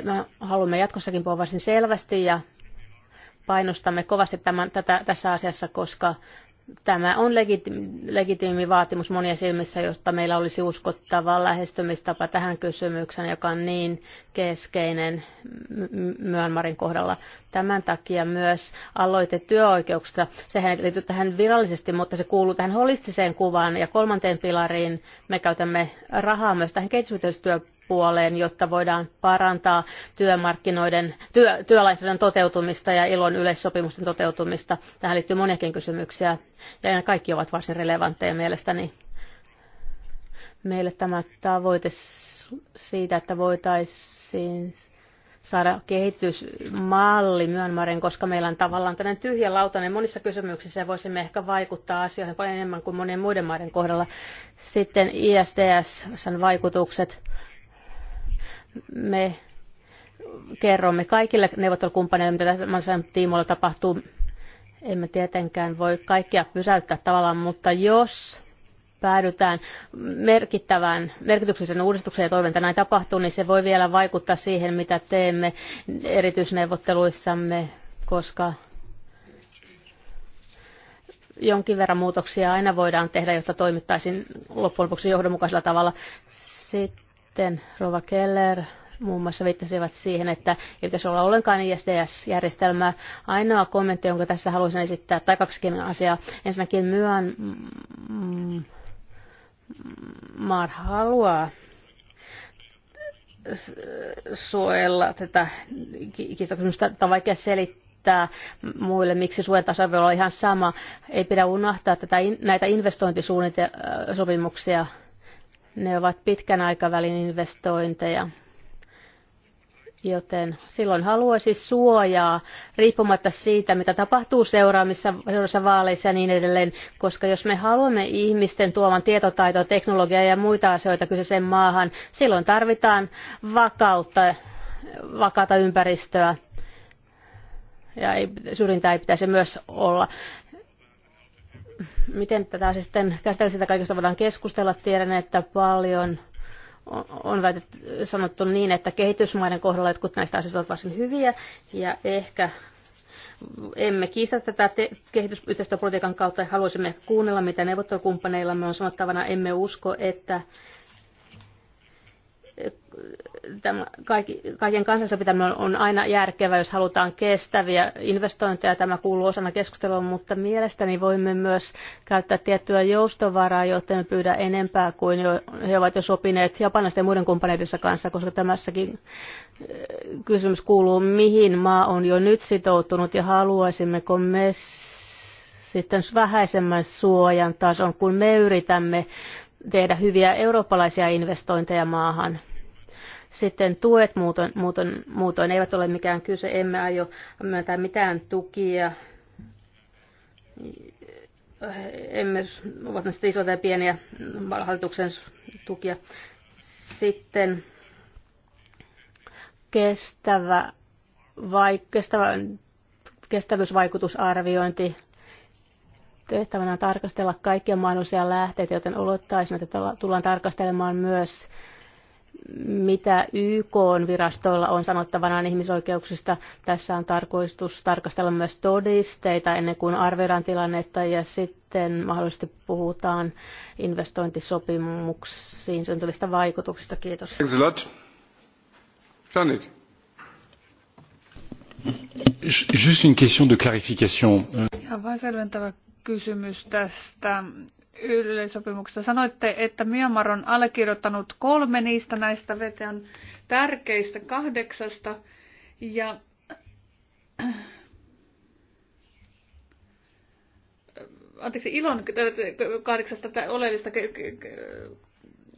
Me haluamme jatkossakin puhua varsin selvästi ja painostamme kovasti tämän, tätä, tässä asiassa, koska Tämä on legitiimi vaatimus monia silmissä, jotta meillä olisi uskottava lähestymistapa tähän kysymykseen, joka on niin keskeinen Myönmarin kohdalla. Tämän takia myös aloite työoikeuksista, sehän ei tähän virallisesti, mutta se kuuluu tähän holistiseen kuvaan ja kolmanteen pilariin. Me käytämme rahaa myös tähän kehitysyhteistyöpuoleen puoleen, jotta voidaan parantaa työmarkkinoiden, työ, työlainsäädännön toteutumista ja ilon yleissopimusten toteutumista. Tähän liittyy moniakin kysymyksiä ja ne kaikki ovat varsin relevantteja mielestäni. Meille tämä tavoite siitä, että voitaisiin saada kehitysmalli Myönmarin, koska meillä on tavallaan tällainen tyhjä lautanen niin monissa kysymyksissä ja voisimme ehkä vaikuttaa asioihin paljon enemmän kuin monien muiden maiden kohdalla. Sitten ISDS, sen vaikutukset. Me kerromme kaikille neuvottelukumppaneille, mitä tässä tiimoilla tapahtuu. Emme tietenkään voi kaikkia pysäyttää tavallaan, mutta jos päädytään merkittävään, merkityksellisen uudistukseen ja toivon, että näin tapahtuu, niin se voi vielä vaikuttaa siihen, mitä teemme erityisneuvotteluissamme, koska jonkin verran muutoksia aina voidaan tehdä, jotta toimittaisiin loppujen lopuksi johdonmukaisella tavalla. Sitten sitten Rova Keller muun muassa viittasivat siihen, että ei pitäisi olla ollenkaan ISDS-järjestelmää. Ainoa kommentti, jonka tässä haluaisin esittää, tai kaksikin asiaa. Ensinnäkin myön Mar haluaa suojella tätä kiistakysymystä. Tämä on vaikea selittää muille, miksi suen taso voi olla ihan sama. Ei pidä unohtaa tätä, näitä investointisuunnitelmia, äh, ne ovat pitkän aikavälin investointeja. Joten silloin haluaisi suojaa riippumatta siitä, mitä tapahtuu seuraamissa, seuraavissa vaaleissa ja niin edelleen, koska jos me haluamme ihmisten tuoman tietotaitoa, teknologiaa ja muita asioita kyseiseen maahan, silloin tarvitaan vakautta, vakata ympäristöä ja ei, syrjintää ei pitäisi myös olla miten tätä sitten käsitellä sitä kaikesta voidaan keskustella. Tiedän, että paljon on väitetty, sanottu niin, että kehitysmaiden kohdalla jotkut näistä asioista ovat varsin hyviä ja ehkä emme kiistä tätä kehitysyhteistyöpolitiikan kautta ja haluaisimme kuunnella, mitä neuvottelukumppaneillamme on sanottavana. Emme usko, että kaikki, kaiken kansallisen pitäminen on aina järkevä, jos halutaan kestäviä investointeja. Tämä kuuluu osana keskustelua, mutta mielestäni voimme myös käyttää tiettyä joustovaraa, jotta me pyydä enempää kuin jo, he ovat jo sopineet japanilaisten ja muiden kumppaneiden kanssa, koska tämässäkin äh, kysymys kuuluu, mihin maa on jo nyt sitoutunut ja haluaisimmeko me sitten vähäisemmän suojan tason, kun me yritämme tehdä hyviä eurooppalaisia investointeja maahan. Sitten tuet muutoin, muutoin, muutoin eivät ole mikään kyse. Emme aio myöntää mitään tukia. Emme, ovat näistä isoja tai pieniä hallituksen tukia. Sitten kestävä, vai, kestävä, kestävyysvaikutusarviointi tehtävänä tarkastella kaikkia mahdollisia lähteitä, joten olettaisin, että tullaan tarkastelemaan myös mitä YK-virastoilla on sanottavana ihmisoikeuksista. Tässä on tarkoitus tarkastella myös todisteita ennen kuin arvioidaan tilannetta ja sitten mahdollisesti puhutaan investointisopimuksiin syntyvistä vaikutuksista. Kiitos. Juste une question de clarification. Ihan vain selventävä kysymys tästä yleisopimuksesta. Sanoitte, että Myanmar on allekirjoittanut kolme niistä näistä VTOn tärkeistä kahdeksasta. Ja anteeksi, ilon kahdeksasta oleellista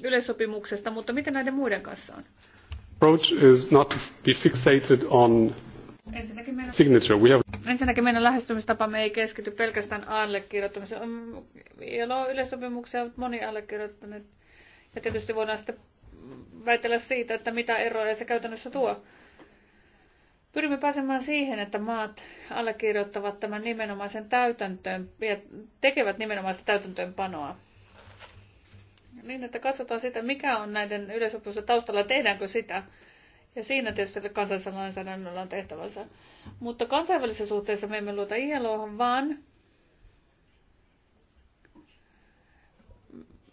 yleissopimuksesta, mutta miten näiden muiden kanssa on? Approach is not to be fixated on Ensinnäkin meidän, Signature, we have... ensinnäkin meidän lähestymistapamme ei keskity pelkästään allekirjoittamiseen. On ilo yleissopimuksia moni allekirjoittanut. Ja tietysti voidaan sitten väitellä siitä, että mitä eroja se käytännössä tuo. Pyrimme pääsemään siihen, että maat allekirjoittavat tämän nimenomaisen täytäntöön ja tekevät nimenomaista täytäntöönpanoa. Niin, että katsotaan sitä, mikä on näiden yleisopimusten taustalla, tehdäänkö sitä. Ja siinä tietysti kansallisella lainsäädännöllä on tehtävänsä. Mutta kansainvälisessä suhteessa me emme luota ILOhan, vaan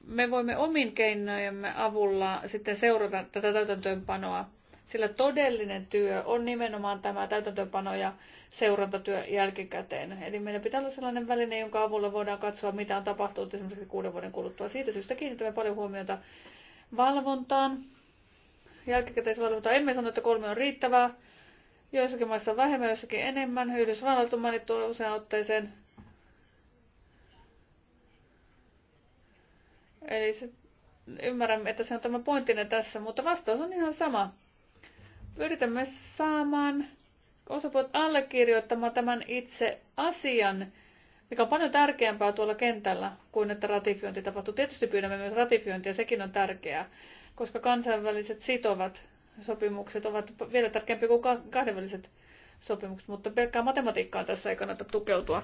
me voimme omin keinojemme avulla sitten seurata tätä täytäntöönpanoa, sillä todellinen työ on nimenomaan tämä täytäntöönpano ja seurantatyö jälkikäteen. Eli meillä pitää olla sellainen väline, jonka avulla voidaan katsoa, mitä on tapahtunut esimerkiksi kuuden vuoden kuluttua. Siitä syystä kiinnitämme paljon huomiota valvontaan, jälkikäteisvalvonta. Emme sano, että kolme on riittävää. Joissakin maissa on vähemmän, joissakin enemmän. Yhdysvallat on mainittu usean otteeseen. Eli se, ymmärrän, että se on tämä pointtinen tässä, mutta vastaus on ihan sama. Yritämme saamaan osapuolet allekirjoittamaan tämän itse asian, mikä on paljon tärkeämpää tuolla kentällä kuin että ratifiointi tapahtuu. Tietysti pyydämme myös ratifiointia, sekin on tärkeää koska kansainväliset sitovat sopimukset ovat vielä tärkeämpiä kuin kahdenväliset sopimukset, mutta pelkkää matematiikkaa tässä ei kannata tukeutua.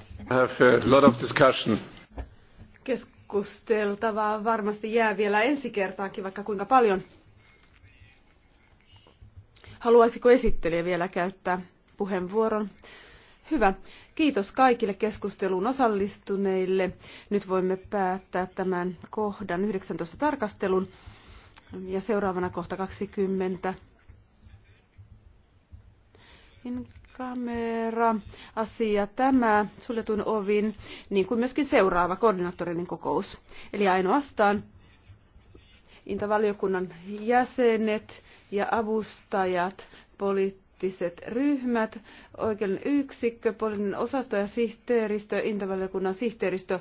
Keskusteltavaa varmasti jää vielä ensi kertaankin, vaikka kuinka paljon. Haluaisiko esittelijä vielä käyttää puheenvuoron? Hyvä. Kiitos kaikille keskusteluun osallistuneille. Nyt voimme päättää tämän kohdan 19 tarkastelun. Ja seuraavana kohta 20. In kamera, asia tämä, suljetun ovin, niin kuin myöskin seuraava koordinaattorinen kokous. Eli ainoastaan intavaliokunnan jäsenet ja avustajat, poliittiset ryhmät, oikeuden yksikkö, poliittinen osasto ja sihteeristö, intavaliokunnan sihteeristö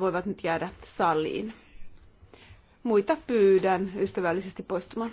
voivat nyt jäädä saliin. Muita pyydän ystävällisesti poistumaan.